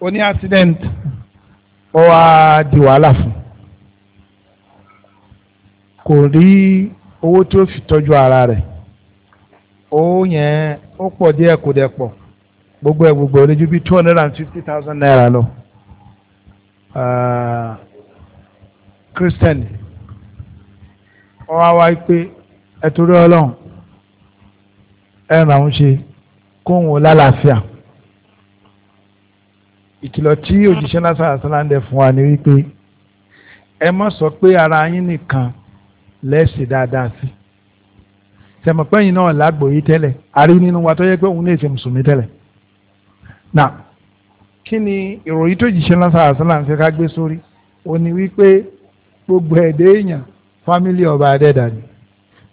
ó ní accident ó wá di wàhálà fún kò rí owó tí ó fi tọ́jú ara rẹ̀ owó yẹn ó pọ̀ díẹ̀ kò dẹ̀ pọ̀ gbogbo ẹ̀ gbogbo ẹ̀ ju bí two hundred and fifty thousand naira lọ ah, Christian ó wá wá pé ẹ torí Ọlọ́run ẹ ràn án ṣe kóhun lálàáfíà. ìkìlọ̀ tí òjíṣẹ́ lásán àṣàlándẹ̀ fún wa ni wípé ẹ má sọ ara yín nìkan lẹ́sìn dáadáa sí tẹmọ̀pẹ́yìn náà lágbòye tẹ́lẹ̀ àrí nínú wa tó yẹ pé òun lè ṣe mùsùlùmí tẹ́lẹ̀ Na kí ni ìròyìn tó jíṣẹ́ lásán àṣàlándẹ̀ ká gbé sórí ó gbogbo ẹ̀dẹ́ èèyàn fámílì ọba adẹ́dà ni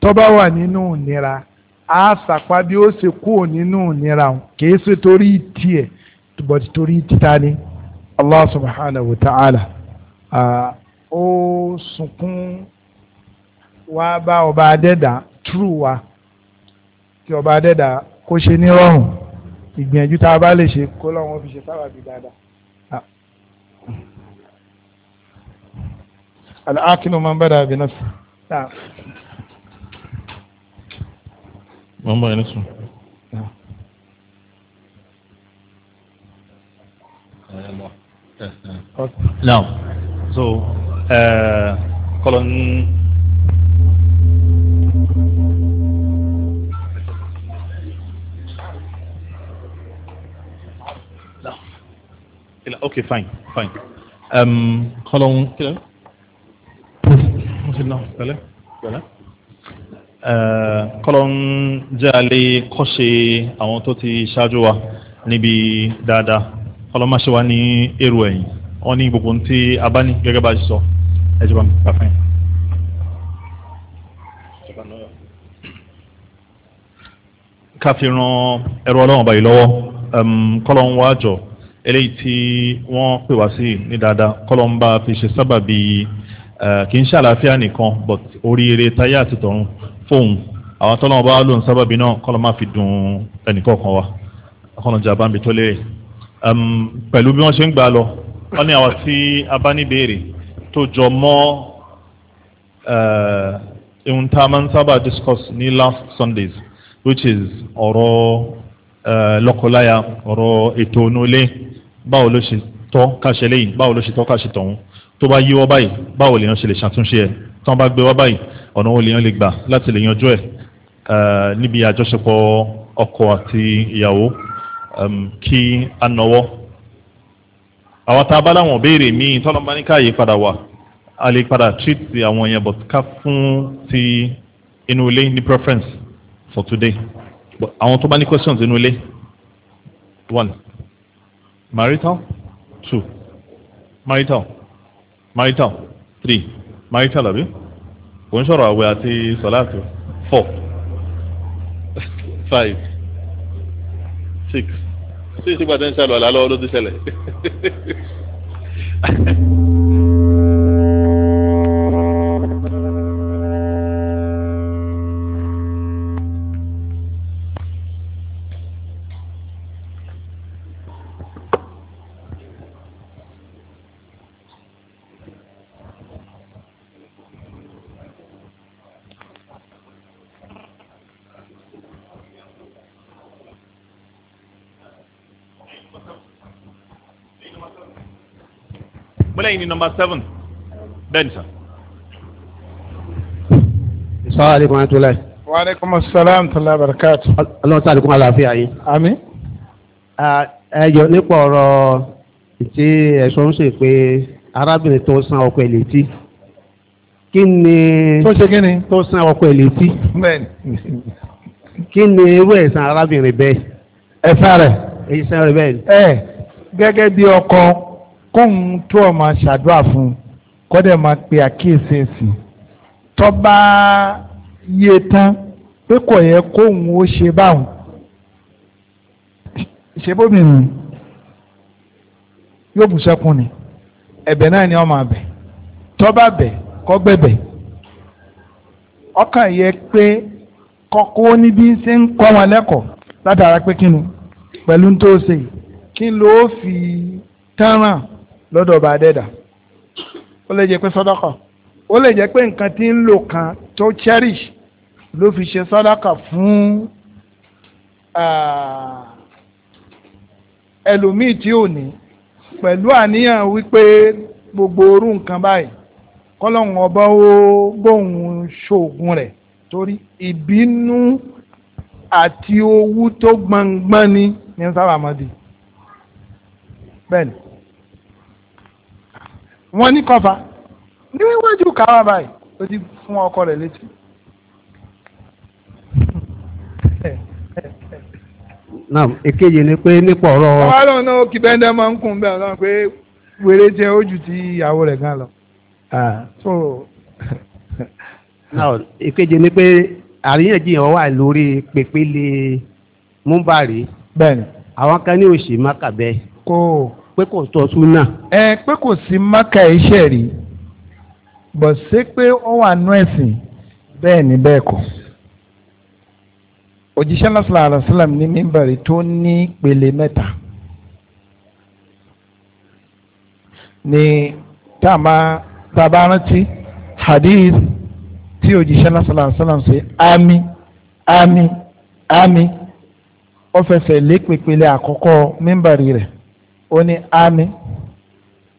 tó bá wà nínú ìnira á sàpá bí ó ṣe kúrò nínú ìnira kì í ṣe torí tiẹ̀ but torí títa ni allah subhanahu wa ta'ala ó sunkún wá bá ọba adẹ́dà true wa kí ọba adẹ́dà kó ṣe ní rọrùn ìgbìyànjú tá a bá lè ṣe kó lọ́wọ́ fi ṣe sábàbí dáadáa. al'akilu man bada bi nafsi. Wọ́n bá yẹn sùn. Uh, now, so, uh, colon. No. Okay, fine, fine. Um, colon. kọ́lọ́n jẹ́ jali kọ́ṣe àwọn tó ti ṣáájú wa níbi dada. ọlọ́mọṣẹ́ wa ní èrò ẹ̀yìn wọ́n ní gbogbo ohun tí a bá ní gẹ́gẹ́ bá a sọ ẹ jọba mi kà fún yín. ká fi ran ẹrú ọlọ́run báyìí lọ́wọ́ kọ́lọ́ ń wá jọ eléyìí tí wọ́n pè wá sí ní dáadáa kọ́lọ́ ń bá fi ṣe sábàbí kì í ṣàlàáfíà nìkan but oríire táyà àti tọ̀run fóun àwọn tọ́lọ́wọ́n bá lò ń sábàbí náà kọ́lọ́ máa fi dùn ẹnìkọ̀ọ̀kan wa kọ́lọ́ jà bá ń bi tó pẹ̀lú bí wọ́n ṣe ń gbà lọ wọ́n ní àwọn tí a bá níbèrè tó jọ mọ́ ohun tá a máa ń sábà discuss ní last Sundays which is ọ̀rọ̀ lọ́kọláya ọ̀rọ̀ ètò onúlé báwo ló ṣe tọ́ káṣe lẹ́yìn báwo ló ṣe tọ́ káṣe tọ̀hún tó bá yíwọ́ báyìí báwo lèèyàn ṣe lè ṣàtúnṣe ẹ̀ tí wọ́n bá gbé wá báyìí ọ̀nà wo lèèyàn lè gbà láti lè yanjú ẹ̀ níbi àjọṣepọ̀ ọkọ àti ìyàwó kí a nọwọ́ àwọn tá a bá láwọn béèrè míì tọ́lọ́ bá ní káàyè padà wà a lè padà treat àwọn yẹn but ká fún ti inú ilé ní preference for today but àwọn tó bá ní questions inú ilé one marital two marital marital three marital àbí kò ń sọ̀rọ̀ àwẹ̀ àti sọ̀láàtì four five six sí ìsìgbà tó ń ṣàlùwàlá lọ́wọ́ ló ti ṣẹlẹ̀. complain in number seven bẹ́ẹ̀ni sir. sọ́wọ́n aleykum atúlẹ̀. wa aleykum salaam tala barakatu. ọlọ́run tí aleykum àlàáfíà yìí. àmín. ẹ jọ nípa ọ̀rọ̀ tí ẹ̀sọ́ ń ṣe pé arábìnrin tó san ọkọ ẹ̀ létí kí ni. tó ṣe kí ni. tó san ọkọ ẹ̀ létí. bẹ́ẹ̀ni. kí ni irú ẹ̀san arábìnrin bẹ́ẹ̀. ẹ̀san rẹ̀. ẹ̀san rẹ̀ bẹ́ẹ̀ ni. ẹ gẹ́gẹ́ bí ọkọ kóhun tó o máa ṣàdúrà fún kọ́dẹ̀ máa pe àkíyèsí ẹ̀sìn tó yé tán pé kò yẹ kóhun ó ṣe báwọn ṣe bóbìnrin yóò bù sẹ́kùn ni ẹ̀bẹ̀ náà ni wọ́n máa bẹ̀ tó bẹ̀ kọ́ ọkàn yẹ pé kọ́kọ́ níbi ṣe ń kọ́ wọn lẹ́kọ̀ọ́ látara pé kínu pẹ̀lú tó ṣe kí ló fi tán lọ́dọ̀ ọba adẹ́dà ó lè jẹ́ pé sọ́dọ́kọ̀ ó lè jẹ́ pé nǹkan tí ń lò kan tó cherish ló fi ṣe sọ́dọ́kọ̀ fún ẹlòmíì tí ò ní pẹ̀lú àníyàn wípé gbogbo orú nǹkan báyìí kọ́lọ́hún ọba ó bóun ṣoògùn rẹ̀ torí ìbínú àti owú tó gbọngbọn ni ní sábà máa bẹ́ẹ̀ ni wọ́n ní kọfà níwájú káwá báyìí ó ti fún ọkọ rẹ̀ létí. naam èkejì ni pé nípa ọ̀rọ̀. ọ̀rọ̀ àlọ́ náà kì bẹ́ẹ̀ máa ń kún bẹ́ẹ̀ náà pé wèrè jẹ́ ojú ti ìyàwó rẹ̀ gan lọ. èkejì ni pé àríyànjiyàn wà lórí pèpele múbàrí. bẹ́ẹ̀ni. àwọn kan ní òṣì mákàbẹ́. kó o pé kò tọ́ súnà. ẹ pé kò sí maka iṣẹ́ rí bọ̀ ṣé pé ó wà nú ẹ̀sìn bẹ́ẹ̀ ni bẹ́ẹ̀ kọ́ òjíṣẹ́ lásìlá àlàsílàm ní mímbàrí tó ní pele mẹ́ta ni tá a bá rántí hadith tí òjíṣẹ́ lásìlá àlàsílàm ṣe ami ami ami ó fẹsẹ̀ lé pèpele àkọ́kọ́ mímbàrí rẹ̀ ó ní ámì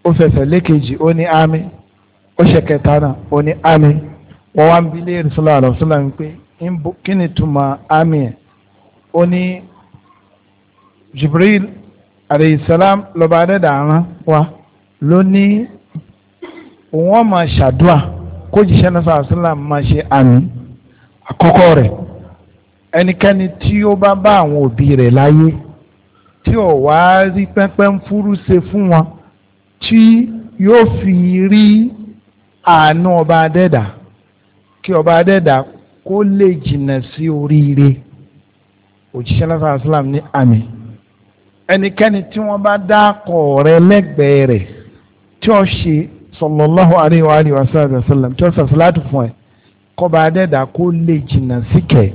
ó fẹsẹ̀ lékejì ó ní ámì ó ṣe náà ó ní ámì wọ́n wá ń bí léèrè sọ́lá àlọ́sọ́lá ń pé kí ni túmọ̀ ámì ẹ̀ ó ní Jibril aleyhisselam lọ́ba adẹ́dà rán wa ló ní wọ́n máa ṣàdúà kó jíṣẹ́ náà sọ́lá àlọ́sọ́lá máa ṣe àmì àkọ́kọ́ rẹ̀ ẹnikẹ́ni tí ó tí ò wá rí pẹ́pẹ́ ń fúrú ṣe fún wọn tí yóò fi rí àánú ọba adẹ́dà kí ọba adẹ́dà kó lè jìnnà sí oríire òjíṣẹ́ lásán islam ní àmì ẹnikẹ́ni tí wọ́n bá dákọ̀ rẹ lẹ́gbẹ̀ẹ́ rẹ̀ tí ó ṣe sallallahu alaihi wa alihi wa sallam tí ó sàṣàlátù fún ẹ kọba adẹ́dà kó lè jìnnà síkẹ̀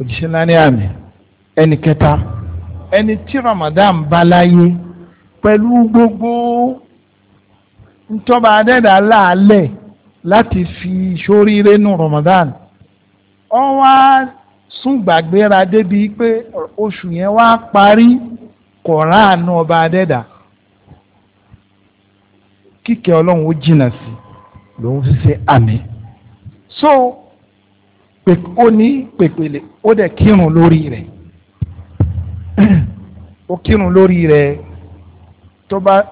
òjíṣẹ́ lánàá àmì ẹnikẹ́ta ẹni tí Ramadan bá láyé pẹ̀lú gbogbo ntọ́ba adẹ́dà láàlẹ̀ láti fi sóríire nu Ramadan ọ wá sún gbàgbéra débi pé oṣù yẹn wá parí kọ̀ọ̀ránù ọba adẹ́dà kíkẹ́ ọlọ́run ó jìnnà sí lòun fi ṣe àmì so ó ní pèpèlè ó dẹ̀ kírun lórí rẹ̀. ó kírun lórí rẹ̀ tó bá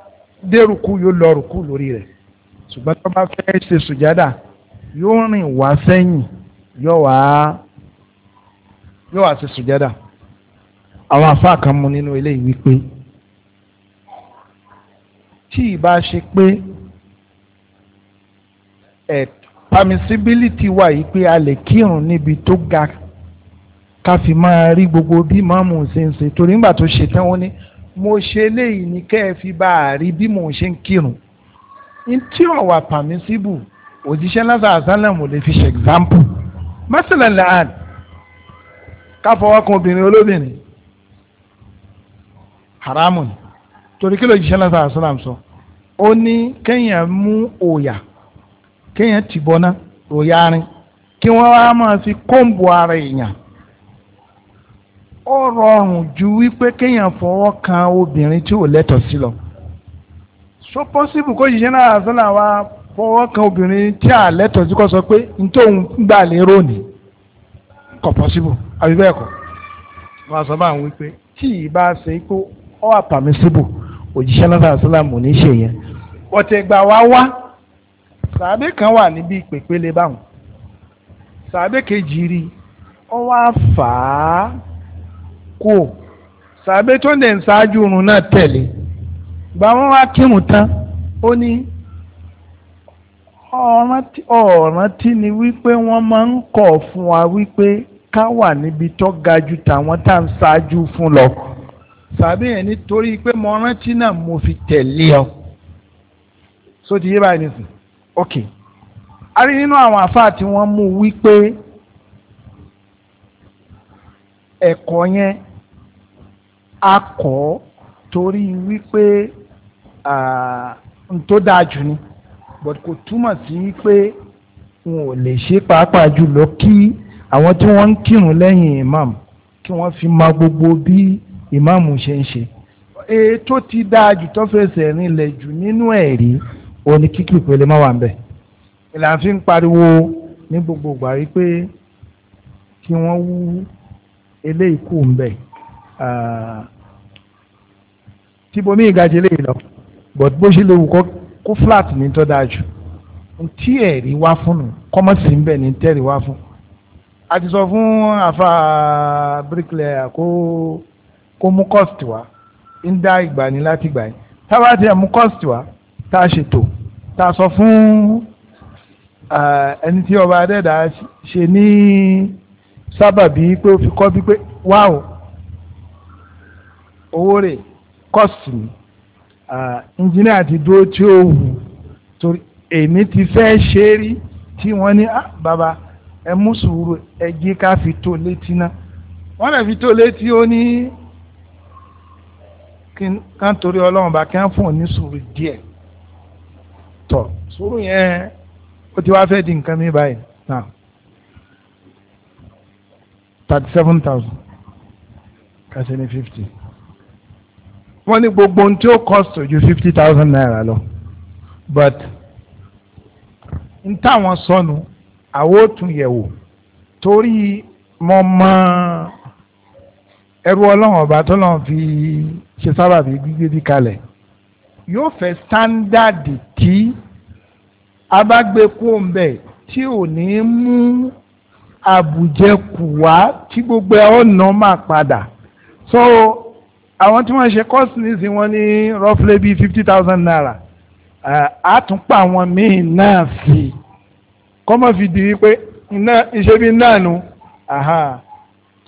dé rùkú yóò lọ rùkú lórí rẹ̀ ṣùgbọ́n tó bá fẹ́ ṣe sùjádà yóò rìn wá sẹ́yìn yóò wá yóò wá ṣe sùjádà àwọn afá kan mú nínú eléyìí wípé tí ìbá ṣe pé ẹ̀ permissibility wà yìí pé a lè kírun níbi tó ga ká fi máa rí gbogbo bí màmú ṣe ń ṣe torí ńgbà tó ṣe tán ó ní mo ṣe léyìí ní kẹ́ ẹ fi bá a rí bí mò ń ṣe ń kírun tí ọ̀wà pàmísíbù òjíṣẹ́ lásán àsálẹ̀mù lè fi ṣe example mẹ́sìlẹ̀ lẹ́hàn ká fọwọ́ kan obìnrin olóbìnrin haramu ni torí kí lójíṣẹ́ lásán àsálẹ̀mù sọ ó ní kéèyàn mú òyà kéèyàn tìbọná òyà rin kí wọ́n wá máa fi kóńbù ara èèyàn Ọ rọrùn ju wípé kéèyàn fọwọ́ kan obìnrin tí ò lẹ́tọ̀ọ́ sí lọ so possible kó yìí ṣe náà sọ́nà wa fọwọ́ kan obìnrin tí à lẹ́tọ̀ọ́ sí sọ pé nítòun gbà lérò ní kò possible àbí bẹ́ẹ̀ kọ́ wọ́n sọ wípé tí ì bá ṣe pé wà òjíṣẹ́ náà sọ́nà mò ní ṣe yẹn kan wà níbi báwọn kejì rí ọ wá fà kú o sàbẹ tó ń dẹ̀ ń ṣáájú irun náà tẹ̀lé gba wọn wá kírun tán ó ní ọ̀ràn ni wípé wọ́n máa ń kọ̀ fún wa wípé ká wà níbi tó ga ju tàwọn tá à ń ṣáájú fún lọ sàbẹ yẹn nítorí pé mo rántí náà mo fi tẹ̀lé ọ so ti yé báyìí nìsín ok a rí nínú àwọn àfáà tí wọ́n mú wípé ẹ̀kọ́ yẹn a kọ́ torí wípé n dáa jù ni but kò túmọ̀ sí pé wọn ò lè ṣe pàápàá jùlọ kí àwọn tí wọ́n ń kírun lẹ́yìn imam kí wọ́n fi mọ gbogbo bí imam ṣe ń ṣe ètò ti dáa jù tó fẹsẹ̀ rinlẹ̀ jù nínú ẹ̀rí òní kíkì ìpele má wà ń bẹ̀ ìlànà ń pariwo ní gbogbo ìgbà wípé kí wọ́n wú eléyìí kù ń bẹ̀. Ah, tíbomi ìgajì lè lọ but bó ṣe lè wù kọ́ kó flat ní tó dáa jù tí ẹ̀rí wá fún nù kọ́mọ̀sì ń bẹ̀ ní tẹ́rì wá fún. a ti sọ fún àfa bricklayer kó kó mú cost wá ń dá ìgbà ní láti gbà yín táwa ti mú cost wá tá a ṣètò tá a sọ fún ẹni tí ọba adẹ́dàá ṣe ní sábàbí pé ó fi kọ́ bí pé wáò. Wow owó rẹ̀ kọ́ọ̀sì ni engineer ti dúró tí ó wù torí èmi ti fẹ́ ṣe é rí tí wọ́n ní ah, bàbá ẹ mú sùúrù ẹ jẹ́ ká fi tó létí náà wọ́n lè fi tó létí ó ní kán torí ọlọ́run bá kán fún òní sùúrù díẹ̀ tọ̀ sùúrù yẹn ó ti wá fẹ́ di nǹkan mi báyìí náà thirty seven thousand kásẹ̀ ní fifty wọ́n ní gbogbo ohun tí ó cost ju fifty thousand naira lọ but n táwọn sọnù àwọn ò tún yẹ̀ wò torí mo mọ ẹrú ọlọ́run ọba tó lọ́n fi ṣe sábàbí gbígbé bí kalẹ̀ yóò fẹ́ sítándàdì tí abágbékó ń bẹ̀ tí ò ní mú àbùjẹkù wá tí gbogbo ẹ̀ ọ̀nà máa padà so àwọn tí wọ́n ṣe course nísìnyí wọ́n ní roughly bíi fifty thousand naira àtúnpà àwọn míì náà fi kọ́mọ̀ fi di wípé iṣẹ́ bíi náà nu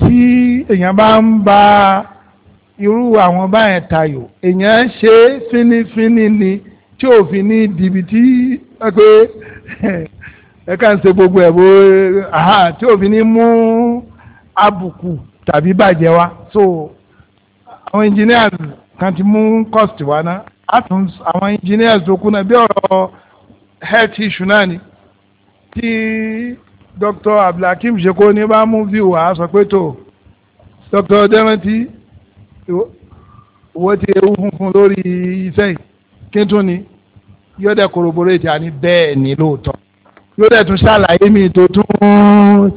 tí èèyàn bá ń bá irú àwọn báyẹn tayò èèyàn ṣe fínífíní ni tí òfin ní dìbìtì pé ẹ kàn ṣe gbogbo ẹ̀ bó tí òfin ní mú àbùkù tàbí bàjẹ́ wá so àwọn engineers kan ti mú cost wá ná àtún àwọn engineers tó kú náà bí ọ̀rọ̀ health issue náà ni tí Dr. Abdulhakeem Sheko ní bá mú view wá sọ pé tó Dr. Deranti owó ti ewu funfun lórí iṣẹ́ kí n tún ni yóò dẹ̀ corroborate àní bẹ́ẹ̀ ni lóòótọ́ yóò dẹ̀ tún ṣàlàyé mi tó tún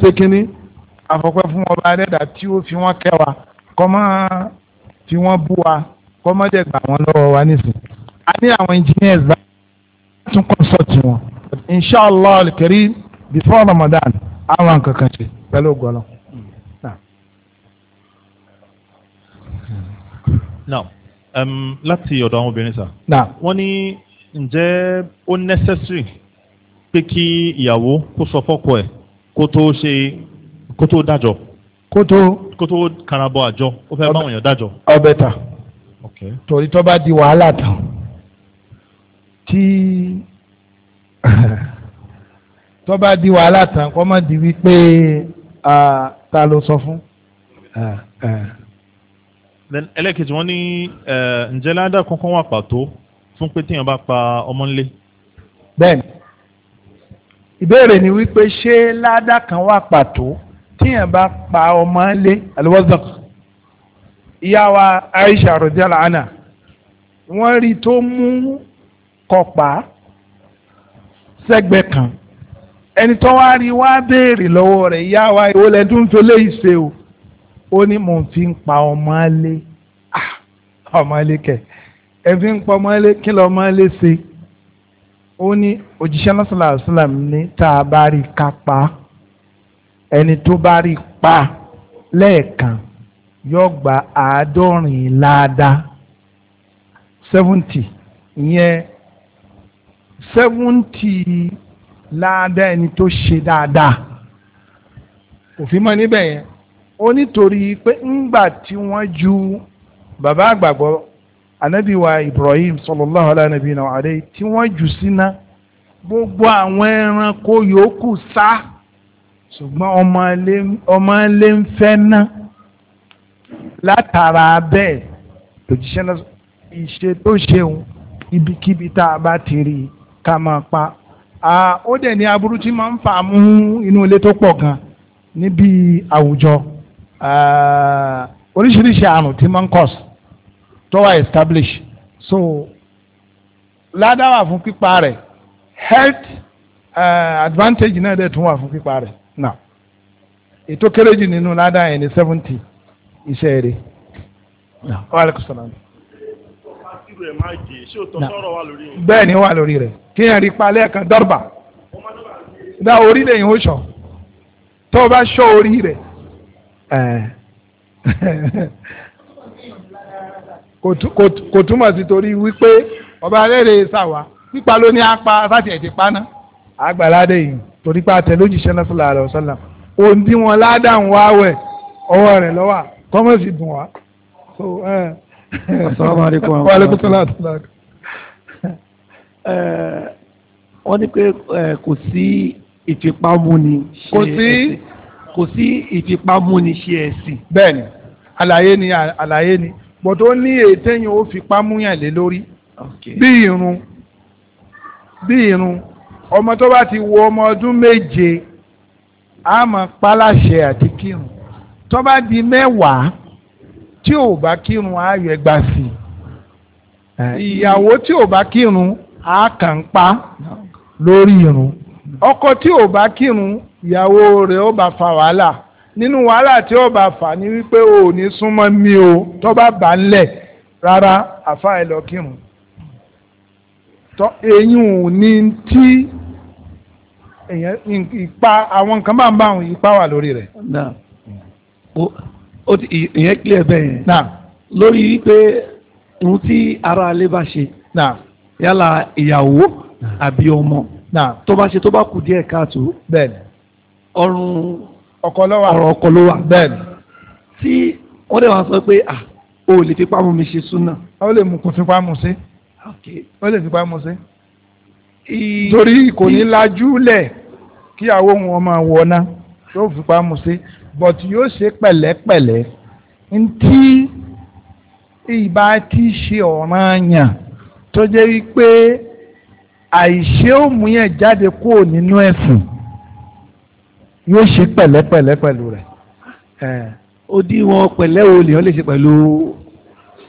ṣe kínní àfọ̀pẹ́ fún ọba adẹ́dà tí ó fi wọ́n kẹwàá kọ́ máa tí wọ́n bú wa kọ́mọ́dé gbà wọ́n lọ́wọ́ wa nísìn. a ní àwọn engineers bá tún consult wọn. inshallah al before Ramadan àwọn kankan ṣe pẹ̀lú ògbọ́lọ́. now um, láti ọ̀dọ̀ àwọn obìnrin sà. now wọ́n ní ǹjẹ́ ó necessary pé kí ìyàwó kó sọ fọ́kọ ẹ̀ kó tó ṣe kó tó dájọ́ kótó. kótó karabọ àjọ ó fẹ́ báwọn èèyàn dájọ. ọbẹ̀ ta torí tó bá di wàhálà tán tí tó bá di wàhálà tán kọ́ má di wípé ta ló sọ fún. then ẹlẹ́kejì wọ́n ní ǹjẹ́ ládà kankan wà pàtó fún pé téèyàn bá pa ọmọ ńlé. bẹ́ẹ̀ni ìbéèrè ni wípé ṣé ládà kan wà pàtó tíyẹn bá pa ọmọ lé alwazaq ìyá wa Aisha radhiyallahu anha wọ́n rí tó mú kọ̀pá sẹ́gbẹ̀ẹ́ kan ẹni tó wá rí wá béèrè lọ́wọ́ rẹ̀ ìyá wa ìwọ lẹ́ni tó ń fi lé ìṣe o ó ní mò ń fi ń pa ọmọ lé ah, ọmọ lé kẹ ẹ fi ń pa ọmọ lé kí lọ ọmọ lé ṣe ó ní òjíṣẹ́ lọ́sọ̀lá àṣìlám ní tá a bá rí ká pa á ẹni tó bá rí pa lẹ́ẹ̀kan yóò gba àádọ́rin láadáa seventy ìyẹn seventy láadáa ẹni tó ṣe dáadáa òfin mọ́ níbẹ̀ yẹn ó nítorí pé ńgbà tí wọ́n ju bàbá àgbàgbọ́ anábìwa Ibrahim sallallahu alaihi nabi na wàhálẹ́ tí wọ́n jù síná gbogbo àwọn ẹranko yòókù sá ṣùgbọ́n ọmọ ilé ń fẹ́ ná látara bẹ́ẹ̀ lòjíṣẹ́ náà ìṣe tó ṣeun ibikíbi tá a bá ti rí ká máa pa ó dẹ̀ ní aburú tí máa ń fà mú inú ilé tó pọ̀ gan níbi àwùjọ oríṣiríṣi àrùn tí máa ń cause tó wà establish so ládàá wà fún pípa rẹ̀ health uh, advantage náà dẹ̀ tún wà fún pípa rẹ̀. náà ètò kéré jù nínú ládàá yẹn ní seventy iṣẹ́ rẹ̀ náà na sọ̀rọ̀ na bẹ́ẹ̀ ni wà lórí rẹ̀ kí yẹn rí palẹ̀ kan dọ́rbà na orí lẹ́yìn ó sọ tó o bá sọ orí rẹ̀ kò túmọ̀ sí torí wípé ọba rẹ̀ rẹ̀ sàwà pípa ló ní apá sátì ẹ̀ ti paná àgbàládé yìí. torí pé àtẹ̀lé òjíṣẹ́ náà sallallahu alaihi wasallam ohun tí wọn ládàá wá wẹ̀ ọwọ́ rẹ̀ lọ́wọ́ kọ́mọ̀sì dùn wá. Assalamu alaikum. Wa alaikum salaam. wọ́n ní pé kò sí ìfipámúni ṣe ẹ̀sìn kò sí ìfipámúni ṣe ẹ̀sìn. bẹ́ẹ̀ni àlàyé ni àlàyé ni bọ̀dọ̀ ní ètẹ́yìn ó fipá múyàn lé lórí bí irun bí irun ọmọ tó bá ti wọ ọmọ ọdún méje a máa pálàṣẹ àti kírun tó bá di mẹ́wàá tí ò bá kírun á yọ ẹgbà sí ìyàwó tí ò bá kírun á kàn pa lórí irun ọkọ tí ò bá kírun ìyàwó rẹ̀ ó bá fa wàhálà nínú wàhálà tí ó bá fà ní wípé o ò ní súnmọ́ mi o tó bá bà ń lẹ̀ rárá àfa ẹ̀ lọ kírun tó eyín ò ní tí ìpa àwọn nǹkan bá ń bá àwọn ìpa wà lórí rẹ̀. ó ti ìyẹn clear bẹ́ẹ̀ yẹn lórí wípé ohun tí ara alẹ́ bá ṣe yálà ìyàwó àbí ọmọ tó bá ṣe tó bá kù díẹ̀ káàtó ọrùn ọ̀rọ̀ ọkọ ló wà tí wọ́n dẹ̀ wá sọ pé o lè fipá mú mi ṣe súnà. ó lè mú kó fipá mú sí. ó lè fipá mú sí. torí kò ní lajú lẹ̀ kí àwọn ohun ọmọ wọná yóò fipá mu sí but yóò ṣe pẹ̀lẹ́pẹ̀lẹ́ ntí ìbá ti ṣe ọ̀ràn yàn tó jẹ́ wípé àìṣe òmù yẹn jáde kúrò nínú ẹ̀sìn yóò ṣe pẹ̀lẹ́pẹ̀lẹ́ pẹ̀lú rẹ̀. ó dí wọn pẹ̀lẹ́ wo lèèyàn lè ṣe pẹ̀lú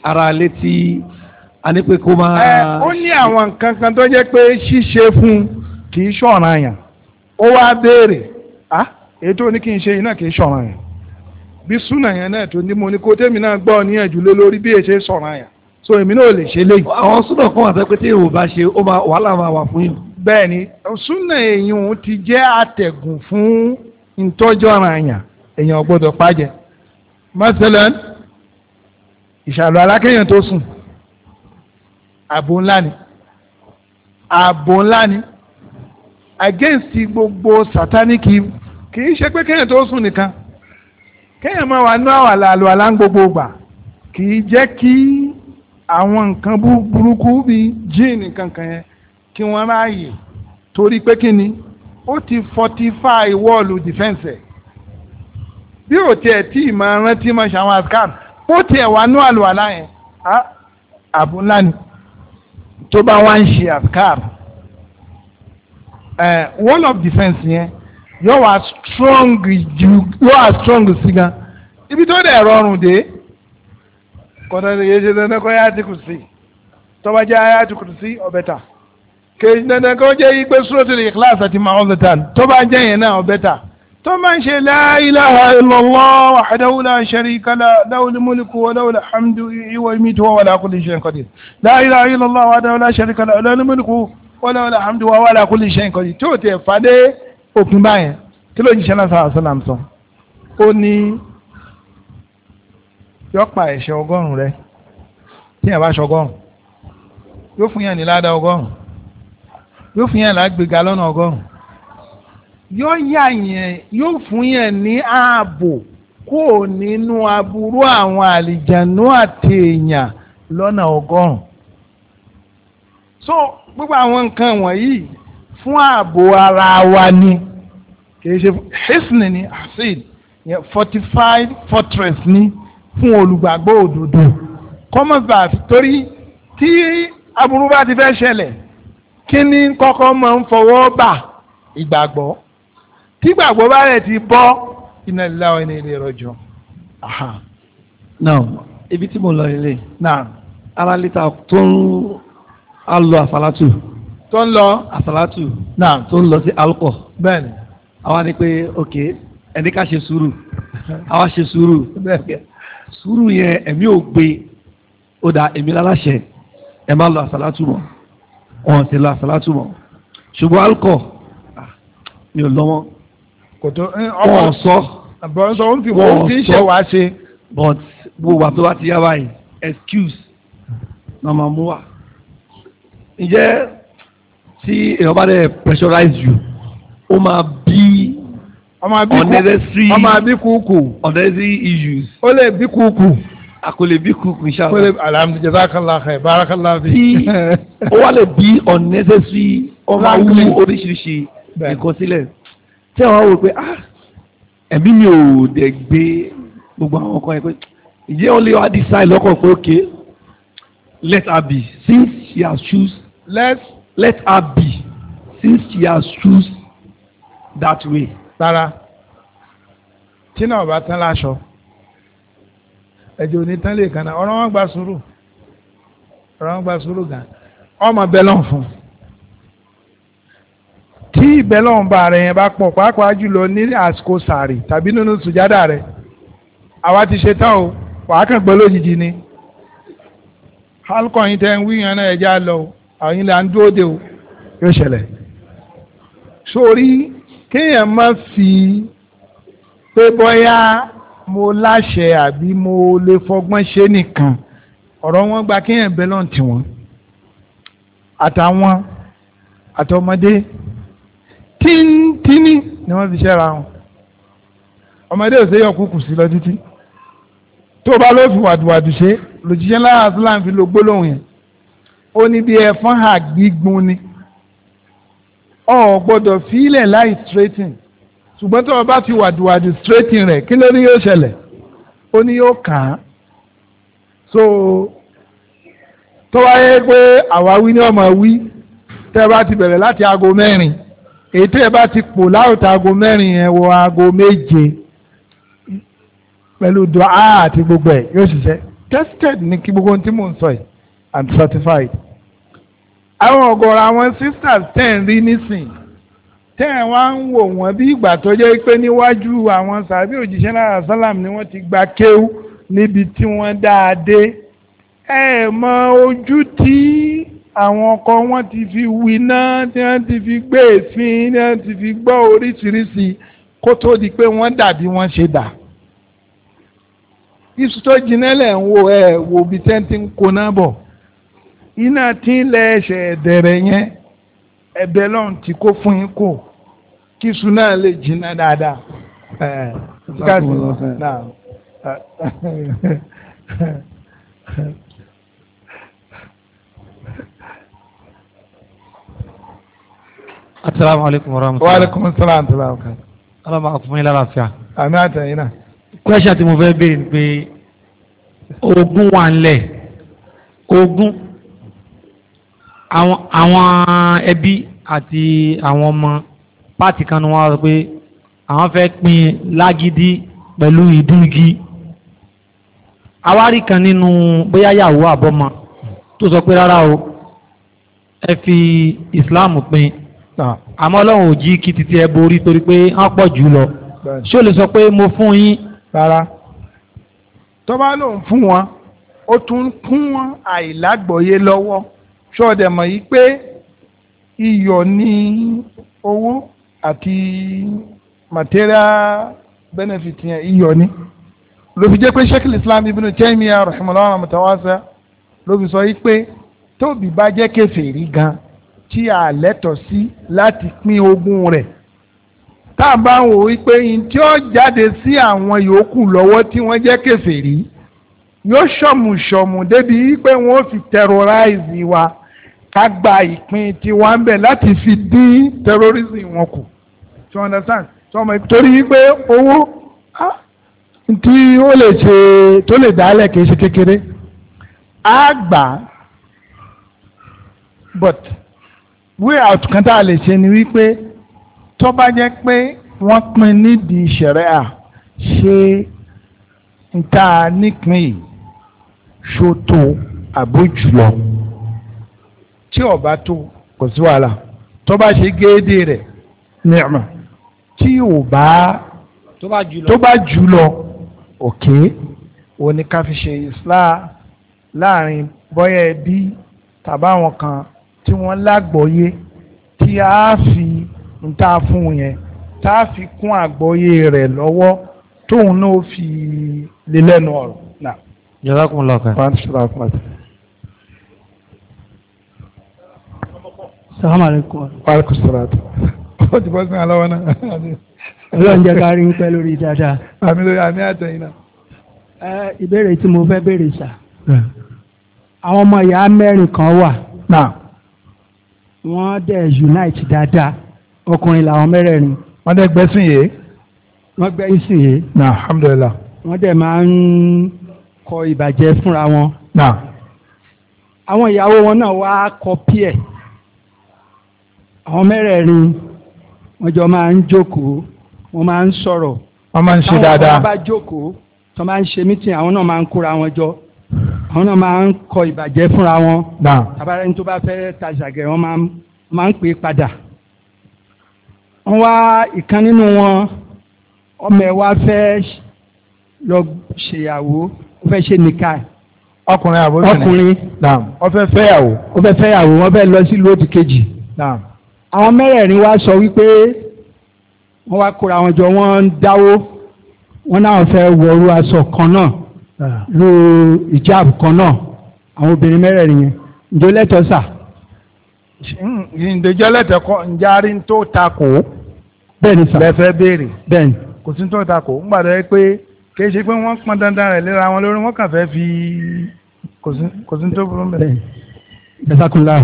ara létí anípe kó máa. ó ní àwọn nǹkan kan tó jẹ́ pé ṣíṣe fún kì í ṣọ̀ràn yàn ó wá béèrè á èyí ní kí n ṣe iná kì í ṣọ̀ràn yẹn bí súnà yẹn náà tó ní mo ní kó tèmi náà gbọ́ níyànjú lórí bí ṣọ̀ràn so èmi náà lè ṣe léyìí. àwọn súnà kan wà pé pé tí èèwò bá ṣe ó máa wàhálà máa wà fún yìí. bẹ́ẹ̀ni súnà èèyàn ti jẹ́ àtẹ̀gùn fún ìtọ́jú ara yàn èèyàn gbọ́dọ̀ ìṣàlù alákẹ́yìn tó sùn ni ńlá ni against gbogbo satanic evil, kì í ṣe pé kéèyàn tó sùn nìkan kéèyàn máa wà ní àwàlà àlùwàlà ń gbogbo gbà kì í jẹ́ kí àwọn nǹkan burúkú bíi jíìnì kankan yẹn kí wọ́n ráàyè torí pé kí ni ó ti fortify wọ́ọ̀lù defence ẹ̀ bí ò tiẹ̀ tí ì máa rántí máa ṣe àwọn ascam ó tiẹ̀ wà ní àlùwàlà yẹn àbúlá ni tó bá wá ń ṣe ascam uh, wall of defence yẹn yóò wá strong ju yóò wá strong sí gan ibi tó dẹ̀ rọrùn dé kọ́tà lè yé ṣe dandan kọ́ yá àtìkù sí tọ́ba jẹ́ ayé àtìkù sí ọ̀bẹ ta kejì dandan kọ́ jẹ́ igbe suratul class àti ma all the time tọ́ba jẹ́ yẹn náà ọ̀bẹ ta tó máa ń ṣe la ilaha illallah wahdahu la sharika lahu lahul wa lahul hamdu ìwọ̀ ìmìtì wọ́n wà lákùnrin ṣe nǹkan dé la ilaha illallah wahdahu la lahu lahul wọ́n lọ́wọ́ alhamdu wa wàhálà kó lè ṣe nǹkan yìí tí ó tiẹ̀ fàdé òpin báyẹn kí ló ń ṣiṣẹ́ náà sàrà sọ́nà sọ. ó ní yọ pa ẹ̀ṣẹ̀ ọgọ́rùn-ún rẹ tí yẹn bá ṣe ọgọ́rùn-ún yóò fún yẹn ní ládàá ọgọ́rùn yóò fún yẹn lágbègà lọ́nà ọgọ́rùn yóò yà yẹn yóò fún yẹn ní ààbò kó o nínú aburú àwọn àlìjànú àti èèyàn lọ́nà ọgọ́rùn so gbogbo àwọn nǹkan wọ̀nyí fún ààbò ara wa ni kìí ṣe hisni ni asid fortified fortress ni fún olùgbàgbọ́ òdodo commonwealth torí tí aburú bá ti fẹ́ ṣẹlẹ̀ kí ni kọ́kọ́ máa ń fọwọ́ bà ìgbàgbọ́ tí ìgbàgbọ́ bá rẹ̀ ti bọ́ inna lillahi wa inna ilayhi raji'un. ibi tí mo lọ ilé. ara lítà tó ń a lọ àsálátù tó ń lọ àsálátù náà tó ń lọ sí alukọ bẹ́ẹ̀ni àwa ni pé ok ẹni ká ṣe sùúrù àwa ṣe sùúrù sùúrù yẹn ẹ̀mí ò gbé ó dà èmi láláṣẹ ẹ má lọ àsálátù mọ́ wọn ti lọ àsálátù mọ́ ṣùgbọ́n alukọ ah, mi ò lọ́mọ́ wọn sọ wọn sọ wọn ti ṣe wá ṣe but gbogbo àti wá ti yá báyìí excuse náà máa mú wa ǹjẹ́ tí èèyàn bá dẹ̀ pressurize you ó máa bí unnecessary ó máa bí kúkú unnecessary issues. ó lè bí kúkú. a kò lè bí kúkú inshallah. ó lè alhamdulilayi jazakallah khair barakallah fi. tí ó wá lè bí unnecessary ó máa wú oríṣiríṣi nǹkan sílẹ̀ tí àwọn wò pé ah ẹ̀mí mi ò dẹ̀ gbé gbogbo àwọn ọkọ yẹn ìyẹ́ ó lè wá decide lọ́kàn pé okay let her be since she has choose let let her be since she has choose that way. rárá tí náà bá tán láṣọ ẹ̀jẹ̀ òní tán lè kànáà ọ̀rọ̀ wọn gba sùúrù ọ̀rọ̀ wọn gba sùúrù gan ọmọ bẹ́lọ̀ fún un tí ìbẹ́lọ̀ bá rẹ̀ yẹn bá pọ̀ pàápàá jùlọ ní àsìkò sàárì tàbí nínú sùjádà rẹ̀ àwa ti ṣe tán o wàá kàn gbọ́ lójijì ni alcohol yìí tẹ́ ń wí yẹn náà ẹ̀jẹ̀ á lọ o àwọn ilẹ̀ à ń dúró de o yóò ṣẹlẹ̀ sórí kéèyàn má fi pé bóyá mo láṣẹ àbí mo lè fọgbọ́n ṣe nìkan ọ̀rọ̀ wọn gba kéèyàn bẹ́ẹ̀ lọ́n tiwọn àtàwọn àtọmọdé tíntínní ni wọ́n fi ṣẹ́ra wọn ọmọdé ò séyọ kúkú sí lọ títí tó bá ló fi wàdùwàdù ṣe lòjíṣẹ́ láàásùlà ń fi lo gbólóhùn yẹn ó ní bí ẹ̀fọn hà gbígbun ni ọ gbọ́dọ̀ fílẹ̀ láì straighten ṣùgbọ́n tó o bá fi wàdùwàdù straighten rẹ̀ kí ló ní yóò ṣẹlẹ̀ ó ní yóò kàn án so tó wáyé pé àwáwí ni ọmọ wí tẹ́ ẹ bá ti bẹ̀rẹ̀ láti aago mẹ́rin èyí tẹ́ ẹ bá ti pò láòtà aago mẹ́rin yẹn wọ aago méje pẹ̀lú dọ́à àti gbogbo ẹ̀ yóò ṣiṣẹ́ tested ni kí gbogbo ohun tí mò ń sọ yìí and certified àwọn ọ̀gọ̀rọ̀ àwọn sisters tẹ̀ ń rí nísìn tẹ́ ẹ̀ wá ń wò wọ́n bí ìgbà tó jẹ́ pé níwájú àwọn sàbí òjíṣẹ́ lára sálàm ni wọ́n ti gba kéwú níbi tí wọ́n dáa dé ẹ mọ ojú tí àwọn ọkọ wọn ti fi winá tí wọ́n ti fi gbé èéfín tí wọ́n ti fi gbọ́ oríṣiríṣi kó tó di pé wọ́n dà bí wọ́n ṣe dà iṣu tó jinlẹ̀ ń wo ẹ̀ wò bí tẹ́ ti ń koná bọ̀ iná tí ń lẹ ẹsẹ̀ ẹ̀dẹ̀rẹ̀ yẹn ẹ̀bẹ̀ lọ́n ti kó fún yín kò kí iṣu náà lè jiná dáadáa. asalaamu aleykum wa rahmatulah. wa aleykum salaam wa rahmatulah. ala ma fún yín lálàáfíà. àmì àtẹ̀yìn náà. kwẹ́sà tí mo fẹ́ béèrè ni pé ogún wà ń lẹ̀ ogún àwọn ẹbí àti àwọn ọmọ pàtì kan ni wọ́n sọ pé àwọn fẹ́ pín lágídí pẹ̀lú ìdúgi awárí kan nínú bóyá yàwó àbọ́mọ tó sọ pé rárá o ẹ fi ìsìláàmù pín ah. àmọ́ ọlọ́run ò jí kí títí ẹ borí torí pé wọ́n pọ̀ jù lọ ṣé o lè sọ pé mo fún yín. rárá tó bá fún wọn ó tún kún wọn àìlágbọ̀ọ́yé lọ́wọ́ ṣọ́ọ̀dẹ̀ mọ̀ yí pé iyọ̀ ní owó àti material benefit yẹn iyọ̀ ní ló fi jẹ́ pé sheikh islam ibn Taymiyyah rahimahullah rahmatawasa ló fi sọ yí pé tóbi bá jẹ́ kèfèrí gan tí a lẹ́tọ̀ sí láti pín ogún rẹ̀ tá a bá ń wò wípé yín tí ó jáde sí àwọn yòókù lọ́wọ́ tí wọ́n jẹ́ kèfèrí yóò ṣọ̀mùṣọ̀mù débi wípé wọ́n fi terrorize wa ká gba ìpín tiwa ń bẹ̀ láti fi dín terrorism wọn kù to understand sọmọ torí pé owó tí ó lè ṣe tó lè dálẹ̀ kìí ṣe kékeré á gbà but way out kan tá a lè ṣe ni wípé tó bá jẹ́ pé wọ́n pín nídìí ìṣẹ̀rẹ́ à ṣe ń nípìn ṣòtò àbójúlọ tí ọba tó kò sí wàhálà tó bá ṣe géèdè rẹ̀ nìyàmà tí ò bá tó bá jù lọ òkè òní ká fi ṣe isla láàrin bọ́yá ẹbí tàbáwọn kan tí wọ́n lágbọ́yé tí a fi ń ta fún yẹn tá a fi kún àgbọ́yé rẹ̀ lọ́wọ́ tóun náà fi lé lẹ́nu ọ̀rọ̀. jazakumullahu khairan. Assalamu alaikum. Wàlúkù sàràtù. Ó ti bọ́ sí àlọ́wọ́ náà. Ọlọ́run jẹ́ ká rí ń pẹ́ lórí dáadáa. Àmì lórí àmì àtẹ̀yìn náà. Ẹ ìbéèrè tí mo fẹ́ béèrè sà. Àwọn ọmọ ìyá mẹ́rin kan wà. Wọ́n dẹ̀ unite dáadáa. Ọkùnrin làwọn mẹ́rẹ̀ẹ̀rin. Wọ́n dẹ̀ gbẹ́sìn yìí. Wọ́n gbẹ́yìn sí yìí. Nà alhamdulillah. Wọ́n dẹ̀ máa ń kọ ìbàjẹ́ fúnra wọn. Nà. Àwọn ìyàwó wọn náà wá kọ pí ẹ̀ àwọn mẹ́rẹ̀ẹ̀rin wọ́n jọ máa ń jókòó wọ́n máa ń sọ̀rọ̀ wọ́n máa ń ṣe dáadáa táwọn bá jókòó tó máa ń ṣe mítìn àwọn náà máa ń kóra wọn jọ àwọn náà máa ń kọ ìbàjẹ́ fúnra wọn tabarẹ́ni tó bá fẹ́ tajàgẹ̀ wọ́n máa ń pè é padà wọ́n wá ìkan nínú wọn ọmọ ẹ̀ wá fẹ́ lọ ṣèyàwó ó fẹ́ ṣe nìka ọkùnrin àbóbìnrin ọkùnrin ó fẹ́ fẹ́yàwó ó fẹ́ fẹ́yàwó wọ́n fẹ́ lọ sílùú àwọn mẹ́rẹ̀ẹ̀rin wá sọ wípé wọ́n wá kóra wọn jọ wọ́n ń dáwó wọ́n náà fẹ́ wọ̀ọ́rú aṣọ kan náà lo ah. ìjáàbù kan náà àwọn obìnrin mẹ́rẹ̀ẹ̀rin yẹn ǹjọ́ lẹ́tọ̀ọ́ sà. ǹdèjọ́ lẹ́tọ̀ọ́ kọ́ njarí tó ta kò. bẹ́ẹ̀ni sà lẹ́fẹ́ béèrè. bẹ́ẹ̀ni. kò sí tó ta kò ń gbàdọ̀ pé kì í ṣe pé wọ́n pọn dandan rẹ̀ léra wọn lórí wọ́n kàn fẹ́ fi kò sí tó burú mẹ́rin. bẹ́ẹ̀ni ẹ̀sàkúnlá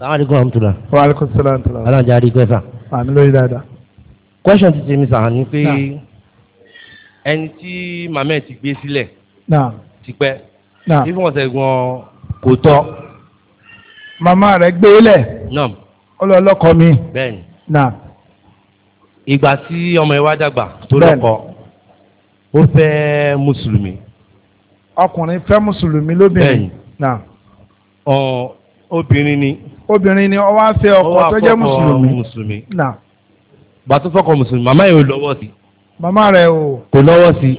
sàmàlíkùn àmùtùlà. wa aleykum salaam tula. aláǹjá rí gbẹ́sà. àmì lóye dáadáa. question ti tèmi sàn ni pé ẹni tí màmá ẹ̀ ti gbé sílẹ̀ tipẹ́ tí wọ́n sẹ̀ gan kò tọ́. màmá rẹ̀ gbé e lẹ̀. náà. ó lọ lọ́kọ mi. bẹ́ẹ̀ni. náà. ìgbà tí ọmọ ẹ wá dàgbà tó lọ́kọ ó fẹ́ mùsùlùmí. ọkùnrin fẹ́ mùsùlùmí lóbìnrin. bẹ́ẹ̀ni. náà. obìnrin ni obìnrin ni ó wá fẹ́ ọkọ tó jẹ́ mùsùlùmí. bàtú fọkọ mùsùlùmí màmá yẹn ò lọ́wọ́ sí. màmá rẹ̀ o. kò lọ́wọ́ sí.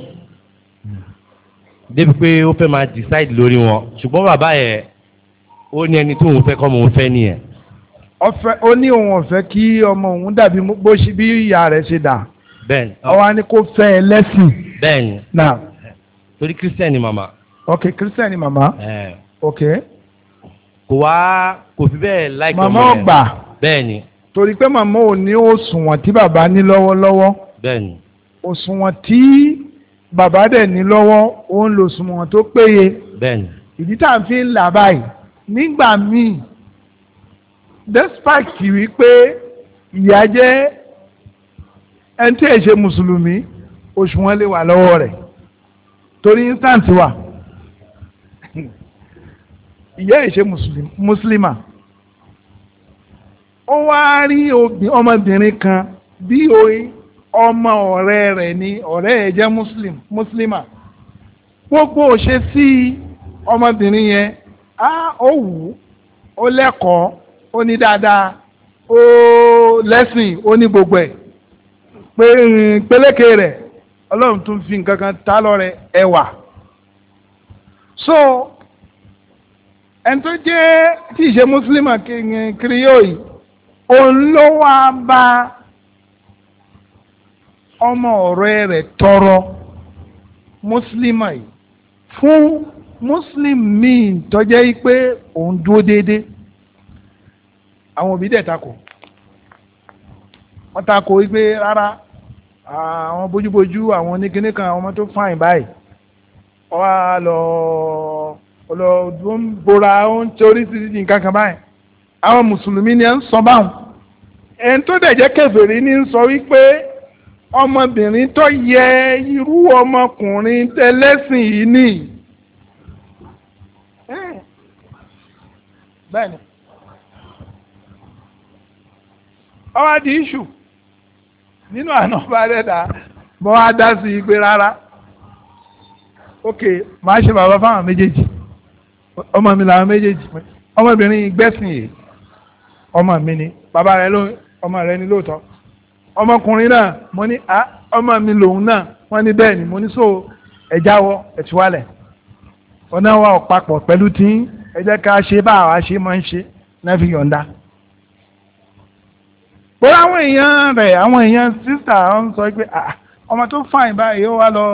débi pé ó fẹ́ máa decide lórí wọn ṣùgbọ́n bàbá yẹn ó ní ẹni tó òun fẹ́ kọ́ òun fẹ́ nìyẹn. ọfẹ ó ní òun ọ̀fẹ́ kí ọmọ òun dàbí bó ṣe bí ìyá rẹ̀ ṣe dà. bẹ́ẹ̀ni. ọwọ́ á ní kó fẹ́ ẹ lẹ́sìn. bẹ́ẹ̀ni. na. torí kírísítẹ́nì màmá. ok kírísítẹ́nì màmá. Eh. ok kò wá kò fi bẹ́ẹ̀ láìpẹ́ mọ́ màmá ọgbà ni. torí pé màmá ò ní òṣùwọ̀n tí bàbá ní lọ́wọ́lọ́wọ́ bẹ́ẹ̀ ni. òṣùwọ̀n tí bàbá dẹ̀ ní lọ́wọ́ ó ń lo òṣùwọ̀n tó péye bẹ́ẹ̀ ni. ìdí tá à fi ń là báyìí nígbà míì despite wípé ìyá jẹ́ ẹni tí ẹ̀ ṣe mùsùlùmí òṣùwọ̀n lè wà lọ́wọ́ rẹ̀ torí instant wà. ìyá ìṣe mùsùlùmá ó wá rí ọmọbìnrin kan bí ọmọ ọ̀rẹ́ rẹ̀ ni ọ̀rẹ́ ẹ̀ mùsùlùmá gbogbo òṣè sí ọmọbìnrin yẹn á ó wù ó lẹ́kọ̀ọ́ ó ní dáadáa ó lẹ́sìn ó ní gbogbo ẹ̀ pé peléke rẹ̀ ọlọ́run tún fi nǹkan kan tá so ẹni tó jẹ́ tí ìṣe mùsùlùmí kìrìyó yìí òun ló wá bá ọmọ ọ̀rẹ́ rẹ̀ tọrọ mùsùlùmí yìí fún mùsùlùmí míì tó jẹ́ pé òun dúró déédéé àwọn òbí dẹ̀ takò wọ́n takò wípé rárá àwọn bójúbójú àwọn oníkíní kan àwọn ọmọ tó fáìn báyìí wọ́n á lọ ọlọ́dún ń bora ó ń torí sí nǹkan kan báyìí àwọn mùsùlùmí ni ẹ ń sọ báwọn ẹni tó dẹ̀ jẹ́ kèfèrí ní ń sọ wípé ọmọbìnrin tó yẹ irú ọmọkùnrin tẹlẹ́sìn yìí nìyí. bẹ́ẹ̀ni ọwọ́ di iṣu nínú àná bá dẹ́ta dá sí i pé rárá ok màá ṣe bàbá fáwọn méjèèjì ọmọ mi làwọn méjèèjì ọmọbìnrin gbẹ́sìn yìí ọmọ mi ni bàbá rẹ ló ọmọ rẹ ni lóòótọ́ ọmọkùnrin náà mo ní a ọmọ mi lòun náà wọ́n ní bẹ́ẹ̀ ni mo ní so ẹ̀já wọ ẹ̀tíwálẹ̀ ọ̀nà wa ọ̀pápọ̀ pẹ̀lú tí ẹ jẹ́ ká ṣe bá àwa ṣe máa ń ṣe náà fi yọ̀ǹda pé àwọn èèyàn rẹ̀ àwọn èèyàn sísà ń sọ pé ọmọ tó fàìn báyìí ó wá lọ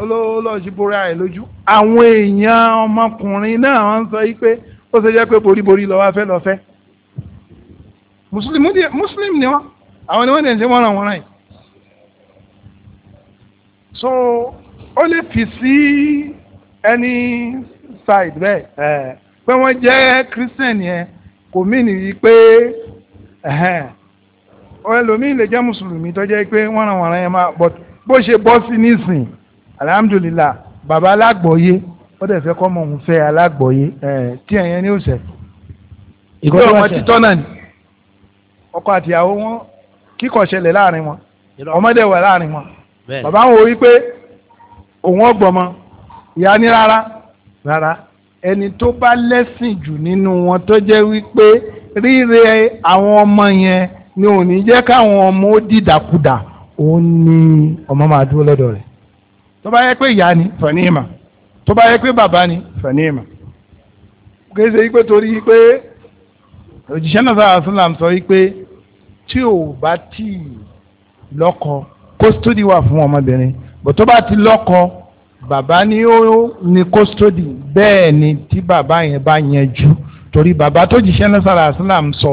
olóòlọ́sibora ẹ̀ lójú àwọn èèyàn ọmọkùnrin náà wọ́n sọ yí pé ó ṣe jẹ́ pé boríborí lọ́wọ́ fẹ́ lọ́fẹ́ mùsùlùmí ni wọ́n àwọn ni wọ́n dẹ̀ ń ṣe wọ́n ràn wọ́n ràn yìí so ó lè fi sí ẹni side bẹ́ẹ̀ eh, pé wọ́n jẹ́ christian yẹn kò mí nìyí pé eh, ẹlòmíì lè jẹ́ mùsùlùmí tó jẹ́ pé wọ́n ràn wọ́n ràn yẹn máa bó ṣe bọ́ sí nísìnyí alhamdulilah bàbá alágbọ̀ọ́yé ó dẹ̀ fẹ́ kọ́ mọ̀ òun fẹ́ alágbọ̀ọ́yé ẹ̀ tí ẹ̀yẹn ní òsẹ̀. ìgbẹ́ ọmọ títọ́ náà ni. ọkọ àtìyàwó wọn kíkọ̀ ṣẹlẹ̀ láàrin wọn ọmọdé wà láàrin wọn bàbá wọn wí pé òun ọgbọ̀mọ ìyá ní rárá rárá ẹni tó bá lẹ́sìn jù nínú wọn tó jẹ́ wípé ríre àwọn ọmọ yẹn ni ò ní jẹ́ káwọn ọmọ ó dìdàkudà òun ni ọmọ máa dúró lọ́dọ̀ rẹ̀ tó bá yẹ pé ìyá ni fẹ̀níìmà tó bá yẹ pé bàbá ni fẹ̀níìmà kìí ṣe pé torí pé òjíṣẹ́ náà sára sílám sọ pé tí ò bá tí ì lọ́kọ kóstódì wà fún ọmọbìnrin bó tó bá ti lọ́kọ bàbá ni ó ní kóstódì bẹ́ẹ̀ ni tí bàbá yẹn bá yanjú torí bàbá tó jíṣẹ́ náà sára sílám sọ.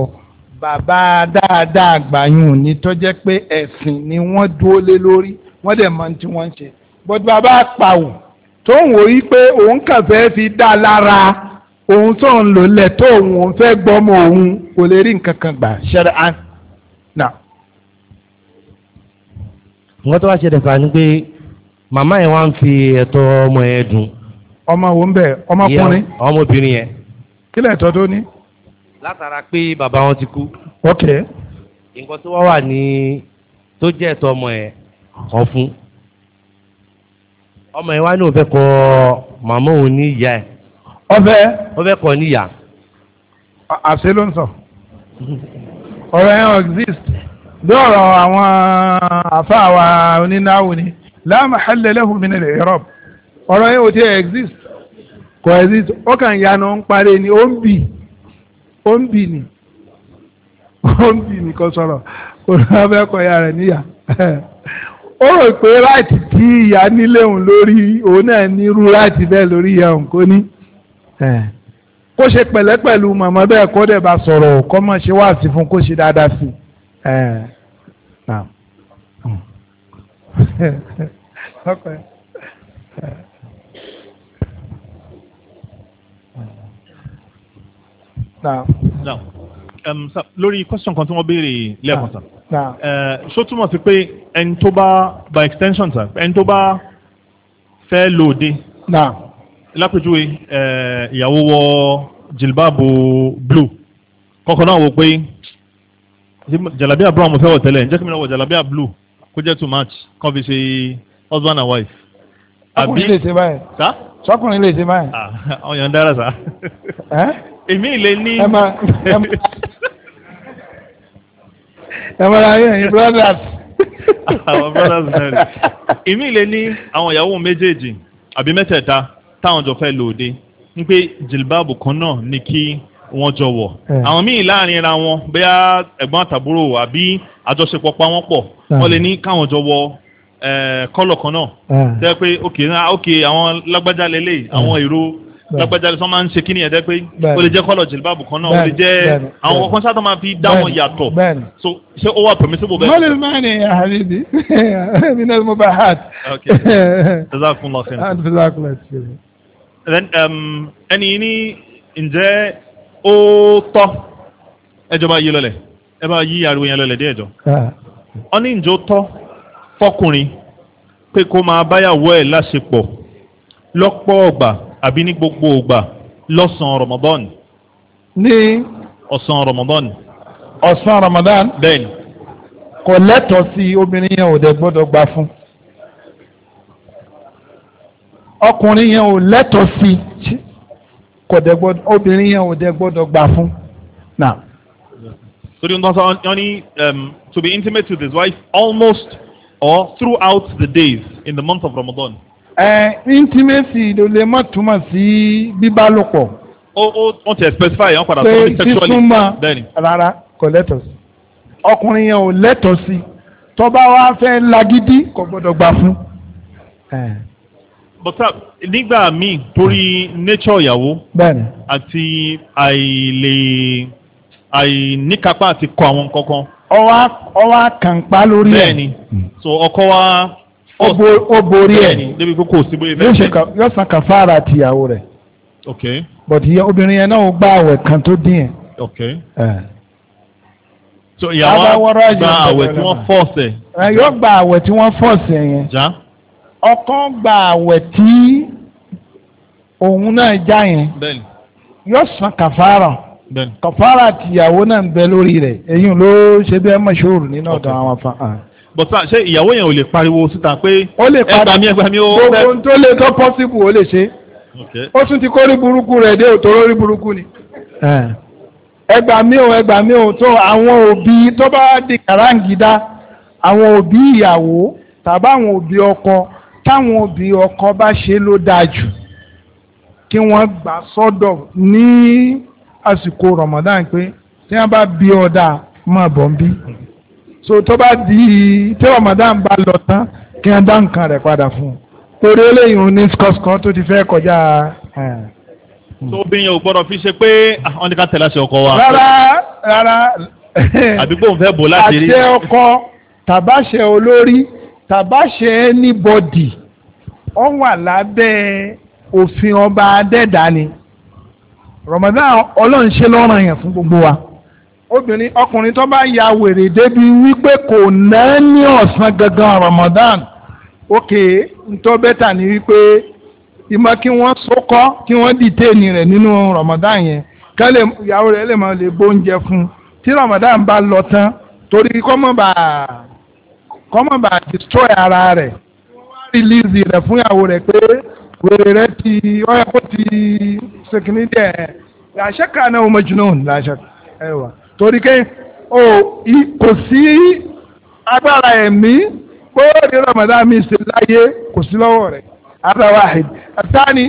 bàbá dáadáa gbàyùn ni tó jẹ́ pé ẹ̀sìn ni wọ́n dúró lé lórí wọ́n dẹ̀ mọ̀ tí wọ́n ń ṣe bọ́dí bàbá pàwọ̀ tó ń wò yí pé òun kàn fẹ́ fi dá lára òun tó ń lò lẹ̀ tó òun fẹ́ gbọ́mọ òun kò lè rí nǹkan kan gbà ṣẹ́rẹ́ án nà. nǹkan tó wá ṣe dẹ̀fà ni pé màmá yẹn wá ń fi ẹ̀tọ́ ọmọ yẹn dùn. ọmọ wo ń bẹ ọmọkùnrin. ọmọbìnrin yẹn. kí lẹ̀tọ́ tó ní. látara pé bàbá wọn ti kú. ok. nǹkan tó wá wà ní tó jẹ́ ẹ̀tọ́ ọmọ yẹn kan fún ọmọ yẹn wá ní òfẹ́ kọ màmá òun ní ìyá ẹ̀. ọfẹ. ọfẹ kọ níyà. àṣẹ ló ń sọ ọ̀rọ̀ yẹn exist bí ọ̀rọ̀ àwọn àfáà wa onínáwó ni la mahalla lahu min al-i'rab ọ̀rọ̀ yẹn ò ti exist kò exist ó kàn yanu ń parí ni ó ń bì ó ń bì ni ó ń bì ni kò sọ̀rọ̀ kò ní abẹ́kọ̀ọ́ ya rẹ̀ níyà ó rò pé ráìtì tí ìyá nílé òun lórí òun náà ní irú ráìtì bẹ́ẹ̀ lórí ìyá òun kò ní kó ṣe pẹ̀lẹ́ pẹ̀lú màmá bẹ́ẹ̀ kó dẹ̀ bá sọ̀rọ̀ kó má ṣe wá sí fún kó ṣe dáadáa sí lórí question kan tí wọ́n béèrè lẹ́ẹ̀kan sàn Eh, ṣó túmọ̀ sí pé ẹni tó bá by extension sir ẹni tó bá fẹ́ lòde lápèjúwe eh, ìyàwó wọ jìlbáàbò blue kọ́kọ́ náà wò pé jalabiya brown mo fẹ́ wọ̀ tẹ́lẹ̀ jẹ́ kí mi náà blue kó jẹ́ too much kan fi ṣe husband and wife. àbí sọkùnrin lè ṣe báyìí. sá sọkùnrin lè ṣe báyìí. ọyàn dára sá. èmi ìlé ní. ẹ máa ẹ máa ẹ̀mọ́ra brothers. àwọn brothers náà rè èmi lè ní àwọn ìyàwó méjèèjì àbí mẹ́tẹ̀ẹ̀ta táwọn jọ fẹ́ lò ó dé ń pé jìlbáàbù kan náà ni kí wọ́n jọ wọ̀ àwọn míì láàrin ra wọn bóyá ẹ̀gbọ́n àtàbúrò àbí àjọṣepọ̀ pa wọ́n pọ̀ wọ́n lè ní káwọn jọ wọ̀ kọ́lọ̀ kan náà tẹ́ pé òkè àwọn lágbájá lélẹ̀ àwọn èrò lágbájá lè sọ máa ń ṣe kí ni ẹ̀dẹ́ pé o lè jẹ́ kọ́lọ̀ jìlbáàbù kan náà o lè jẹ́ àwọn ọkọ̀ sátọ̀ máa fi dá wọn yàtọ̀ so ṣé ó wà permissible bẹ́ẹ̀. mọ́lẹ̀ máa ní àhàlìdì mi náà mo bá hàt. ẹni ní ǹjẹ́ ó tọ́ ẹjọ́ bá yí lọ́lẹ̀ ẹ bá yí ariwo yẹn lọ́lẹ̀ díẹ̀ jọ. ọ ní ǹjọ́ tọ́ fọkùnrin pé kó máa báyàwó ẹ̀ láṣepọ̀ lọ́pọ̀ ọgbà àbí ní gbogbo ògbà lọ́sàn-án Ramadan. ní. ọ̀sán Ramadan. ọ̀sán Ramadan. bẹ́ẹ̀ni. kò lẹ́tọ̀ọ́ sí obìnrin yẹn ò dẹ̀ gbọ́dọ̀ gbà fún. ọkùnrin yẹn ò lẹ́tọ̀ọ́ sí kò dẹ̀ gbọ́dọ̀ obìnrin yẹn ò dẹ̀ gbọ́dọ̀ gbà fún. now. torí wọn sọ wọn ní um, to be intimate with his wife almost or throughout the days in the month of Ramadan ẹ intimacy ló lè má túmọ̀ sí bíbá lò pọ̀. ó ó wọ́n ti specify wọ́n padà sọ ní sexually bẹ́ẹ̀ni. rárá kò lẹ́tọ̀ọ́ sí ọkùnrin yẹn ò lẹ́tọ̀ọ́ sí tó bá fẹ́ lagidi kò gbọ́dọ̀ gbà fún. bọ́tà nígbà míì torí nature ìyàwó àti àìlè àìníkápá àti kọ àwọn kankan. ọwọ́ àkànpá lórí ẹ̀. bẹ́ẹ̀ni so ọkọ wa ó borí ẹ̀ yóò san kàfàrà àti ìyàwó rẹ̀ but obìnrin yẹn náà gba àwẹ̀ kan tó dín ẹ̀. so ìyàwó gba àwẹ̀ tí wọ́n fọ́ọ̀sẹ̀. yóò gba àwẹ̀ tí wọ́n fọ́ọ̀sẹ̀ yẹn ọkọ gba àwẹ̀ tí òun náà já yẹn yóò san kàfàrà kàfàrà àti ìyàwó náà ń bẹ lórí rẹ̀ èyí ló ṣe bí ẹ mọ̀ ṣòro nínú ọ̀dọ̀ àwọn afa bọ̀tá ṣé ìyàwó yẹn ò lè pariwo síta pé ẹgbà mi ẹgbà mi ó fẹ́. gbogbo tó lè tó pọ́sibù ó lè ṣe ó tún ti kó rí burúkú rẹ̀ dé òtòrò rí burúkú ni. ẹgbà mi ò ẹgbà mi ò tó àwọn òbí tó bá di kàráǹgídá àwọn òbí ìyàwó tàbí òbí ọkọ táwọn òbí ọkọ bá ṣe ló dáa jù kí wọ́n gbà sọ́dọ̀ ní àsìkò Ramadan pé tí wọ́n bá bí ọ̀dà máa bọ̀ ń bí so tó bá di tí Ramadan bá lọ tán kí wọ́n dá nǹkan rẹ̀ padà fún un torí eléyìí ní skọ́skọ́ tó ti fẹ́ kọjá. tó obìnrin ò gbọ́dọ̀ fi ṣe pé ah, wọ́n ní ká tẹ̀lé àṣẹ ọkọ wa. rárá rárá. àdúgbò ń fẹ́ bò láti rí. àṣẹ ọkọ tàbáṣe olórí tàbáṣe anybody ó wà lábẹ́ òfin ọba adẹ́dá ni Ramadan ọlọ́run ṣe lọ́ranyàn fún gbogbo wa obìnrin ọkùnrin tó bá ya wèrè débi wípé kò náà ní ọ̀sán gangan Ramadan òkè tó bẹ́tà ni wípé ìmọ̀ kí wọ́n sókọ́ kí wọ́n dìtẹ́ẹ̀nì rẹ̀ nínú Ramadan yẹn kálẹ̀ ìyàwó rẹ̀ lè máa lè gbóúnjẹ fún un tí Ramadan bá lọ tán torí kọ́mọ̀bà kọ́mọ̀bà destroy ara rẹ̀ release rẹ̀ fún ìyàwó rẹ̀ pé wèrè rẹ̀ ti ọ̀yẹ́kọ́ ti ṣèkìní díẹ̀ àṣẹ́kà náà ó mọ̀ jùlọ làṣẹ́kà ẹ̀wà torí ké o kò sí agbára ẹ̀mí bóòdì ramadan mi ṣe láyé kò sí lọ́wọ́ rẹ̀ abawahid àtàní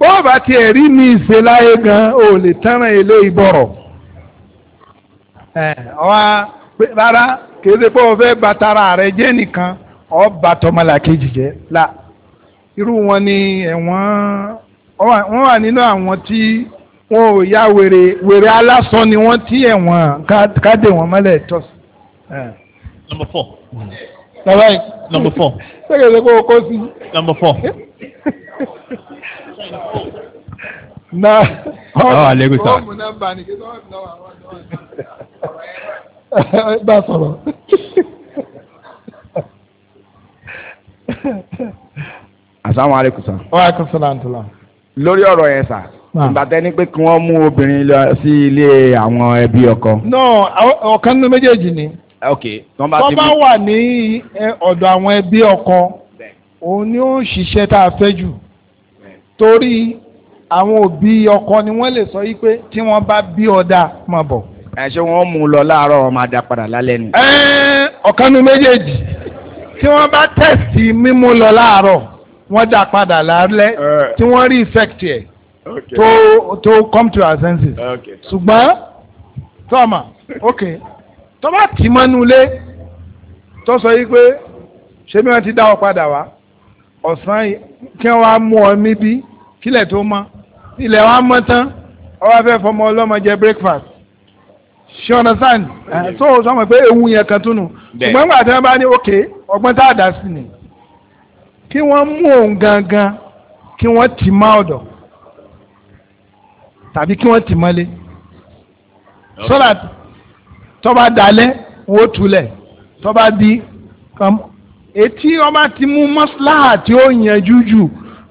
bóòbá ti ẹ̀rí mi ṣe láyé gan o lè tẹ́ràn ilé ìbọ̀rọ̀ ọwá rárá kìí ṣe o fẹ́ bàtàrà rẹ jẹ́ nìkan ọ bàtọ́mọlà kejì jẹ́ la irú wọn ni ẹ̀wọ̀n wọ́n wà nínú àwọn tí wọn ò ya wèrè wèrè alásán ni wọ́n tí ẹ̀wọ̀n kádé wọn mọ́lẹ̀ tọ́. number four. bàbá yìí. number four. sẹ́kẹ̀ kó o kó sí. number four. na ọ alẹ́kùn sá. ọmọ nọ́mbà ni kí ló ń lọ àwọn ọmọ ẹ sọ̀rọ̀. asalaamualeykum sir. wa aleykum salaam tula. lórí ọ̀rọ̀ yẹn sá. Ah. ìgbàtẹ́ ní pé kí wọ́n mú obìnrin lọ sí ilé àwọn ẹbí ọkọ. náà ọ̀kan nínú méjèèjì ni. ok tó bá wà ní ọ̀dọ̀ àwọn ẹbí ọkọ òun ni ó ń ṣiṣẹ́ tá a fẹ́ jù torí àwọn òbí ọkọ ni wọ́n lè sọ yí pé tí wọ́n bá bí ọ̀dà máa bọ̀. ẹ ṣé wọn mú un lọ láàárọ̀ wọn máa dá padà lálẹ́ ni. ọ̀kan nínú méjèèjì tí wọ́n bá tẹ̀sí mímú lọ láàárọ̀ wọ́n dá padà lálẹ́ tí wọ́n rí effect to to come to our senses ṣùgbọ́n tọ́ọ̀mà ok tó bá tì mọ́nú lé tó sọ yí pé ṣé bí wọ́n ti dá ọ padà wá ọ̀sán kí wọ́n wá mú ọ níbí kílẹ̀ tó mọ́ ilẹ̀ wa mọ́ tán ọ wá fẹ́ fọmọ ọlọ́mọ jẹ breakfast ṣe ọ̀nà sáàni tó o sọ ma pé ewu yẹn kan tún nù ṣùgbọ́n gbà tí wọ́n bá ní òkè ọgbọ́n tá a dá sí ni kí wọ́n mú òun gangan kí wọ́n tì má ọ̀dọ̀ tàbí kí wọ́n tì mọ́lé so that tọ́ba dalẹ̀ wọ́n tulẹ̀ tọ́ba di etí ọba ti mú mọ́sálà tí ó yanjú jù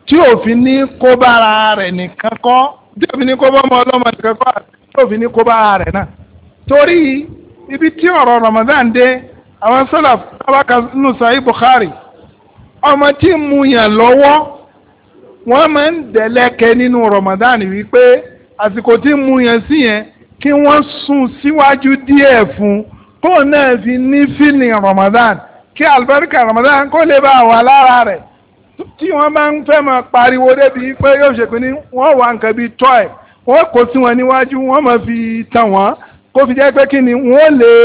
tí òfin ní kó bára rẹ̀ nìkan kọ́ tí òfin ní kó bá ọmọ ọlọ́mọ nìkan kọ́ tí òfin ní kó bára rẹ̀ náà torí ibi tí ọ̀rọ̀ Ramadan dé àwọn sọ́là tábàkà nù sahih Bukhari ọmọ tí ń mu lọ́wọ́ wọ́n máa ń dẹ̀lẹ́kẹ́ nínú Ramadan wípé àsìkò tí mu yẹn sí yẹn kí wọ́n sún síwájú díẹ̀ fún kó náà fi ní fílìn Ramadan kí àlùbáríkà Ramadan kó lè bá wà lára rẹ̀ tí wọ́n bá ń fẹ́ máa pariwo débi pé yóò ṣe pé ní wọ́n wà nǹkan bíi tọ́ẹ̀ wọ́n kó sí wọn níwájú wọ́n máa fi tàn wọ́n kó fi jẹ́ pé kí ni wọ́n lè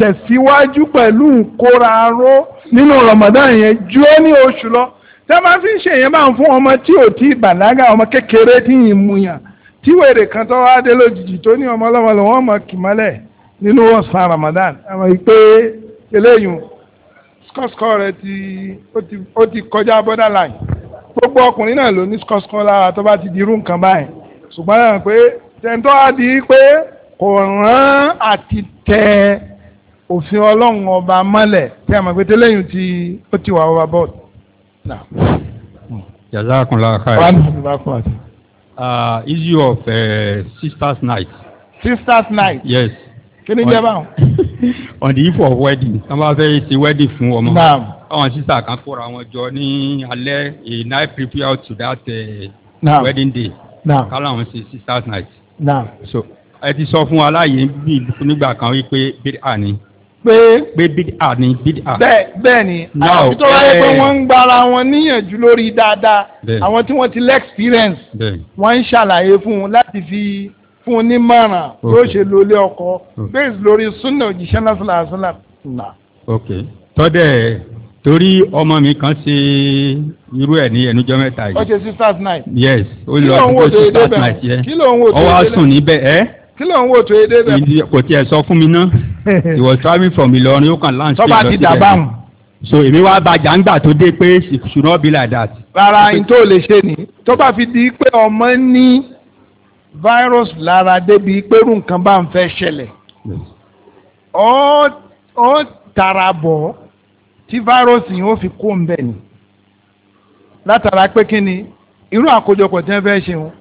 tẹ̀síwájú pẹ̀lú ìkóraró nínú Ramadan yẹn ju ó ní oṣù lọ tẹ́ bá fi ń ṣèyẹn bá ń fún ọmọ tí ò tí bàlágà ọmọ kékeré tí ì mú yàn tí wèrè kan tó wá dé lójijì tó ní ọmọ ọlọ́mọ lọ wọ́n mọ̀ kì mọ́lẹ̀ nínú ọ̀sán Ramadan àmọ́ ìpè eléyìí skọ́skọ́ rẹ̀ ti ó ti kọjá borderline gbogbo ọkùnrin náà ló ní skọ́skọ́ lára tó bá ti di irú nǹkan báyìí ṣùgbọ́n náà pé tẹ̀ńtọ́ á di pé kò rán àti tẹ òfin ọlọ́run ọba mọ́lẹ̀ tí a mọ̀ pé tẹ́lẹ̀yìn tí ó ti wà over board. jazakumullahu khairan uh, issue of uh, sisters night. sisters night. yes. kí ni jẹ́ báwọn. on the eve of wedding. wọ́n bá fẹ́ ṣe wedding fún ọmọ. naam. àwọn sísá kan kóra wọn jọ ní alẹ́ a night prepare to that uh, naam. wedding day. naam. kálá wọn ṣe sisters night. naam. so ẹ ti sọ fún wa láàyè nígbà kan wípé bíi àní pé pé bídà ni bídà. bẹ́ẹ̀ bẹ́ẹ̀ ni àwọn tó wáyé pé eh, wọ́n ń gbára wọn níyànjú lórí dáadáa àwọn tí wọ́n ti lẹ́xpíríẹ̀nsì wọ́n ń ṣàlàyé fún un láti fi fún un ní mọ̀ràn yóò ṣe lólé ọkọ bẹ́ẹ̀ lórí súnà òjíṣẹ́ lásìlàsílà. ok tọ́dẹ̀ torí ọmọ mi kan ṣe irú ẹ̀ ní ẹnujọ́ mẹ́ta yìí. ó sisters night. yes ó lọ sí sisters night yẹn ọwọ́ á sùn níbẹ̀ ẹ́ kí ló ń wò tó edé bẹ́ẹ̀. ìdí kò tiẹ̀ sọ fún mi ná he was travelling from Ìlọrin ó kàn láǹtì lọ sí ibẹ̀ so èmi wá bàjá ńgbà tó dé pé it should not be like that. rárá n tó lè ṣe ni tó bá fi di pé ọmọ ní virus lára débi pé irú nǹkan bá ń fẹ́ ṣẹlẹ̀ ó tara bọ̀ tí virus yìí ó fi kó ń bẹ̀ ni látara pé kí ni irú àkójọpọ̀ tí wọ́n fẹ́ ṣe wọn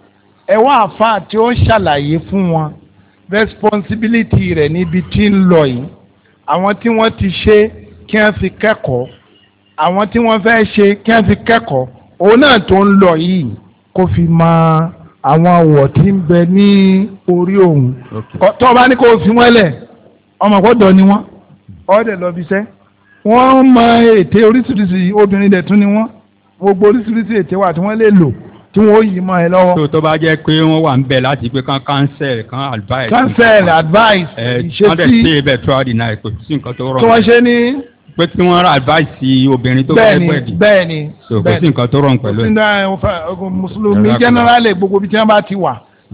ẹ wá àfáà tí ó ń ṣàlàyé fún wọn responsibility rẹ̀ níbi tí ń lọ yìí àwọn tí wọ́n ti ṣe kí wọ́n fi kẹ́kọ̀ọ́ àwọn tí wọ́n fẹ́ ṣe kí wọ́n fi kẹ́kọ̀ọ́ òun náà tó ń lọ yìí kó fi mọ àwọn àwọ̀ tí ń bẹ ní orí òun tó o bá ní kó o fi wọ́n lẹ̀ ọmọ gbọ́dọ̀ ni wọ́n ọ̀dẹ̀ lọ fi ṣẹ́ wọ́n mọ ète oríṣiríṣi obìnrin dẹ̀ tún ni wọ́n gbogbo oríṣiríṣi ète wà tí wọ́n lè lò tí wọ́n yìí mọ́ ẹ lọ́wọ́. tó tó bá jẹ́ pé wọ́n wà ń bẹ̀ láti pé kan cancel kan advice. cancel advice eh, ìṣesí. wọ́n dẹ̀ ṣe ibẹ̀ throughout the night kò sí nǹkan tó rọ̀. tí wọ́n ṣe ní. pé tí wọ́n ra advice obìnrin tó fẹ́ pẹ̀lú. bẹ́ẹ̀ni bẹ́ẹ̀ni bẹ́ẹ̀ni kò sí nǹkan tó rọ̀ pẹ̀lú. mùsùlùmí generally gbogbo ibi tí wọ́n bá ti wà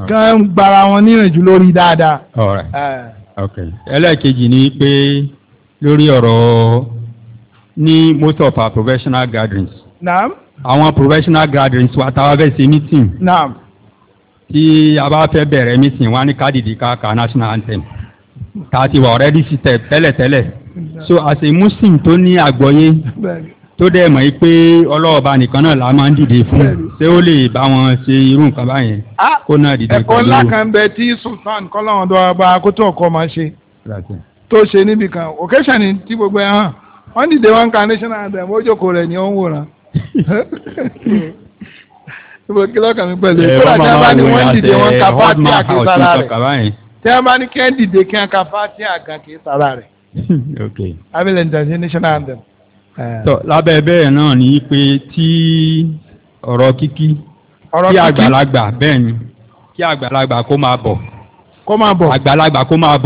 kàn gbara wọn níyànjú lórí dáadáa. Eh. ẹlẹ́ẹ̀kejì ni pé lórí ọ̀rọ̀ ní most of our professional gatherings. naam àwọn professional gatherings wa táwa fẹ́ ṣe meeting. naam. tí a bá fẹ́ bẹ̀rẹ̀ meeting wá ní kádìdì ká ka national anthem tá a ti wà already seated tẹ́lẹ̀tẹ́lẹ̀ so as a muslim tó ní àgbọ́yé tó dẹ̀ mọ̀ pé ọlọ́ọ̀ba nìkan náà la máa ń dìde fún ṣé ó lè bá wọn ṣe irú nǹkan báyẹn ah, kó náà dìde pẹ̀lú. ẹ̀kọ́ ńlá kan bẹ tí sultan kọ́lọ́wọ́n dọ́ ọba akótó ọkọ máa ṣe tó ṣe níbi kan occasion tí gbogbo ẹ̀ hàn wọ́n dìde wọn ka national anthem ó jókòó rẹ̀ ní ó ń wòran kí lọ́kàn mi pẹ̀lú ìkúrà tí wọ́n bá ní wọ́n dìde wọn ka fáti àkè sára rẹ̀ tí a bá ní kẹ́ ń dìde kí eh. ni pé tí ọ̀rọ̀ kíkí kí àgbàlagbà bẹ́ẹ̀ ni kí àgbàlagbà kó máa kó máa àgbàlagbà kó máa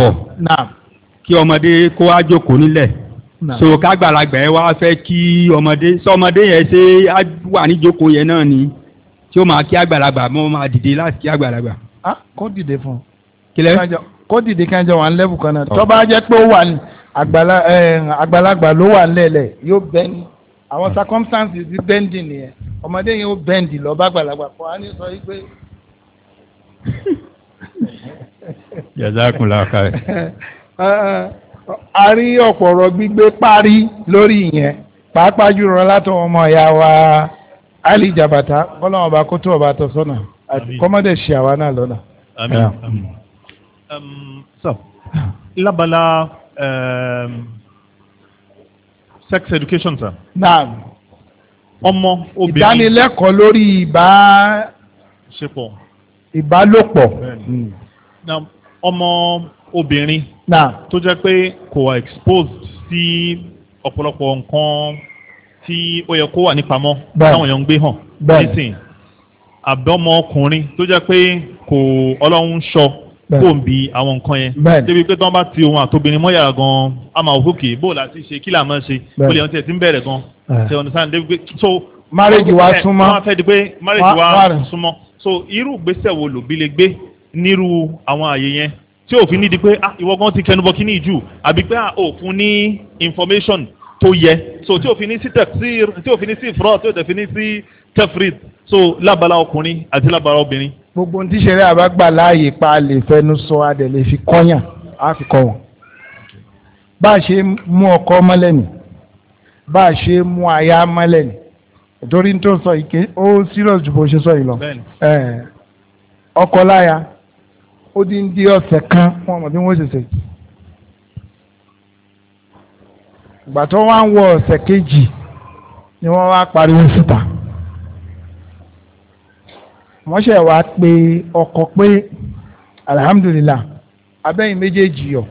kí ọmọdé so kágbàlagbà ẹ wá fẹ́ kí ọmọdé sọmọdé yẹn ṣe wà níjókòó yẹn náà ni tí ó máa kí àgbàlagbà mo máa dìde láti kí àgbàlagbà. ah kó dìde fún un. kílẹ̀. kó dìde kí n jọ wà ń lẹ́bù kan náà tó bá oh. jẹ́ pé ó wà ní eh, àgbàlagbà ló wà nílẹ̀ yóò bẹ́ni àwọn hmm. circumstances ti bẹ́ndì nìyẹn ọmọdé yẹn ó bẹ́ndì lọ bá àgbàlagbà kó a ní sọ yìí pé. yàrá kùn láàkà rẹ̀ a rí ọ̀pọ̀ ọ̀rọ̀ gbígbé parí lórí ìyẹn pàápàá jùlọ látọ̀wọ́ ọmọ ìyá wa Ali Jabata kọ́lọ́mọ ọba kó tó ọba tó sọ́nà kọ́mọ́dé ṣe àwa náà lọ́nà. so labala sex education sir. naam ọmọ obìnrin ìdánilẹ́kọ̀ọ́ lórí ìbá. ṣepọ̀. ìbálòpọ̀. Hmm. ọmọ obìnrin tó jẹ́ pé kò wà exposed sí ọ̀pọ̀lọpọ̀ nǹkan tí ó yẹ kó wà nípamọ́ táwọn èèyàn ń gbé hàn nísìn àbọ̀mọ ọkùnrin tó jẹ́ pé kò ọlọ́run sọ kó ń bi àwọn nǹkan yẹn débi pé tí wọ́n bá ti ohun àtobìnrin mọ́ yàrá gan-an a máa òkè bó la ti ṣe kí là máa ṣe bó lè yàn tiẹ̀ ti ń bẹ̀rẹ̀ gan ṣe ọ̀nà sáà débi pé so. marriage wa súnmọ́ wọ́n marriage wa súnmọ́ so irú ìgbésẹ̀ wo lòbí lè gbé nírú àwọn àyè yẹn tí òfin ní di pé ah ìwọ gan ti kẹnubọ kí ní ìjù àbí pé ah òfin ní information tó yẹ so tí òfin ní sí tẹfsir tí òfin ní sí ifrọ tí òfin ní sí tefrid so lábala ọkùnrin àti lábala obìnrin. gbogbo ní tíṣẹ̀rẹ́ àbágbà láàyè pa lè fẹnu sọ adẹ̀ lè fi kọ́yàn á fi kọ́ wọn. bá a ṣe mú ọkọ mọ́lẹ́nì bá a ṣe mú aya mọ́lẹ́nì torí tó sọ ìké ó sírọ̀sì ju bó ṣe sọ yìí lọ ọkọ láya ó dín dín ọ̀sẹ̀ kan fún ọmọ bí wọ́n ṣe ṣe ìgbà tó wá ń wọ ọ̀sẹ̀ kejì ni wọ́n wá pariwo síta wọ́n ṣẹ̀ wá pé ọkọ pé alhamdulillah abẹ́yìn méjèèjì yọ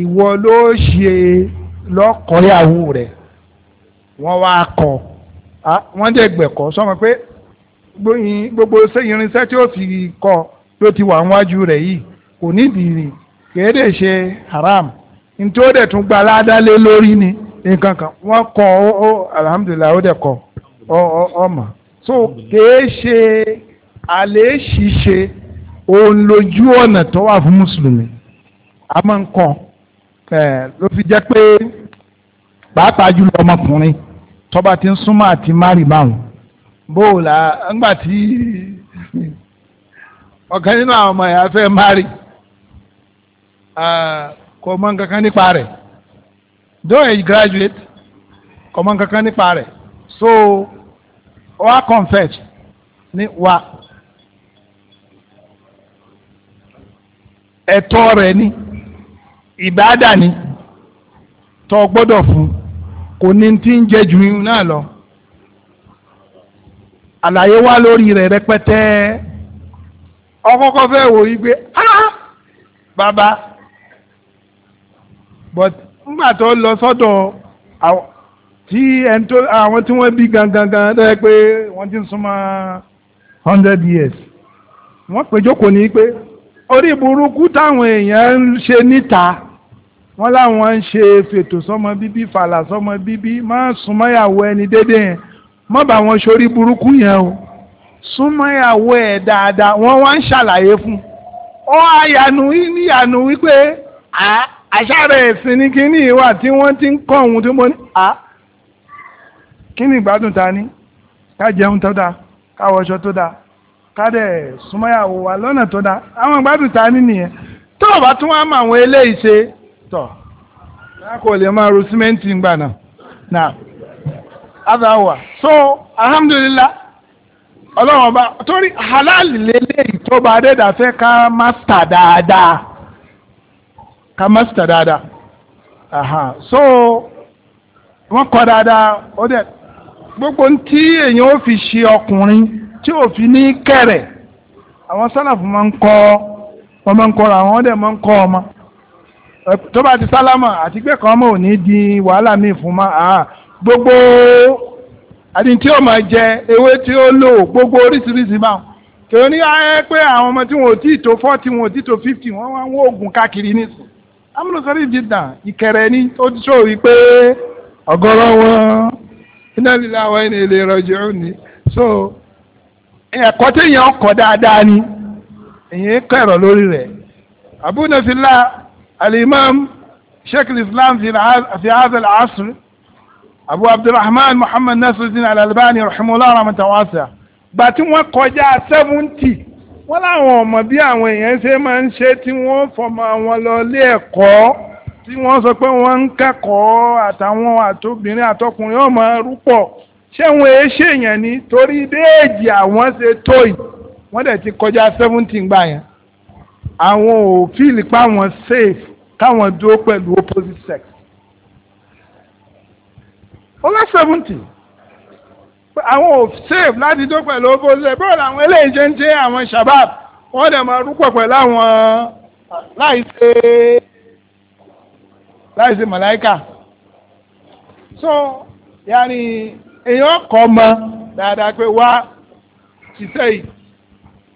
ìwọ ló ṣe lọ́kọ̀ọ́yàwó rẹ̀ wọ́n wá kọ wọ́n dẹ̀ gbẹ̀kọ́ sọ́mọ pé gbogbo sẹ́yìn irinṣẹ́ tí ó fi kọ́ ọ ló ti wà níwájú rẹ̀ yìí kò nídìí ni kéde ṣe haram ntí ó dẹ̀ tún gba aládálé lórí ni nǹkan kan wọ́n kọ́ ó ó alhamdulilayi ó dẹ̀ kọ́ ọ ọ so kéé ṣe àlẹ́ ṣíṣe òun lójú ọ̀nà tó wà fún mùsùlùmí a máa ń kọ́ ẹ ló fi jẹ́ pé pàápàá jùlọ ọmọkùnrin tọ́ba ti ń súnmọ́ àti márì márùn bóòlà ńgbà tí. ọ̀kan nínú àwọn ọmọ ẹ̀yà fẹ́ mari kò mọ nípa rẹ̀ graduate kò mọ nǹkankan nípa rẹ̀ so wa confess ni wa ẹ̀tọ́ rẹ̀ ni ìbáàdà ni tọ́ gbọ́dọ̀ fún kò ní tí ń jẹ ju irun náà lọ àlàyé wá lórí rẹ̀ ọkọ́kọ́ fẹ́ wò yí pé ah bàbá but nígbà tó lọ sọ́dọ̀ tí ẹni tó àwọn tí wọ́n bí gangan gan tó yẹ pé wọ́n ti ń súnmọ́ hundred years wọ́n pè jókòó ní pé orí burúkú táwọn èèyàn ń ṣe níta wọ́n láwọn ń ṣe fètò sọ́mọ bíbí fàlà sọ́mọ bíbí má súnmọ́yàwó ẹni déédéé yẹn má bà wọn ṣorí burúkú yẹn o. súnmọ́yàwó ẹ̀ dáadáa wọ́n wá ń ṣàlàyé fún ọ àyànú níyànú wípé àṣàrẹ̀ ẹ̀sìn ní kíní ìwà tí wọ́n ti ń kọ́ ohun tí mo ní à ni ìgbádùn ta ní ká jẹun tó dáa ká wọṣọ tó dáa ká dẹ̀ súnmọ́yàwó wa lọ́nà tó dáa àwọn ìgbádùn ta ni nìyẹn tó o bá tún wá mọ àwọn eléyìí ṣe tọ̀ kò lè máa ro símẹ́ǹtì ńgbà náà náà so alhamdulillah. ọlọ́run ọba torí halal lele. tó bá dẹ́dà fẹ́ ká mástà dáadáa ká mástà dáadáa aha so wọ́n kọ́ dáadáa ó dẹ̀ gbogbo tí èèyàn ó fi ṣe ọkùnrin tí ò fi ní kẹ̀rẹ̀ àwọn sálàfù máa ń kọ́ wọ́n máa ń kọ́ ra wọ́n máa ń kọ́ ọmọ tó bá ti sálámà àti pé kan mọ̀ ò ní di wàhálà míì fún ma gbogbo àti tí ó máa jẹ ewé tí ó lò gbogbo oríṣiríṣi máa kí ó ní ayé pé àwọn ọmọ tí wọn ò tí tó forty wọn ò tí tó fifty wọn wá ń wọ oògùn káàkiri nísìn amúnusọ́rí ìdìdà ìkẹrẹ ní ó ti sọ wípé ọ̀gọ̀rọ̀ wọn iná líla àwọn ẹni èlé ìrọ̀jẹ̀ òní so ẹ̀kọ́ téèyàn kọ́ dáadáa ni èyí kẹrọ lórí rẹ̀ abúnafilá alimam sheikh islam fi hadha al-asr abu abdulrahman muhammad nasiruddin alalbani rahimahullah rahmatan wasi'a gba tí wọ́n kọjá seventy wọ́n láwọn ọmọ bí àwọn èèyàn ṣe máa ń ṣe tí wọ́n fọmọ àwọn lọ ilé ẹ̀kọ́ tí wọ́n sọ pé wọ́n ń kẹ́kọ̀ọ́ àtàwọn àtobìnrin àtọkùnrin ọmọ rúpọ̀ ṣé wọn èé ṣèyàn ni torí déèjì àwọn ṣe tó yìí wọ́n dẹ̀ ti kọjá seventy gbà yẹn àwọn ò fíìlì pa àwọn safe káwọn dúró pẹ̀lú opposite sex over seventy àwọn ò save láti tó pẹ̀lú owó ṣe bọ́ọ̀ làwọn eléyìí ṣe ń ṣe àwọn shabab wọ́n dẹ̀ máa rúpọ̀ pẹ̀lú àwọn láìṣe láìṣe màláìkà so yàní èèyàn kọ́ mọ dáadáa pé wá iṣẹ́ yìí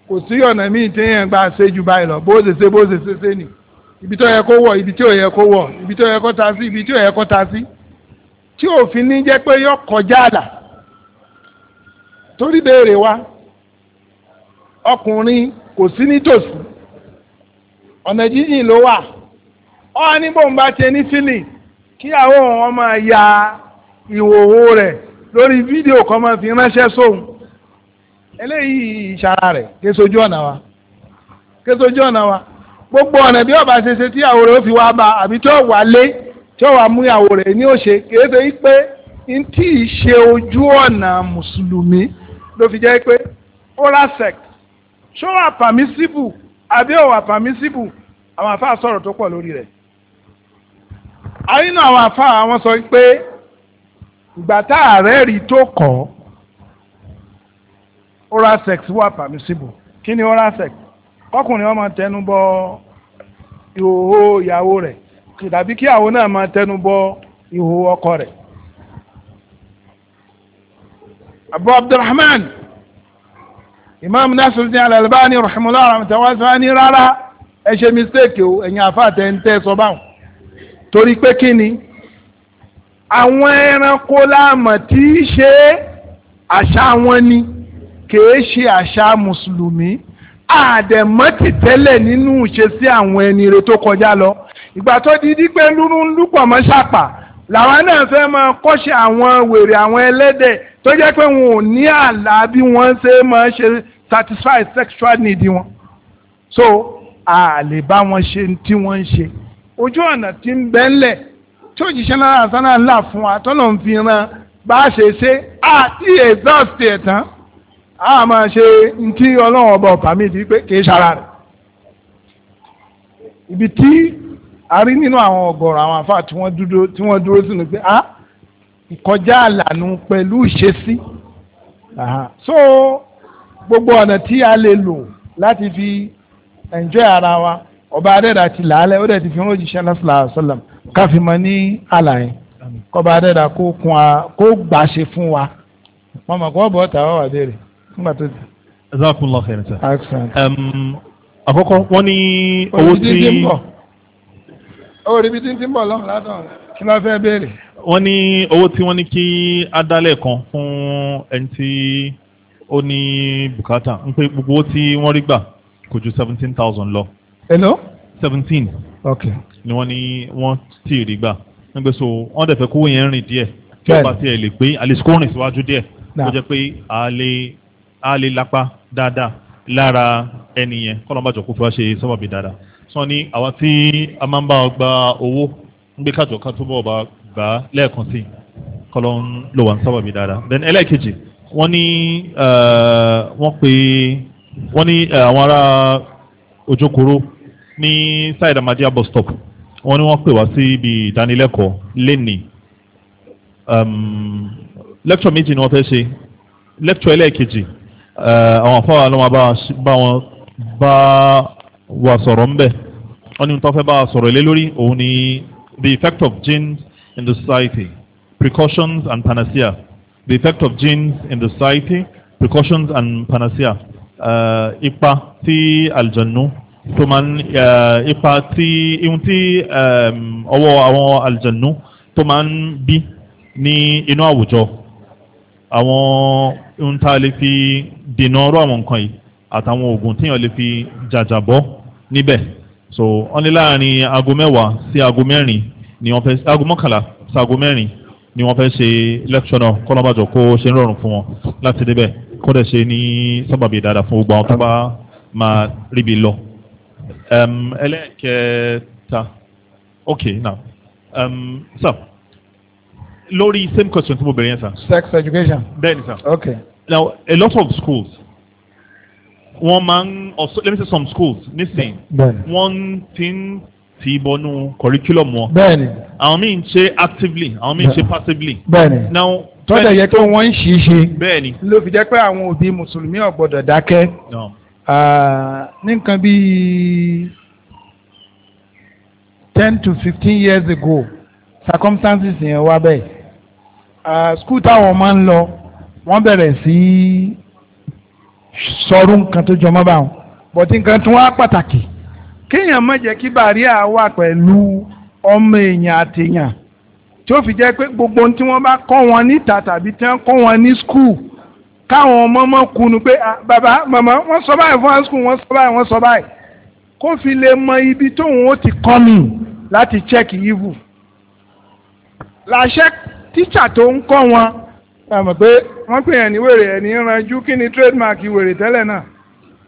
kò sí ọ̀nà míì tí yẹn gba ṣe jù báyìí lọ bó ṣe ṣe bó ṣe ṣe ṣe nì ibi tó yẹ kó wọ̀ ibi tí ò yẹ kó wọ̀ ibi tó yẹ kó ta sí ibi tí ò yẹ kó ta sí. tí òfin ní jẹ́ pé yọ kọjá àlà torí béèrè wa ọkùnrin kò sí nítòsí ọ̀nà jíjìn ló wà ọ́ ní bóun bá ṣe ní fílì kí àwọn ọmọ máa ya ìhòòhò rẹ̀ lórí fídíò kan máa fi ránṣẹ́ sóhun eléyìí ìṣara rẹ̀ késojú ọ̀nà wa késojú ọ̀nà wa gbogbo ọ̀nà bí ọba ṣe ṣe tí àwòrán ó fi wá bá àbí tí ó wà lé. tí wàá mú ìyàwó rẹ̀ ní òṣè kéde pé n tí ì ṣe ojú ọ̀nà mùsùlùmí ló fi jẹ́ pé oral sex ṣó wà permissible àbí ò wà permissible àwọn àfáà sọ̀rọ̀ tó pọ̀ lórí rẹ̀ àyínú àwọn àfáà àwọn sọ pé ìgbà tá ààrẹ rí tó kọ́ oral sex wà permissible kí ni oral sex kọkùnrin ọmọ tẹnu bọ ìhòòhò ìyàwó rẹ̀ kò dàbí kí àwọn náà máa tẹnu bọ ihò ọkọ rẹ̀ abu abdulrahman imam nasiruddin al-albani rahimahullah rahmatulahi ni rárá ẹ ṣe mistake o ẹ̀yin àfàtẹ́ ń tẹ́ sọ báwọn torí pé kí ni àwọn ẹranko láàmọ̀ tí í ṣe àṣà wọn ni kìí ṣe àṣà mùsùlùmí àdẹ̀mọ́tì tẹ́lẹ̀ nínú ìṣesí àwọn ẹni rẹ̀ tó kọjá lọ ìgbà tó di di pé lúrú ń lúpọ̀ mọ́ ṣàpà làwọn náà fẹ́ máa kọ́ṣẹ́ àwọn wèrè àwọn ẹlẹ́dẹ̀ tó jẹ́ pé wọn ò ní àlá bí wọ́n ṣe máa ṣe satisfy sexual need wọn so a lè bá wọn ṣe tí wọ́n ń ṣe ojú ọ̀nà tí ń bẹ́ ńlẹ̀ tí òjìṣẹ́ náà àtàná ńlá fún wa tọ́nà ń fi ran bá a ṣe ṣe àti exhaust ẹ̀ tán a máa ṣe ntí ọlọ́run ọba ọ̀pá mi di pé kì í ṣara rẹ̀ ibi tí a rí nínú àwọn ọ̀gọ̀rọ̀ àwọn àfa tí wọ́n dúró sínú pé a ah, kọjá àlànà pẹ̀lú ìṣesí so gbogbo ọ̀nà tí a lè lò láti fi enjoy ara wa ọba adẹ́dà ti làálẹ̀ ó dẹ̀ ti fi hàn òjíṣẹ́ lásìlá sọ́làm káfí mọ́ ní àlàyé kọba adẹ́dà kó kun a kó gbà fún wa wọn mọ̀ kó bọ̀ ọ̀tà wà wà béèrè nígbà tó di. ẹ dákun fẹ̀rẹ̀ sá. àkọ́kọ́ wọ́n ní owó tí. òṣìṣẹ́ ń bọ̀ ó rí ibi tí ń ti ń bọ̀ lọ́hùn látọ̀ kí ló fẹ́ béèrè. wọ́n ní owó tí wọ́n ní kí á kan fún ẹni tí ó ní bùkátà ń pé gbogbo tí wọ́n rí gbà kò ju seventeen thousand lọ. hello. seventeen. ok. ni wọ́n ní wọ́n ti rí gbà nígbà so wọ́n dẹ̀ fẹ́ kówó yẹn rìn díẹ̀ tí ó bá tiẹ̀ lè pé àlèsíkò rìn síwájú díẹ̀ ó jẹ́ pé a lè lápá dáadáa lára ẹni yẹn kọ́lọ́mbàjọ́ kó fi wá ṣe sábàbí dáadáa sọ ní àwa tí a máa ń bá ọ gba owó ń gbé kájọ ká tó bọ̀ ọba gbà á lẹ́ẹ̀kan sí kọlọ́n ló wà ń sábàbí dáadáa then ẹlẹ́ẹ̀kejì wọ́n ní wọ́n pe wọ́n ní àwọn ará Ojokoro ní side amadiya bus stop wọ́n ní wọ́n pè wá sí ibi ìdánilẹ́kọ̀ọ́ lẹ́nìí lecture méjì ni wọ́n fẹ́ ṣe lecture ẹlẹ́ẹ̀kejì àwọn afọ́wà ló máa bá wọn bá wa sọ̀rọ̀ ńbẹ̀ wọ́n ní tọ́fẹ́ bá a sọ̀rọ̀ lé lórí òun ni the effect of genes in the society precautions and panacea the effect of genes in the society precautions and panacea uh, ipa ti aljannu tó máa ń uh, ipa tí ihun tí um, ọwọ́ àwọn aljannu tó máa ń bí ní inú àwùjọ àwọn ohun tá lè fi dènà ọ̀rọ̀ àwọn nǹkan yìí àtàwọn oògùn téèyàn lè fi jàjàbọ́ níbẹ̀ so wọ́n ní láàrin aago mẹ́wàá sí aago mẹ́rin ni wọ́n fẹ́ aago mọ́kànlá sí aago mẹ́rin ni wọ́n fẹ́ ṣe lẹ́kṣọ̀ náà kọ́lọ́bàjọ́ kó ṣe ń rọrùn fún wọn láti débẹ̀ kó dẹ̀ ṣe ní sábàbí dáadáa fún gbogbo àwọn tó bá máa ríbi lọ. ẹlẹ́kẹta ok now um, sir lórí same question tí mo bẹ̀rẹ̀ yẹn sir. sex education. bẹ́ẹ̀ni sir. ok. now a lot of schools wọ́n máa ń let me say some schools nísìn wọ́n ti ń ti bọnú curriculum wọn. bẹ́ẹ̀ni. àwọn míì ń ṣe actively àwọn míì ń ṣe passively. bẹ́ẹ̀ni. now tọ́jà yẹ pé wọ́n ń ṣì í ṣe. bẹ́ẹ̀ni. ló fi jẹ́ pé àwọn òbí mùsùlùmí ò gbọ́dọ̀ dákẹ́. ní nǹkan bíi ten to fifteen years ago circumstances yẹn wá bẹ́ẹ̀. school táwọn máa ń lọ wọ́n bẹ̀rẹ̀ sí sọrú nǹkan tó jọmọ́ bá wọn bọ̀tí nǹkan tó wá pàtàkì kéèyàn má jẹ́ kí bàríà wà pẹ̀lú ọmọ èèyàn àtèèyàn tí ó fi jẹ́ pé gbogbo tí wọ́n bá kọ́ wọn níta tàbí tí wọ́n kọ́ wọn ní skul káwọn ọmọ mọ́ kunu pé ah, bàbá màmá wọ́n sọ báyìí fún wọn sọ báyìí wọ́n sọ báyìí kó fi lè mọ ibi tóun ó ti kọ́ mi láti check evil làṣẹ tíṣà tó ń kọ́ wọn àmọ́ pé wọ́n pè yàn ní wèrè ẹ̀ ní ìranjú kí ni trademark wèrè tẹ́lẹ̀ náà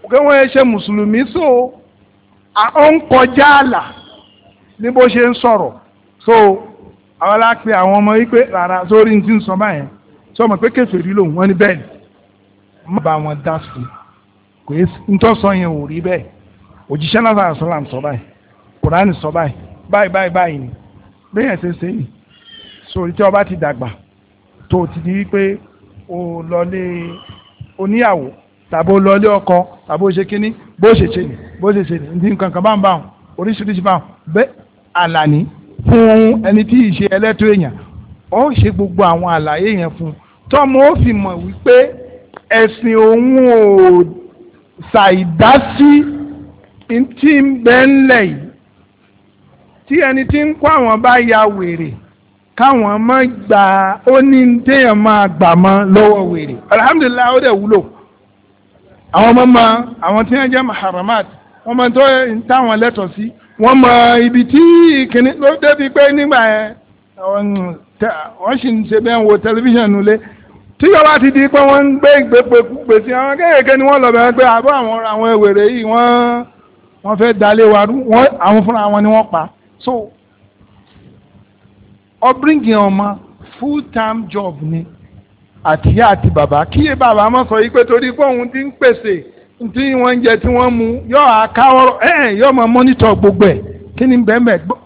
kí wọ́n ṣe mùsùlùmí so ó ń kọjá àlà ní bó ṣe ń sọ̀rọ̀ so àwọn alápè àwọn ọmọ yìí pé rárá sórí ní ti ń sọ báyẹn tí wọ́n mọ̀ pé kèfèrí lòun wọ́n ní bẹ́ẹ̀ ni má bá wọn dá sí kò yé ntọ́sọ yẹn ò rí bẹ́ẹ̀ òjíṣẹ́ náà sọ̀rọ̀ sọ́lá sọ báyìí kùránì sọ báyìí báyìí báyìí báyìí ni bẹ́ẹ̀ yẹn ṣe ṣe yìí sórí tí ọba ti dàgbà tó ti di wípé o lọlé oníyàwó tàbí o lọlé ọkọ tàbí o ṣe kíní bó ṣe ṣe ní bó ṣe ṣe ní nǹkan kan bá ń bá wọn oríṣiríṣi bá wọn bẹ́ẹ̀ àlàní fún ẹni tí ì ṣe ẹlẹ́tọ́ èèyàn ó ṣe gbogbo àwọn àlàyé yẹn fún un tọ́mọ ó fi mọ̀ wípé ẹ̀sìn òun ò ṣàìdásí tí ń bẹ́ńlẹ̀ yìí tí ẹni tí ń kó àwọn bá ya wèrè káwọn má gbà ó ní téèyàn máa gbà mọ́ lọ́wọ́ wèrè alhamdulilayi ó dẹ̀ wúlò àwọn ọmọ ma àwọn tí wọ́n jẹ́ maharamat wọ́n máa tó táwọn lẹ́tọ̀ọ́ sí wọ́n mọ ibi tí kìnnì ló débi pé nígbà yẹn wọ́n sì ń ṣe bẹ́ẹ̀ wo tẹlifíṣàn nulẹ̀ tíjọba ti di pé wọ́n ń gbé ìgbépekúgbe sí àwọn kéèké ni wọ́n lọ bẹ̀rẹ̀ pé àbọ̀ àwọn àwọn èwèrè yìí wọ́n wọ́n fẹ́ dalé wa rú àwọn fúnra wọn ni wọ́n pa so ọ ọbíríngì ọmọ full time job ni àtìyá àti bàbá kí bàbá má sọ yìí pé torí pé ti ń pèsè tí wọ́n ń jẹ tí wọ́n mú yọ àkáwọ́rọ̀ ẹ̀ẹ́n yọ máa mọ́nítọ̀ gbogbo ẹ̀ kí ni bẹ́ẹ̀ gbọ́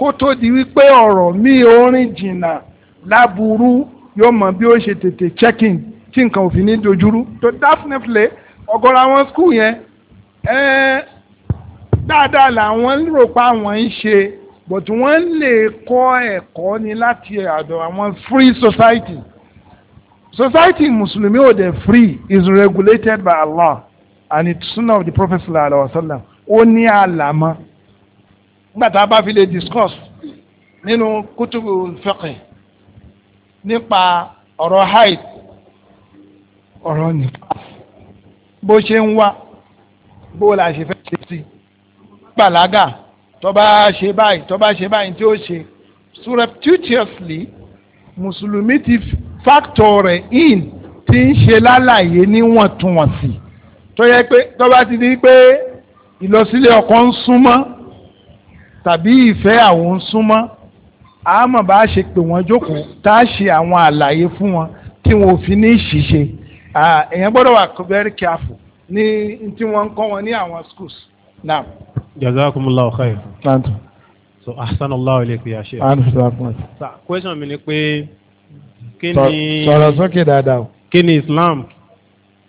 kó tó di wípé ọ̀rọ̀ mi jìnnà láburú mọ bí ó ṣe tètè checking tí nǹkan ní dojúrú tó àwọn yẹn làwọn rò pa but wọ́n lè kọ́ ẹ̀kọ́ ni láti àdọ̀ àwọn free society society mùsùlùmí ò dẹ̀ free is regulated by Allah and it's sunnah of the prophet sallallahu alaihi wa sallam ó ní àlàmọ́ nígbà bá fi lè discuss nínú kutubu fiqh nípa ọ̀rọ̀ haid ọ̀rọ̀ nípa bó ṣe ń wá bó la ṣe fẹ́ ṣe sí gbàlágà tọ́ba ṣe báyìí tọ́ba ṣe báyìí tí ó ṣe surreptitiously mùsùlùmí ti factor rẹ̀ in ti ń ṣe lálàyé níwọ̀ntúnwọ̀nsì tó yẹ pé tọ́ba ti di pé ìlọsílẹ̀ ọkọ ń súnmọ́ tàbí ìfẹ́ àwọn ń súnmọ́ àmọ́ bá a ṣe pè wọ́n jókòó tá a ṣe àwọn àlàyé fún wọn tí wọn ò fi ní ṣìṣe èèyàn gbọ́dọ̀ wà very careful ní tí wọ́n ń kọ́ wọn ní àwọn schools naam. jazakumullahu khair. naam. so ahsanallahu ilayka ya sheikh. àánú sọ àpọn. sa question mi ni pé. kí ni sọ̀rọ̀ sókè dáadáa o. kí ni islam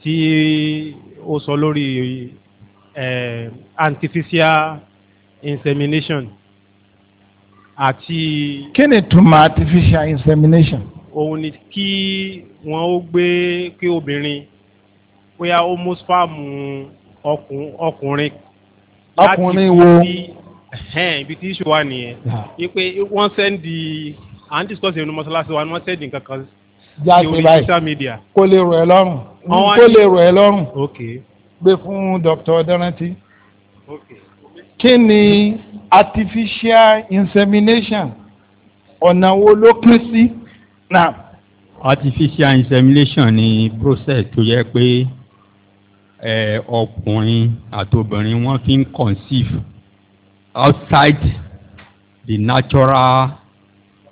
tí ó sọ lórí artificial insemination àti. kí ni túmọ̀ artificial insemination. òun ni kí wọ́n ó gbé kí obìnrin bóyá ó mú spáàmù ọkùnrin ọkùnrin wo. ibi tí iṣu wà nìyẹn ni pé wọ́n sẹ́ndì à ń discuss ìrònú mọ́ṣáláṣí wa ni wọ́n sẹ́ndì kankan sí orí social media. kó lè rọ̀ ẹ́ lọ́rùn kó lè rọ̀ ẹ́ lọ́rùn gbé fún Dr. Dárántí. kí ni artificial insemination ọ̀nà wo ló pín sí? artificial insemination ni process tó yẹ pé ẹ ọkùnrin àtobìnrin wọ́n fi ń conceive outside the natural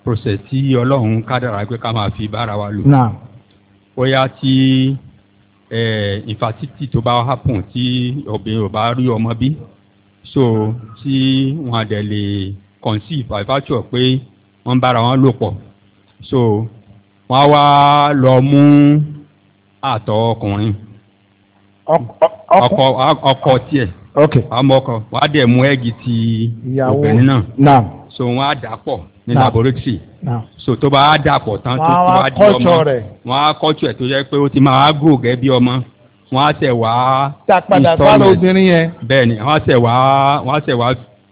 process tí ọlọ́run kádàrá pé ká máa fi bára wa lò. bóyá tí infertility tó bá happen tí obìnrin ò bá rí ọmọ bí so tí wọn àdẹ̀ lè conceive by virtue of pé wọ́n bára wọn lò pọ̀ so wọ́n á wá lọ mú àtọ̀ ọkùnrin ọkọ ọkọ tiẹ̀ àmọ́ ọkọ wàá dẹ̀ mú ẹ́gì ti obìnrin náà so wọ́n á dà pọ̀ ní laboratory so tó bá dà pọ̀ tán tó tó bá di ọmọ wọ́n á kọ́tù ẹ̀ tó yẹ pé ó ti máa gò gẹ́ bí ọmọ wọ́n á tẹ̀ wá installment bẹ́ẹ̀ ni wọ́n á tẹ̀ wá wọ́n á tẹ̀ wá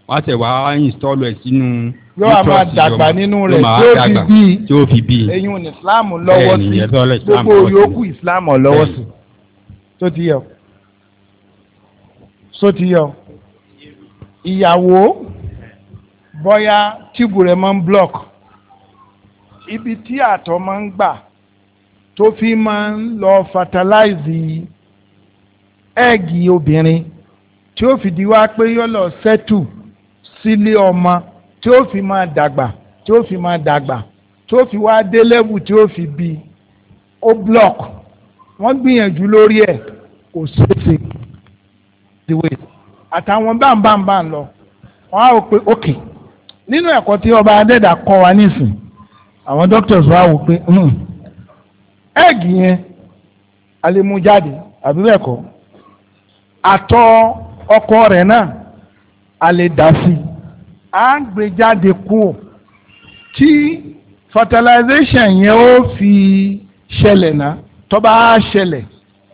wọ́n á tẹ̀ wá install ẹ̀ sínú yóò a máa nínú rẹ̀ tí ó fi bí eyín Islam lọ́wọ́ sí gbogbo yòókù Islam lọ́wọ́ sí tó ti yẹ so ti yẹ ìyàwó bóyá tíìbù rẹ̀ máa ń block ibi tí àtọ̀ máa ń gbà tó fi máa ń lọ fertilize ẹ́ẹ̀gì obìnrin tí ó fi di wá pé yóò lọ settle sílé ọmọ tí ó fi máa dàgbà tí ó fi máa dàgbà tí ó fi wá dé level tí ó fi bí ó block wọ́n gbìyànjú lórí ẹ̀ kò ṣeéṣe the way àtàwọn báńbáńbá ń lọ wọ́n á wò pé okay nínú ẹ̀kọ́ tí ọba adẹ́dà kọ́ wa nísìn àwọn doctors wa wò pé ẹ́ẹ̀gì hmm, yẹn a lè mú ọkọ rẹ̀ náà a à ń gbé jáde kúrò tí fertilization yẹn ó fi ṣẹlẹ̀ náà tó bá ṣẹlẹ̀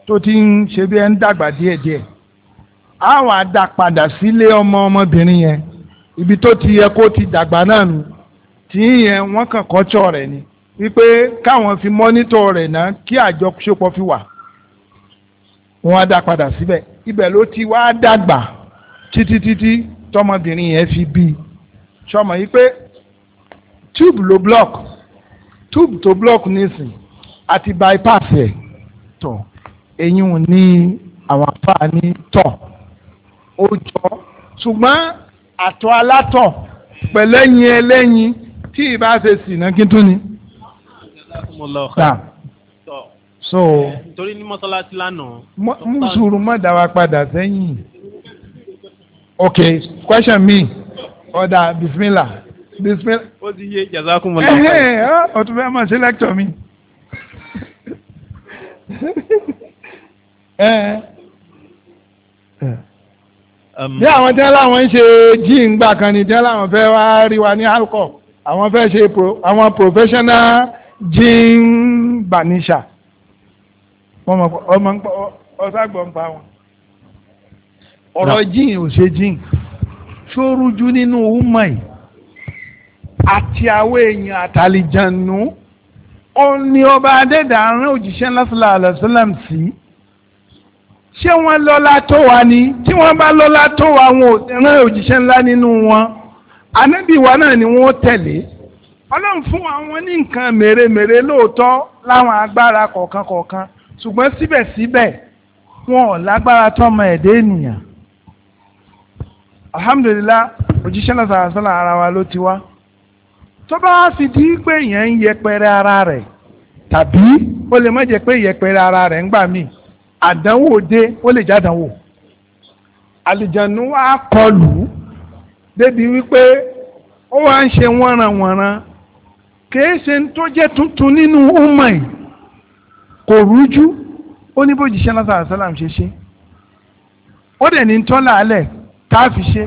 tó ti ń ṣe bí ẹ ń dàgbà díẹ̀díẹ̀ á wàá dá padà sílé ọmọ ọmọbìnrin yẹn ibi tó ti yẹ kó ti dàgbà náà nù tí yẹn wọ́n kàn kọ́tsọ̀ rẹ̀ ni wípé káwọn fi mọ́nítọ̀ rẹ̀ náà kí àjọṣepọ̀ fi wà wọ́n á dá padà síbẹ̀ ibẹ̀ ló ti wá dàgbà títí tọmọbìnrin yẹn fi bí sọmọ yìí pé tube ló block tube tó block nísìnyí àti bypass ẹ̀ tọ̀ eyín ò ní àwọn àǹfààní tọ̀ ó jọ ṣùgbọ́n àtọ̀ alátọ̀ pẹ̀lẹ́yìn ẹlẹ́yìn tí ìbá ṣe sìnà kí tún ni. so torí ní mọ́sálásí lánàá. mùsùlùmí má dá wa padà sẹ́yìn. ok question me. ọ̀dà bisimilá bisimilá. ó ti yé jazakumullah. ọ̀tún fẹ́ mọ̀ sí lẹ́kítọ̀ mi. Um, bí àwọn tí wọ́n láwọn ń ṣe jíìn gbà kan ní tí wọ́n láwọn fẹ́ wá rí wa ní alcohol àwọn fẹ́ ṣe àwọn professional jíìn banisha wọ́n mọ̀ ọmọ ń pọ̀ ọ̀sàgbọ̀n pa wọn. ọ̀rọ̀ jíìn ò ṣe jíìn ṣó rújú nínú umar yìí àti àwọn èèyàn àtàlìjànú òun ni ọba adẹ́dà rán òjíṣẹ́ lọ́sọ̀lá àlọ́sọ́làm sí ṣé wọ́n lọ́lá tó wa ni tí wọ́n bá lọ́lá tó wa wọn ò òjíṣẹ́ ńlá nínú wọn ànábì wa náà ni wọ́n tẹ̀lé ọlọ́run fún àwọn ní nǹkan mèremère lóòótọ́ láwọn agbára kọ̀ọ̀kan kọ̀ọ̀kan ṣùgbọ́n síbẹ̀síbẹ̀ wọn ò lágbára tọmọ ẹ̀dẹ́ ènìyàn alhamdulilah òjíṣẹ́ lọ́sọ̀lá ara wa ló ti wá. tó bá sì di pé èèyàn ara rẹ tàbí ó lè má jẹ́ pé yẹpẹrẹ ara rẹ ń gbà mí àdánwò dé ó lè jádánwò àlìjànú wa kọlù débi wípé ó wá ń ṣe wọ́nranwọ̀nran kìí tuntun nínú ọmọ ko kò rújú ó ní bó jíṣẹ́ lásán àṣálàm ṣe ṣe ó fi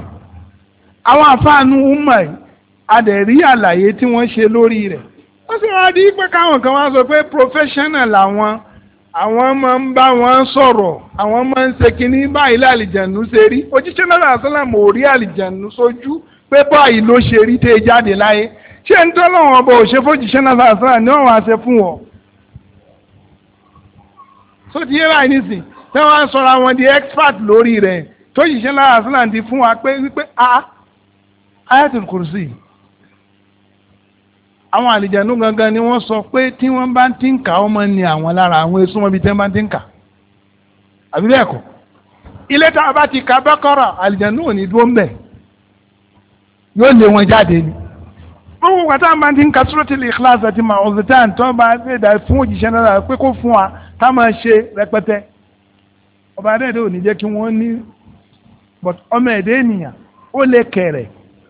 àwọn àfáànù ọmọ adẹ̀rí àlàyé tí wọ́n ṣe lórí rẹ̀ wọ́n sì wá di pé káwọn kan wá sọ pé professional làwọn àwọn máa ń bá wọn sọ̀rọ̀ àwọn máa ń ṣe kínní báyìí lálìjànú ṣe rí òjíṣẹ́ náírà sọ́làmù ò rí àlìjànú sójú pé báyìí ló ṣe rí tẹ́ jáde láyé ṣé ń tọ́lọ́wọ́n ọba òṣè fòjíṣẹ́ náírà sọ́làmù ni wọ́n wá ṣe fún wọn. sọ ti yé báyìí nísìn tí wọ́n sọra wọn di expert lórí rẹ̀ tó ṣiṣẹ́ náírà sọ́làmù ti fún wa pé wípé a ah, ayatul kursi àwọn àlìjẹ̀nú gangan ni wọ́n sọ pé tí wọ́n bá ti ń kà ó máa ní àwọn lára àwọn èso wọn bí tí wọ́n bá ti ń kà àbí bẹ́ẹ̀ kọ́ ilé tá a bá ti ka bákọ́rà àlìjẹ̀nú ò ní dúró ń bẹ̀ yóò lé wọn jáde ni gbogbo ìgbà tá a máa ti ń ka Suratul Ikhlas àti Ma'uzatan tó bá lè dà fún òjìṣẹ́ náà pé kó fún wa tá a máa ṣe rẹpẹtẹ ọba adẹ́ẹ̀dẹ́ ò ní jẹ́ kí wọ́n ní ọmọ ẹ̀dẹ́ ènìyàn ó lè kẹ̀rẹ̀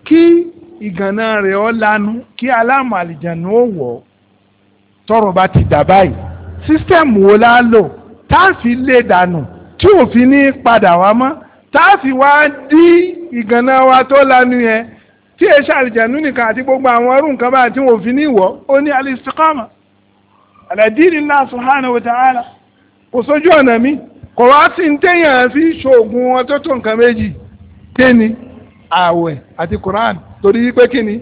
kí ìgànnà rẹ̀ ọ́ lanu kí aláàmù àlìjànú ó wọ̀ tọrọ bá ti dà báyìí sísítẹ́ẹ̀mù wo la lò táàfin lè dànù tí òfin ní padà wá mọ́ táàfin wá dí ìgànnà wa tó lanu yẹn tí èsì àlìjànú nìkan àti gbogbo àwọn ọrùn kan báyìí tí òfin ní wọ̀ ó ní al-istiqama ala dinillah subhanahu wa kò sójú ọ̀nà mi kò wá sí ń téèyàn fi ṣoògùn wọn nǹkan méjì téni ààwẹ̀ àti Quran torí wípé kí ni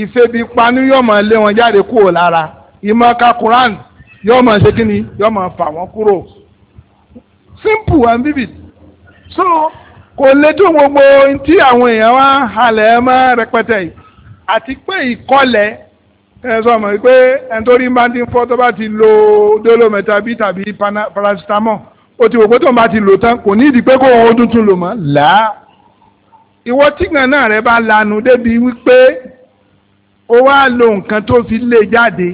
ìfebi panu yóò máa lé wọn jáde kúrò lára ìmọ̀ ka Quran yóò máa ṣe kí ni yóò máa fà wọ́n kúrò simple and vivid so kò lè dún gbogbo tí àwọn èèyàn wá halẹ̀ mọ́ rẹpẹtẹ yìí àti pé ìkọlẹ̀ ẹ sọ ma pé ẹni tó rí bá ti ń fọ́ tó bá ti lo dolometa bí tàbí paracetamol o ti wò pé tó ń bá ti lò tán kò ní ìdí pé kó o tuntun lò mọ́ làá ìwọ tígàn náà rẹ bá lanu débi wípé o wá lo nǹkan tó fi lé jáde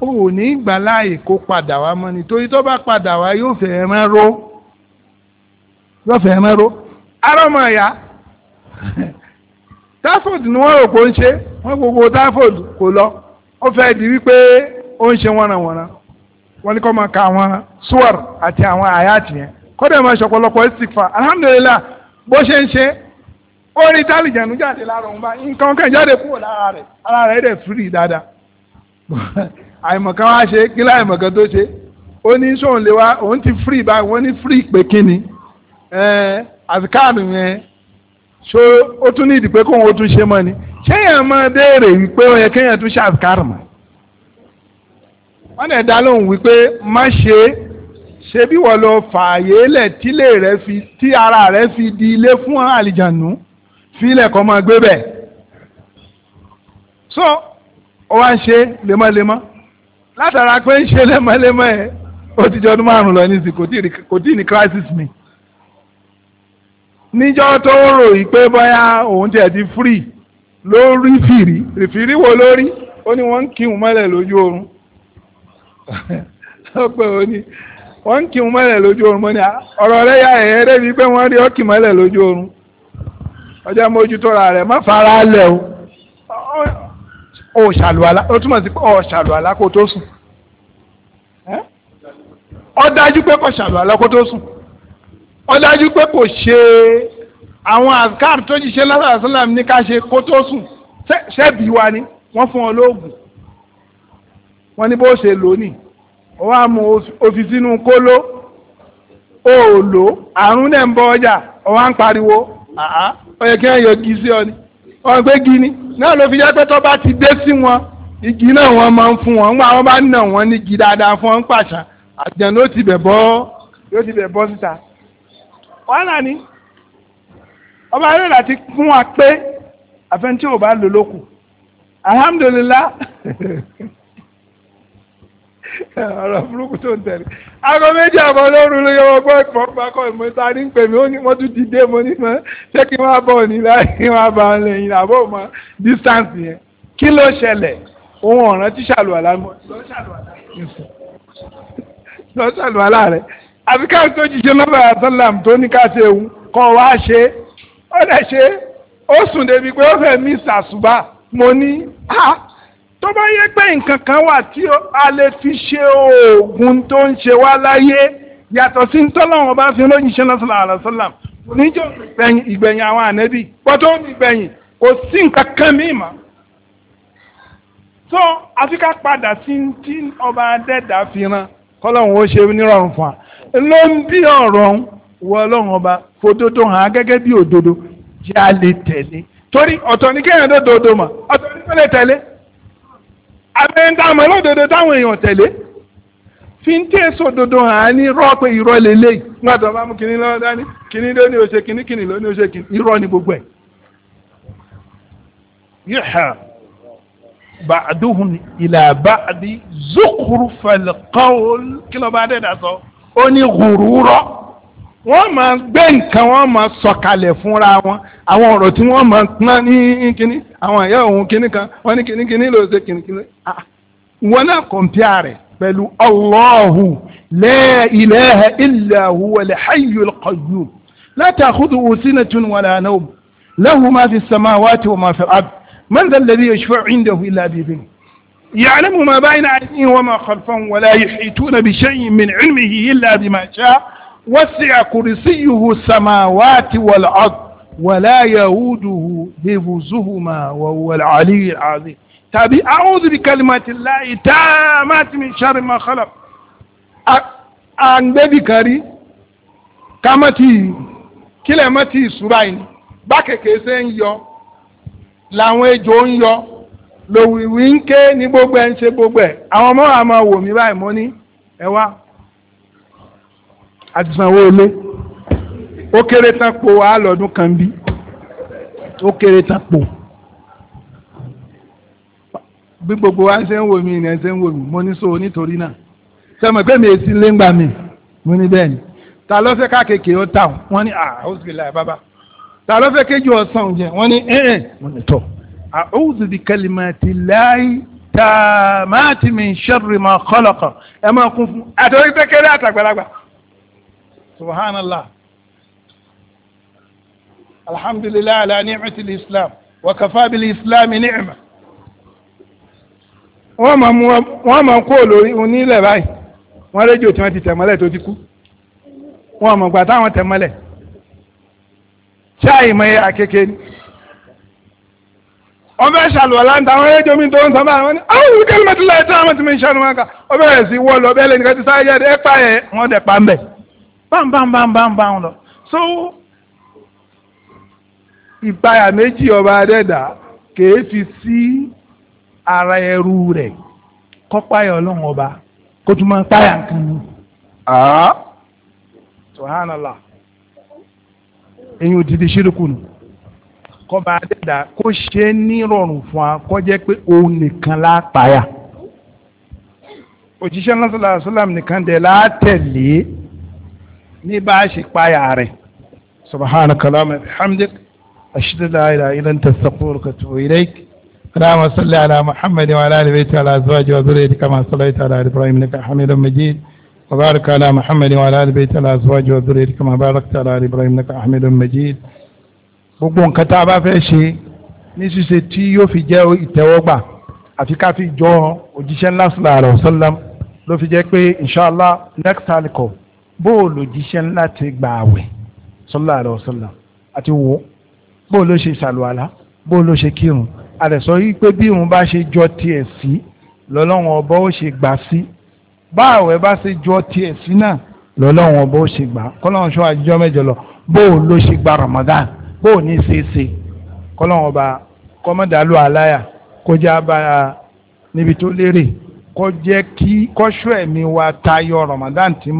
ó ò ní ìgbà láàyè kó padà wá mọ́ ni torí tó bá padà wá yóò fẹ́ mọ́ ró yóò fẹ́ mọ́ ró arọ́mọ ẹ̀yà táfòdù ni wọ́n rò pé ó ń ṣe wọ́n gbogbo táfòdù kò lọ ó fẹ́ di wípé ó ń ṣe wọ́nranwọ̀nran wọ́n ní kọ́ máa ka àwọn suwar àti àwọn àyàtì yẹn kọ́dọ̀ máa ṣọ̀pọ̀lọpọ̀ istikfa alhamdulilayi bó ṣe ń ṣe ó rí tálìjẹ̀nù jáde lára òun báyìí nǹkan kan jáde kúrò lára rẹ̀ ara rẹ̀ dẹ̀ firi dáadáa àìmọ̀kan wá ṣe kí láìmọ̀kan tó ṣe ó ní sóun lè wá òun ti firi báyìí wọ́n ní firi pé kíni àtikáàdù yẹn ṣó ó tún ní ìdí pé kóun ó tún ṣe mọ́ ni ṣé èèyàn máa béèrè wípé ó yẹ kéèyàn tún ṣe àtikáàdù mọ́ wọ́n dẹ̀ dá lóhùn wípé má ṣe é ṣebí wọ́n lọ fààyè lẹ̀ tílé rẹ̀ fi tí ara rẹ̀ fi di ilé fún àlìjànú fílẹ̀ kọ́ máa gbé bẹ̀. so ó wá ń ṣe lemọ́lemọ́ látara pé ń ṣe lemọ́lemọ́ ẹ̀ ó ti jọ ọdún márùn-ún lọ nísì kò tí ní crisis mi. níjọ́ tó rò yìí pé bóyá òun tiẹ̀ ti free ló rí fìrí rìfìrí wo lórí ó ní wọ́n ń kírun mọ́lẹ̀ lójú oorun ó pè wọ́n ń kì í mọ́lẹ̀ lójú oorun mọ́ ni ah, ọ̀rọ̀ rẹ̀ yà ẹ̀yẹ́ débi pé wọ́n rí ọkì mọ́lẹ̀ lójú oorun ọjọ́ mójútó ra rẹ̀ má fara lẹ̀ o ṣàlùwàlá ó túmọ̀ sí pé ọ ṣàlùwàlá kó tó sùn ọ dájú pé kò ṣàlùwàlá kó tó sùn ọ dájú pé kò ṣe àwọn àkàr tó jíṣẹ́ lásàlásàlám ní ká ṣe kó tó sùn ṣẹ́bi wa ni wọ́n fún ọ lóògùn wọ́n ní bó ṣe lónìí ó wá mú òfì sínú oolo, òòlò àrùn náà ń bọ ọjà ó wá ń pariwo àá ó yẹ kí wọ́n yọ igi sí ọ ni wọ́n gbé igi ni náà ló fi jẹ́ pé tó bá ti dé sí wọn igi náà wọ́n máa ń fún wọn nígbà wọ́n bá nà wọ́n ní igi dáadáa fún wọn ń pàṣà àjàn ló ti bẹ̀ bọ́ ló ti bẹ̀ bọ́ síta. wàhálà ni ọba yóò láti fún wa pé àfẹn ò bá lò lókù alhamdulillah ọ̀rọ̀ burúkú tó ń tẹ̀lé aago méjì àbọ̀ lóru ló yọ ọgbọ́n ìpọ̀ pákọ̀ ìmọ̀ ta ní pè mí ó ní wọ́n tún dìde mo ní mọ́ ṣé kí wọ́n á bọ̀ ní láì wọ́n á bá wọn lẹ́yìn àbọ̀ mọ́ distance yẹn kí ló ṣẹlẹ̀ ohun ọ̀ràn tí ṣàlùwàlá mọ́ lọ ṣàlùwàlá rẹ̀ àfi ká tó jíṣẹ́ nọ́bà sálàm tó ní ká ṣe ewu kọ́ wá ṣe ó dẹ̀ ṣe ó sùn débi pé ó fẹ́ mí sàṣùbà mo ní ah tó bá yẹ pé nǹkan kan tí a lè fi ṣe oògùn tó ń ṣe wá láyé yàtọ̀ sí ń bá fi lóyìnṣẹ́ lọ́sọ̀lá àlọ́sọ́là oníjọ́ ìgbẹ̀yìn àwọn ànẹ́bí ìgbẹ̀yìn kò sí nǹkan kan mí mọ́. tó sí tí ọba adẹ́dà fi ran ó ṣe nírọ̀rùn fún ọ̀rọ̀ wọ ọlọ́run ọba fòdodo abẹ́ńdàmọ́ lódodo táwọn èèyàn tẹ̀lé fi ń tẹ́ èso dodo hàn á ní rọ́ pé irọ́ lélẹ̀ yìí bá mú kinní lọ́wọ́ dání kinní ló ní oṣù kinní kinní ló ní oṣù kinní irọ́ ni gbogbo ẹ̀. yíyá ba'duhum ila ba'di àwọn ìyá òun kíní kan wọ́n ní kíní kíní ló ṣe kíní kíní wọn náà kọ̀ǹpìà rẹ̀ pẹ̀lú Allahu la ilaha illa huwa al-hayyul qayyum la ta'khudhuhu sinatun wala nawm lahu ma fi as-samawati wa ma fi al-ard man dha alladhi yashfa'u 'indahu illa bi'idhnihi يعلم ما بين أيديهم وما خلفهم ولا يحيطون بشيء من علمه إلا بما شاء وسع كرسيه السماوات والأرض wàlá yahuduhu hifuzuhuma wa huwa al-ali al-azim tàbí a'udhu bi kalimatillahi tammati min sharri ma khalaq à ń gbé bìkárí ká má ti kílẹ̀ má ti ìṣúra yìí bá kẹ̀kẹ́ ṣe ń yọ làwọn ejò ń yọ lòwìwì ń ké ní gbogbo ẹ̀ ń ṣe gbogbo ẹ̀ àwọn ọmọ àmọ́ wò mí báyìí mo ní ẹ àti sanwó-olé ó kéré tán po àálọ́dún kan bí ó kéré tán po bí gbogbo wa ṣe ń wò mí ìrìn ẹ̀ṣẹ̀ ń wò mí mo ní so nítorí náà sọmọ pé mi èsì lé ń gbà mí mo ní bẹ́ẹ̀ ni ta ló fẹ́ káàkiri ó tà wọ́n ní àhóṣìlá bàbá ta ló fẹ́ kéjì ọ̀sán jẹ wọ́n ní ẹ̀ẹ́n mo ní tọ́ àhóṣì bí kalimati láì tá máa ti mi ṣẹ́rì máa kọ́lọ̀kọ̀ ẹ máa kún fún àtọ́rí pé kéré àtàgbàlagbà subhanallah الحمد لله على نعمة الإسلام وكفى بالإسلام نعمة ni'ma wọ́n máa mú wọ́n máa kó lórí onílẹ̀ báyìí wọ́n rédíò tí wọ́n ti tẹ̀mọ́lẹ̀ tó ti kú wọ́n mọ̀ gbà táwọn tẹ̀mọ́lẹ̀ ṣáà ìmọ̀ ẹ̀yà kékeré ni ọbẹ̀ ṣàlùwà láńtà àwọn ẹjọ́ mi tó ń sọ báyìí wọ́n ní àwọn ìkẹ́lẹ̀ mẹ́tìlá ẹ̀tọ́ àwọn tí mi ń ṣàánú wọn ká ọbẹ̀ rẹ̀ sí wọ́n dẹ̀ pa ń ìpayà méjì ọba adẹ́dà kèé fi sí ara ẹrú rẹ̀ kọ́páyà ọlọ́run ọba kó tún máa páyà nǹkan ni. sọ̀hánàlá eyín òdìdí ṣírùkù nù kọ́ba adẹ́dà kó ṣe é nírọ̀rùn fún wa kó jẹ́ pé òun nìkan lápáyà òjíṣẹ́ lọ́sọ̀lá àṣọlám nìkan dẹ̀ látẹ̀lé ní bá a ṣe páyà rẹ̀ subhanaka allahumma bihamdik. أشهد أن لا إله إلا أنت أستغفرك وأتوب إليك اللهم صل على محمد وعلى آل بيته وعلى أزواجه وذريته كما صليت على آل إبراهيم إنك حميد مجيد وبارك على محمد وعلى آل بيته وعلى أزواجه وذريته كما باركت على آل إبراهيم إنك حميد مجيد gbogbo nǹkan tá a bá fẹ́ ṣe ní ṣíṣe tí yóò fi jẹ́ ìtẹ́wọ́gbà àfi ká fi jọ òjíṣẹ́ ńlá sallallahu alaihi wasallam ló fi jẹ́ pé inshallah next alikọ bóòlù òjíṣẹ́ ńlá ti gbà àwẹ̀ sallallahu alaihi àti wò ó bó ló ṣe ṣàlùwàlá bó ló ṣe kírun àdẹ̀sọ yìí pé bí irun bá ṣe jọ tiẹ̀ sí lọ́lọ́run ọba ó ṣe gbà sí báàwẹ̀ bá ṣe jọ tiẹ̀ sí náà lọ́lọ́run ọba ó ṣe gbà kọ́lọ́run ṣọ́ àjíjọ́ mẹ́jọ lọ bó ló ṣe gba Ramadan bó ní ṣeéṣe kọ́lọ́run ọba kọ́mọ́dàlú aláyà kọjá bá níbi tó lérè kó jẹ́ kí kọ́ṣọ́ ẹ̀mí wa tayọ Ramadan ti ń